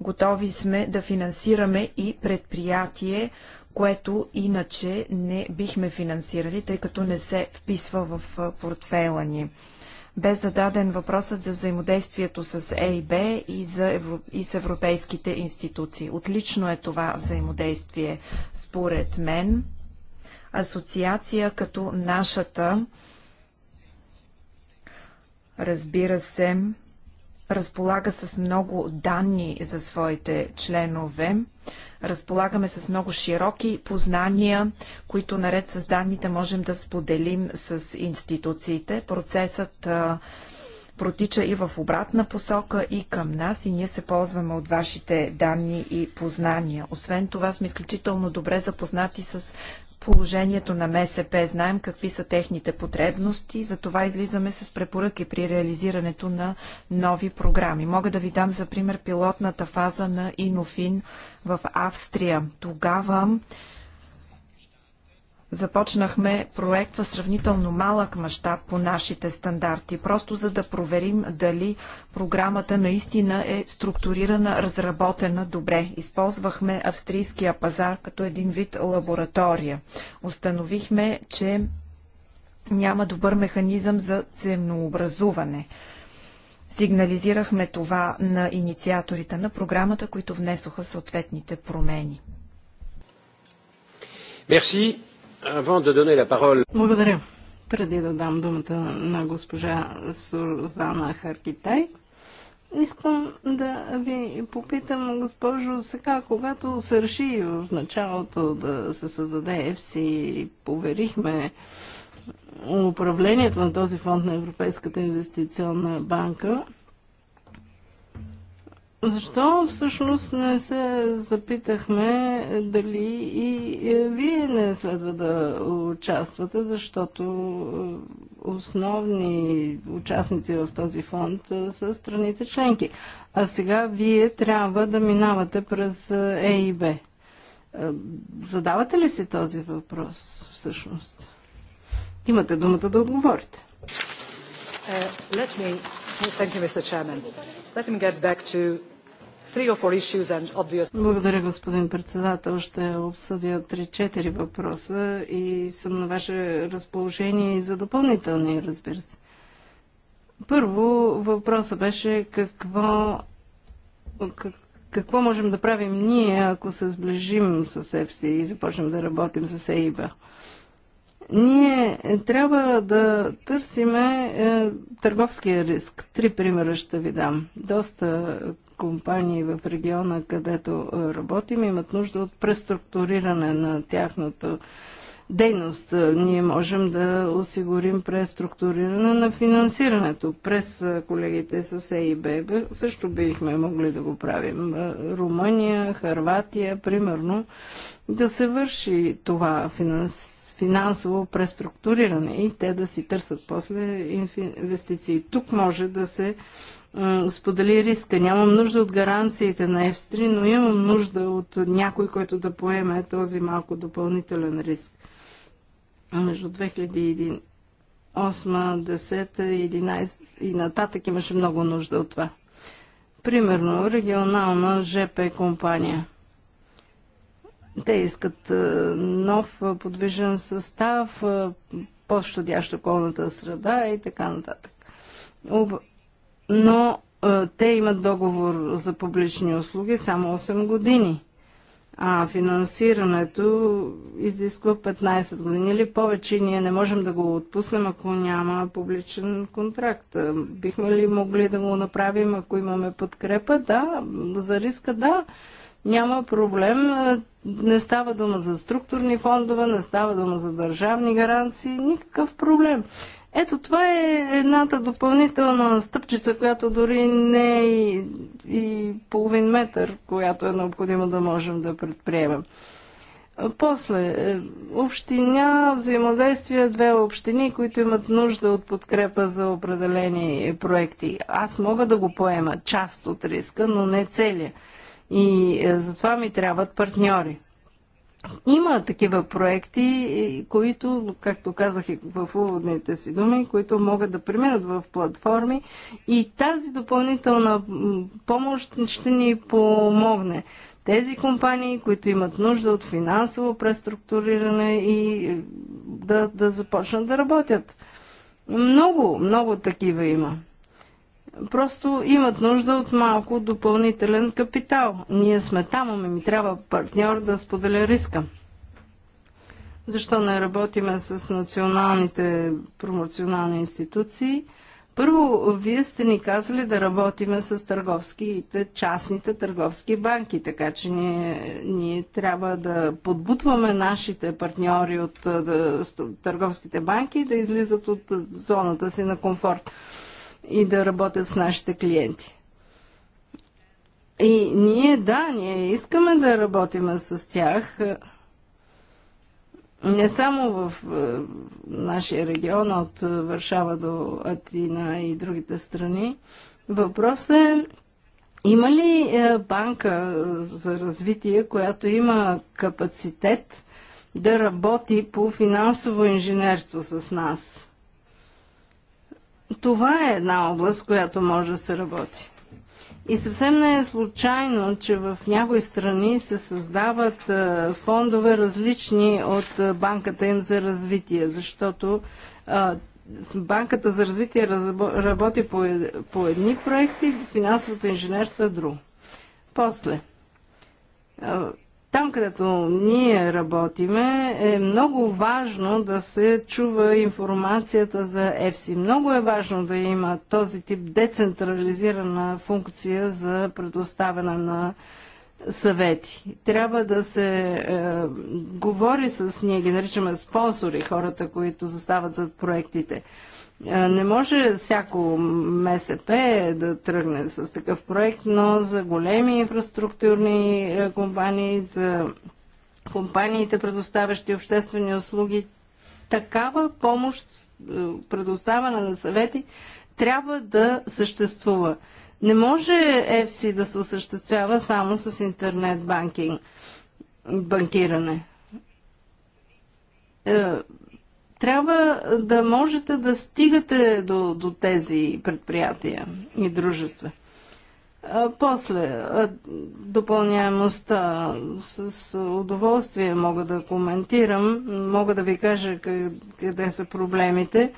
Готови сме да финансираме и предприятие, което иначе не бихме финансирали, тъй като не се вписва в портфейла ни бе зададен въпросът за взаимодействието с ЕИБ и, за Евро... и с европейските институции. Отлично е това взаимодействие, според мен. Асоциация като нашата, разбира се, разполага с много данни за своите членове. Разполагаме с много широки познания, които наред с данните можем да споделим с институциите. Процесът а, протича и в обратна посока и към нас и ние се ползваме от вашите данни и познания. Освен това сме изключително добре запознати с положението на МСП, знаем какви са техните потребности, затова излизаме с препоръки при реализирането на нови програми. Мога да ви дам за пример пилотната фаза на Инофин в Австрия. Тогава започнахме проект в сравнително малък мащаб по нашите стандарти, просто за да проверим дали програмата наистина е структурирана, разработена добре. Използвахме австрийския пазар като един вид лаборатория. Установихме, че няма добър механизъм за ценообразуване. Сигнализирахме това на инициаторите на програмата, които внесоха съответните промени. Merci. Благодаря. Преди да дам думата на госпожа Сурзана Харкитай, искам да ви попитам, госпожо, сега, когато се реши в началото да се създаде и поверихме управлението на този фонд на Европейската инвестиционна банка, защо всъщност не се запитахме дали и е, вие не следва да участвате, защото е, основни участници в този фонд е, са страните членки. А сега вие трябва да минавате през ЕИБ. Задавате ли си този въпрос всъщност? Имате думата да отговорите. Uh, благодаря, господин председател. Ще обсъдя 3-4 въпроса и съм на ваше разположение и за допълнителни, разбира се. Първо, въпросът беше какво, как, какво можем да правим ние, ако се сближим с ЕФСИ и започнем да работим с ЕИБА. Ние трябва да търсиме е, търговския риск. Три примера ще ви дам. Доста компании в региона, където е, работим, имат нужда от преструктуриране на тяхното дейност. Е, ние можем да осигурим преструктуриране на финансирането през е, колегите с ЕИБ. Също бихме могли да го правим. Румъния, Харватия, примерно, да се върши това финансиране финансово преструктуриране и те да си търсят после инвестиции. Тук може да се сподели риска. Нямам нужда от гаранциите на F3, но имам нужда от някой, който да поеме този малко допълнителен риск. Между 2008, 10 и 11 и нататък имаше много нужда от това. Примерно регионална ЖП компания – те искат е, нов е, подвижен състав, е, по-щадящ околната среда и така нататък. Но те имат договор за публични услуги само 8 години, а финансирането изисква 15 години или повече. Ние не можем да го отпуснем, ако няма публичен контракт. Бихме ли могли да го направим, ако имаме подкрепа? Да. За риска? Да няма проблем. Не става дума за структурни фондове, не става дума за държавни гаранции, никакъв проблем. Ето това е едната допълнителна стъпчица, която дори не е и, и половин метър, която е необходимо да можем да предприемем. После, е, община, взаимодействие, две общини, които имат нужда от подкрепа за определени проекти. Аз мога да го поема част от риска, но не целия. И е, затова ми трябват партньори. Има такива проекти, е, които, както казах и в уводните си думи, които могат да преминат в платформи и тази допълнителна помощ ще ни помогне. Тези компании, които имат нужда от финансово преструктуриране и е, да, да започнат да работят. Много, много такива има просто имат нужда от малко допълнителен капитал. Ние сме там, ами ми трябва партньор да споделя риска. Защо не работиме с националните промоционални институции? Първо, вие сте ни казали да работиме с търговските, частните търговски банки, така че ние, ние трябва да подбутваме нашите партньори от да, търговските банки да излизат от зоната си на комфорт и да работят с нашите клиенти. И ние, да, ние искаме да работим с тях, е, не само в е, нашия регион, от Варшава до Атина и другите страни. Въпросът е, има ли е, банка за развитие, която има капацитет да работи по финансово инженерство с нас? Това е една област, която може да се работи. И съвсем не е случайно, че в някои страни се създават фондове различни от банката им за развитие, защото банката за развитие работи е, по едни проекти, финансовото инженерство е друго. После, там, където ние работиме, е много важно да се чува информацията за ЕФСИ. Много е важно да има този тип децентрализирана функция за предоставяне на съвети. Трябва да се е, говори с, ние ги наричаме спонсори, хората, които застават зад проектите. Не може всяко МСП да тръгне с такъв проект, но за големи инфраструктурни компании, за компаниите, предоставящи обществени услуги, такава помощ, предоставена на съвети, трябва да съществува. Не може EFSI да се осъществява само с интернет банкинг, банкиране трябва да можете да стигате до, до тези предприятия и дружества. А, после, а, допълняемостта с удоволствие мога да коментирам, мога да ви кажа къде, къде са проблемите.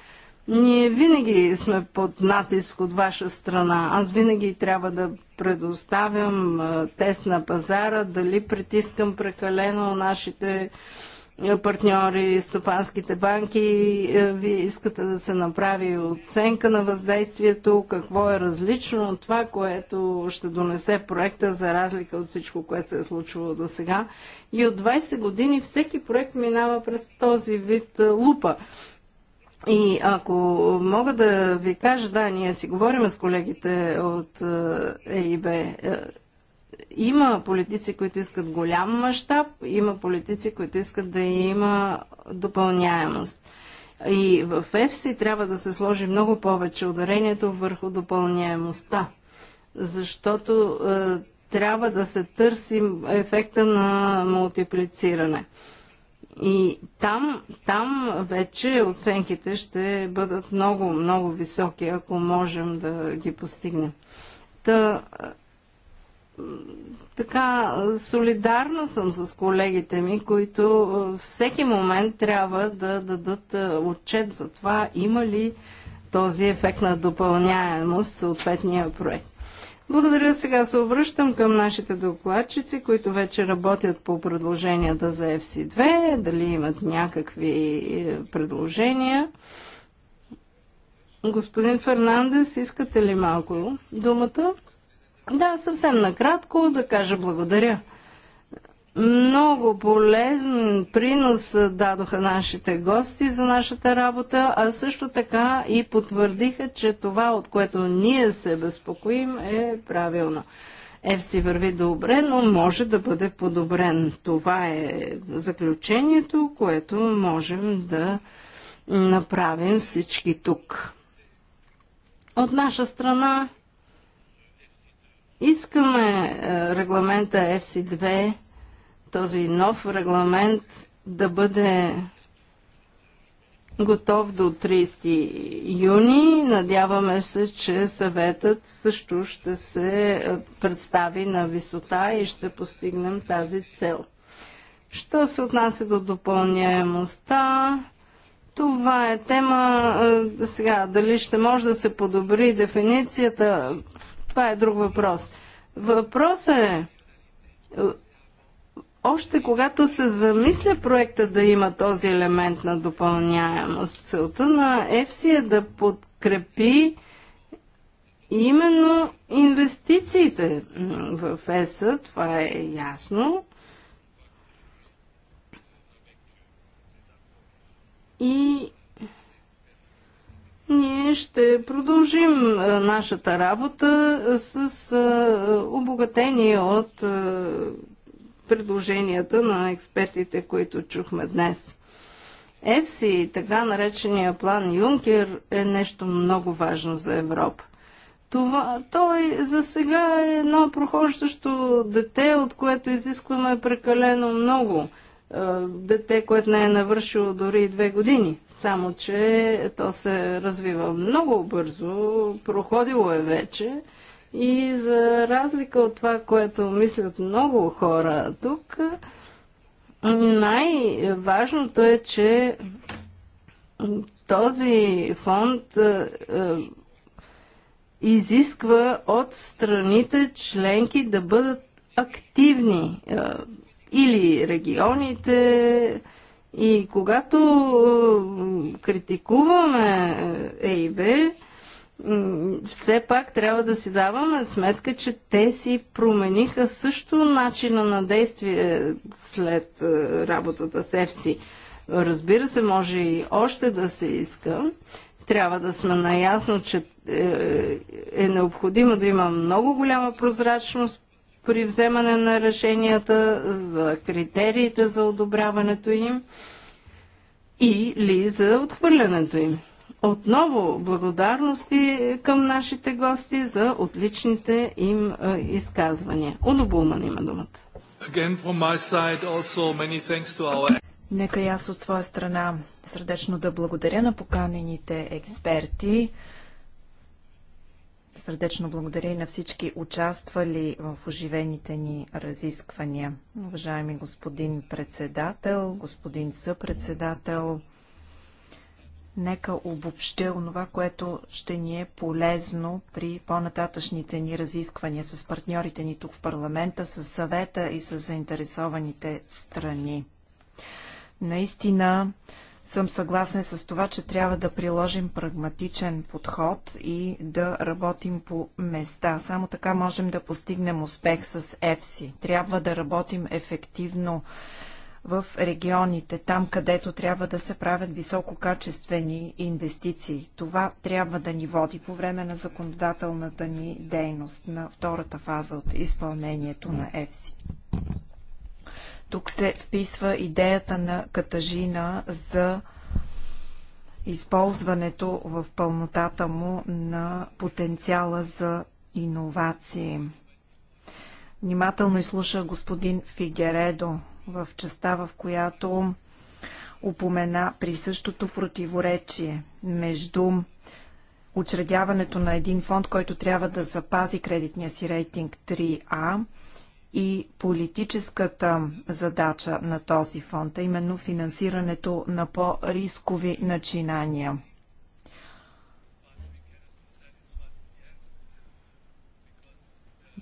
Ние винаги сме под натиск от ваша страна. Аз винаги трябва да предоставям тест на пазара, дали притискам прекалено нашите е, партньори, стопанските банки. Е, Вие искате да се направи оценка на въздействието, какво е различно от това, което ще донесе проекта за разлика от всичко, което се е случвало до сега. И от 20 години всеки проект минава през този вид е, лупа. И ако мога да ви кажа, да, ние си говорим с колегите от ЕИБ, има политици, които искат голям мащаб, има политици, които искат да има допълняемост. И в ЕФСИ трябва да се сложи много повече ударението върху допълняемостта, защото е, трябва да се търси ефекта на мултиплициране. И там, там вече оценките ще бъдат много, много високи, ако можем да ги постигнем. Та, така солидарна съм с колегите ми, които е, всеки момент трябва да дадат е, отчет за това има ли този ефект на допълняемост съответния проект. Благодаря. Сега се обръщам към нашите докладчици, които вече работят по предложенията за FC2, дали имат някакви е, предложения. Господин Фернандес, искате ли малко думата? Да, съвсем накратко да кажа благодаря. Много полезен принос дадоха нашите гости за нашата работа, а също така и потвърдиха, че това, от което ние се безпокоим, е правилно. Евси върви добре, но може да бъде подобрен. Това е заключението, което можем да направим всички тук. От наша страна Искаме е, регламента FC2, този нов регламент, да бъде готов до 30 юни. Надяваме се, че съветът също ще се е, представи на висота и ще постигнем тази цел. Що се отнася до допълняемостта, това е тема е, сега, дали ще може да се подобри дефиницията това е друг въпрос. Въпросът е, още когато се замисля проекта да има този елемент на допълняемост, целта на EFSI е да подкрепи именно инвестициите в ЕСА, това е ясно. И ние ще продължим нашата работа с обогатение от предложенията на експертите, които чухме днес. ЕФСИ, така наречения план Юнкер, е нещо много важно за Европа. Това, той за сега е едно прохождащо дете, от което изискваме прекалено много – дете, което не е навършило дори две години. Само, че то се развива много бързо, проходило е вече. И за разлика от това, което мислят много хора тук, най-важното е, че този фонд е, изисква от страните членки да бъдат активни. Е, или регионите. И когато критикуваме ЕИБ, все пак трябва да си даваме сметка, че те си промениха също начина на действие след е, работата с ЕФСИ. Разбира се, може и още да се иска. Трябва да сме наясно, че е, е необходимо да има много голяма прозрачност при вземане на решенията, за критериите за одобряването им или за отхвърлянето им. Отново благодарности към нашите гости за отличните им изказвания. Удобулман има думата. Again, side, our... Нека и аз от своя страна сърдечно да благодаря на поканените експерти. Сърдечно благодаря и на всички участвали в оживените ни разисквания. Уважаеми господин председател, господин съпредседател, нека обобщя онова, което ще ни е полезно при по-нататъчните ни разисквания с партньорите ни тук в парламента, с съвета и с заинтересованите страни. Наистина, съм съгласен с това, че трябва да приложим прагматичен подход и да работим по места. Само така можем да постигнем успех с ЕФСИ. Трябва да работим ефективно в регионите, там където трябва да се правят висококачествени инвестиции. Това трябва да ни води по време на законодателната ни дейност на втората фаза от изпълнението на ЕФСИ. Тук се вписва идеята на Катажина за използването в пълнотата му на потенциала за иновации. Внимателно изслуша господин Фигередо в частта, в която упомена при същото противоречие между учредяването на един фонд, който трябва да запази кредитния си рейтинг 3А и политическата задача на този фонд, а именно финансирането на по-рискови начинания.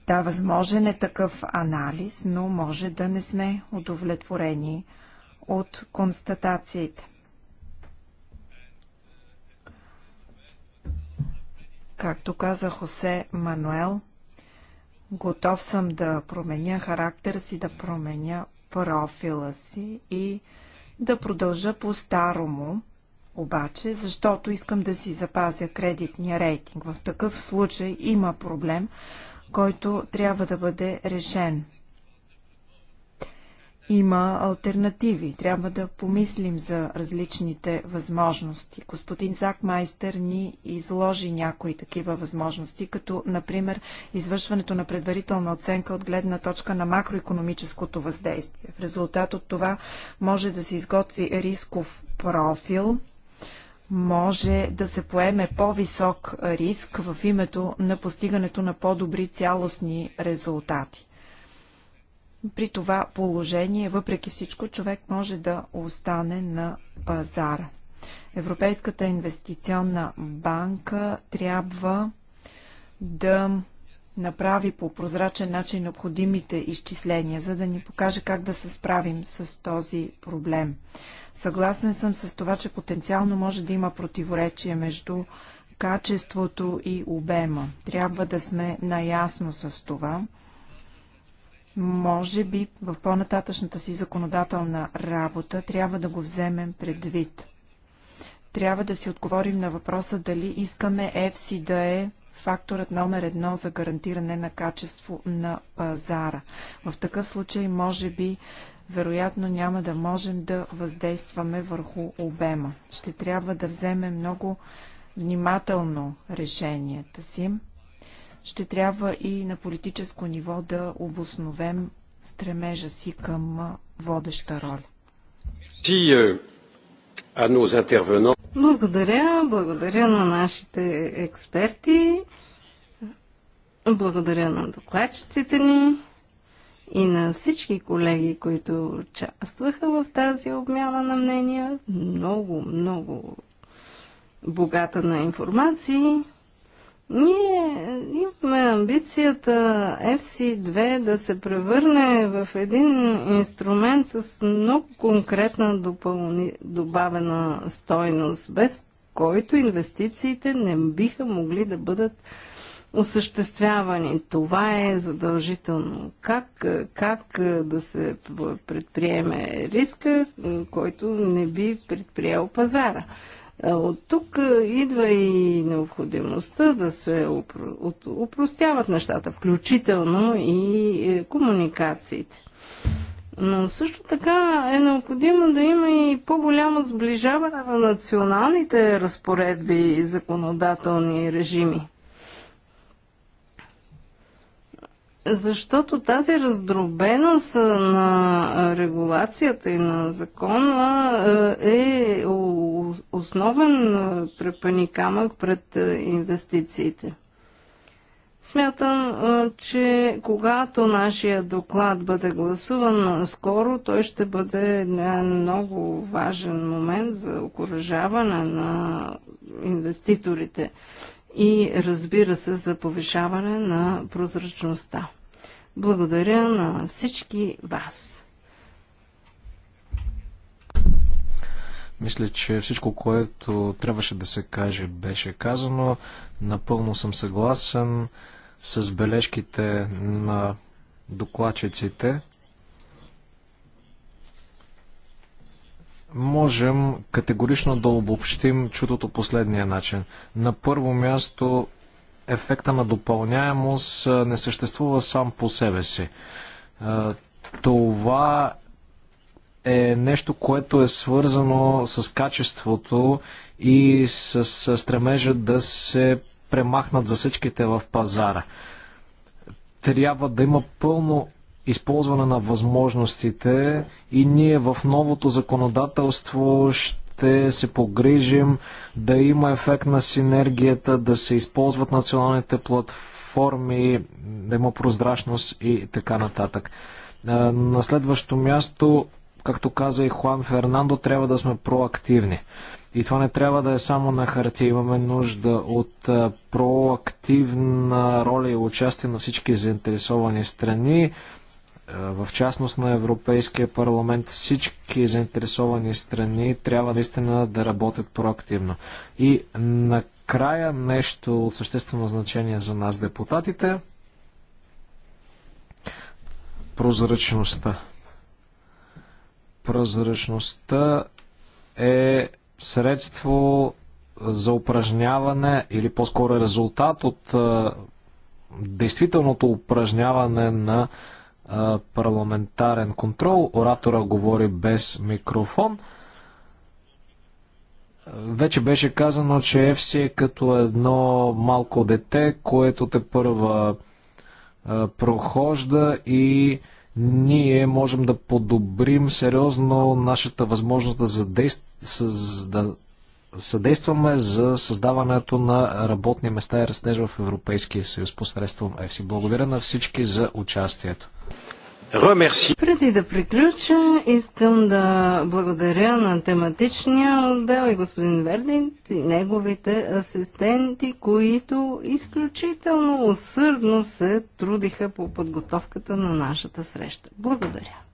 Да, възможен е такъв анализ, но може да не сме удовлетворени от констатациите. Както каза Хосе Мануел, Готов съм да променя характер си, да променя профила си и да продължа по-старому, обаче, защото искам да си запазя кредитния рейтинг. В такъв случай има проблем, който трябва да бъде решен има альтернативи. Трябва да помислим за различните възможности. Господин Закмайстер ни изложи някои такива възможности, като, например, извършването на предварителна оценка от гледна точка на макроекономическото въздействие. В резултат от това може да се изготви рисков профил, може да се поеме по-висок риск в името на постигането на по-добри цялостни резултати. При това положение, въпреки всичко, човек може да остане на пазара. Европейската инвестиционна банка трябва да направи по прозрачен начин необходимите изчисления, за да ни покаже как да се справим с този проблем. Съгласен съм с това, че потенциално може да има противоречие между качеството и обема. Трябва да сме наясно с това. Може би в по-нататъчната си законодателна работа трябва да го вземем предвид. Трябва да си отговорим на въпроса дали искаме EFSI да е факторът номер едно за гарантиране на качество на пазара. В такъв случай, може би, вероятно няма да можем да въздействаме върху обема. Ще трябва да вземем много внимателно решенията си ще трябва и на политическо ниво да обосновем стремежа си към водеща роля. Euh, благодаря, благодаря на нашите експерти, благодаря на докладчиците ни и на всички колеги, които участваха в тази обмяна на мнения. Много, много богата на информации. Ние имаме амбицията FC2 да се превърне в един инструмент с много конкретна допълни, добавена стойност, без който инвестициите не биха могли да бъдат осъществявани. Това е задължително. Как, как да се предприеме риска, който не би предприел пазара? От тук идва и необходимостта да се упро... упростяват нещата, включително и е, комуникациите. Но също така е необходимо да има и по-голямо сближаване на националните разпоредби и законодателни режими. Защото тази раздробеност на регулацията и на закона е основен препани камък пред инвестициите. Смятам, че когато нашия доклад бъде гласуван скоро, той ще бъде един много важен момент за окоръжаване на инвеститорите и разбира се за повишаване на прозрачността. Благодаря на всички вас. Мисля, че всичко, което трябваше да се каже, беше казано. Напълно съм съгласен с бележките на докладчиците. Можем категорично да обобщим чутото последния начин. На първо място ефекта на допълняемост не съществува сам по себе си. Това е нещо, което е свързано с качеството и с стремежа да се премахнат засечките в пазара. Трябва да има пълно използване на възможностите и ние в новото законодателство ще се погрижим да има ефект на синергията, да се използват националните платформи, да има прозрачност и така нататък. Е, на следващо място както каза и Хуан Фернандо, трябва да сме проактивни. И това не трябва да е само на хартия. Имаме нужда от проактивна роля и участие на всички заинтересовани страни, в частност на Европейския парламент. Всички заинтересовани страни трябва наистина да работят проактивно. И накрая нещо от съществено значение за нас, депутатите прозрачността. Прозрачността е средство за упражняване или по-скоро е резултат от действителното упражняване на парламентарен контрол. Оратора говори без микрофон. Вече беше казано, че ФС е като едно малко дете, което те първа прохожда и ние можем да подобрим сериозно нашата възможност да, задейств... да съдействаме за създаването на работни места и растежа в Европейския съюз посредством ЕФСИ. Благодаря на всички за участието. Преди да приключа, искам да благодаря на тематичния отдел и господин Вердин и неговите асистенти, които изключително усърдно се трудиха по подготовката на нашата среща. Благодаря.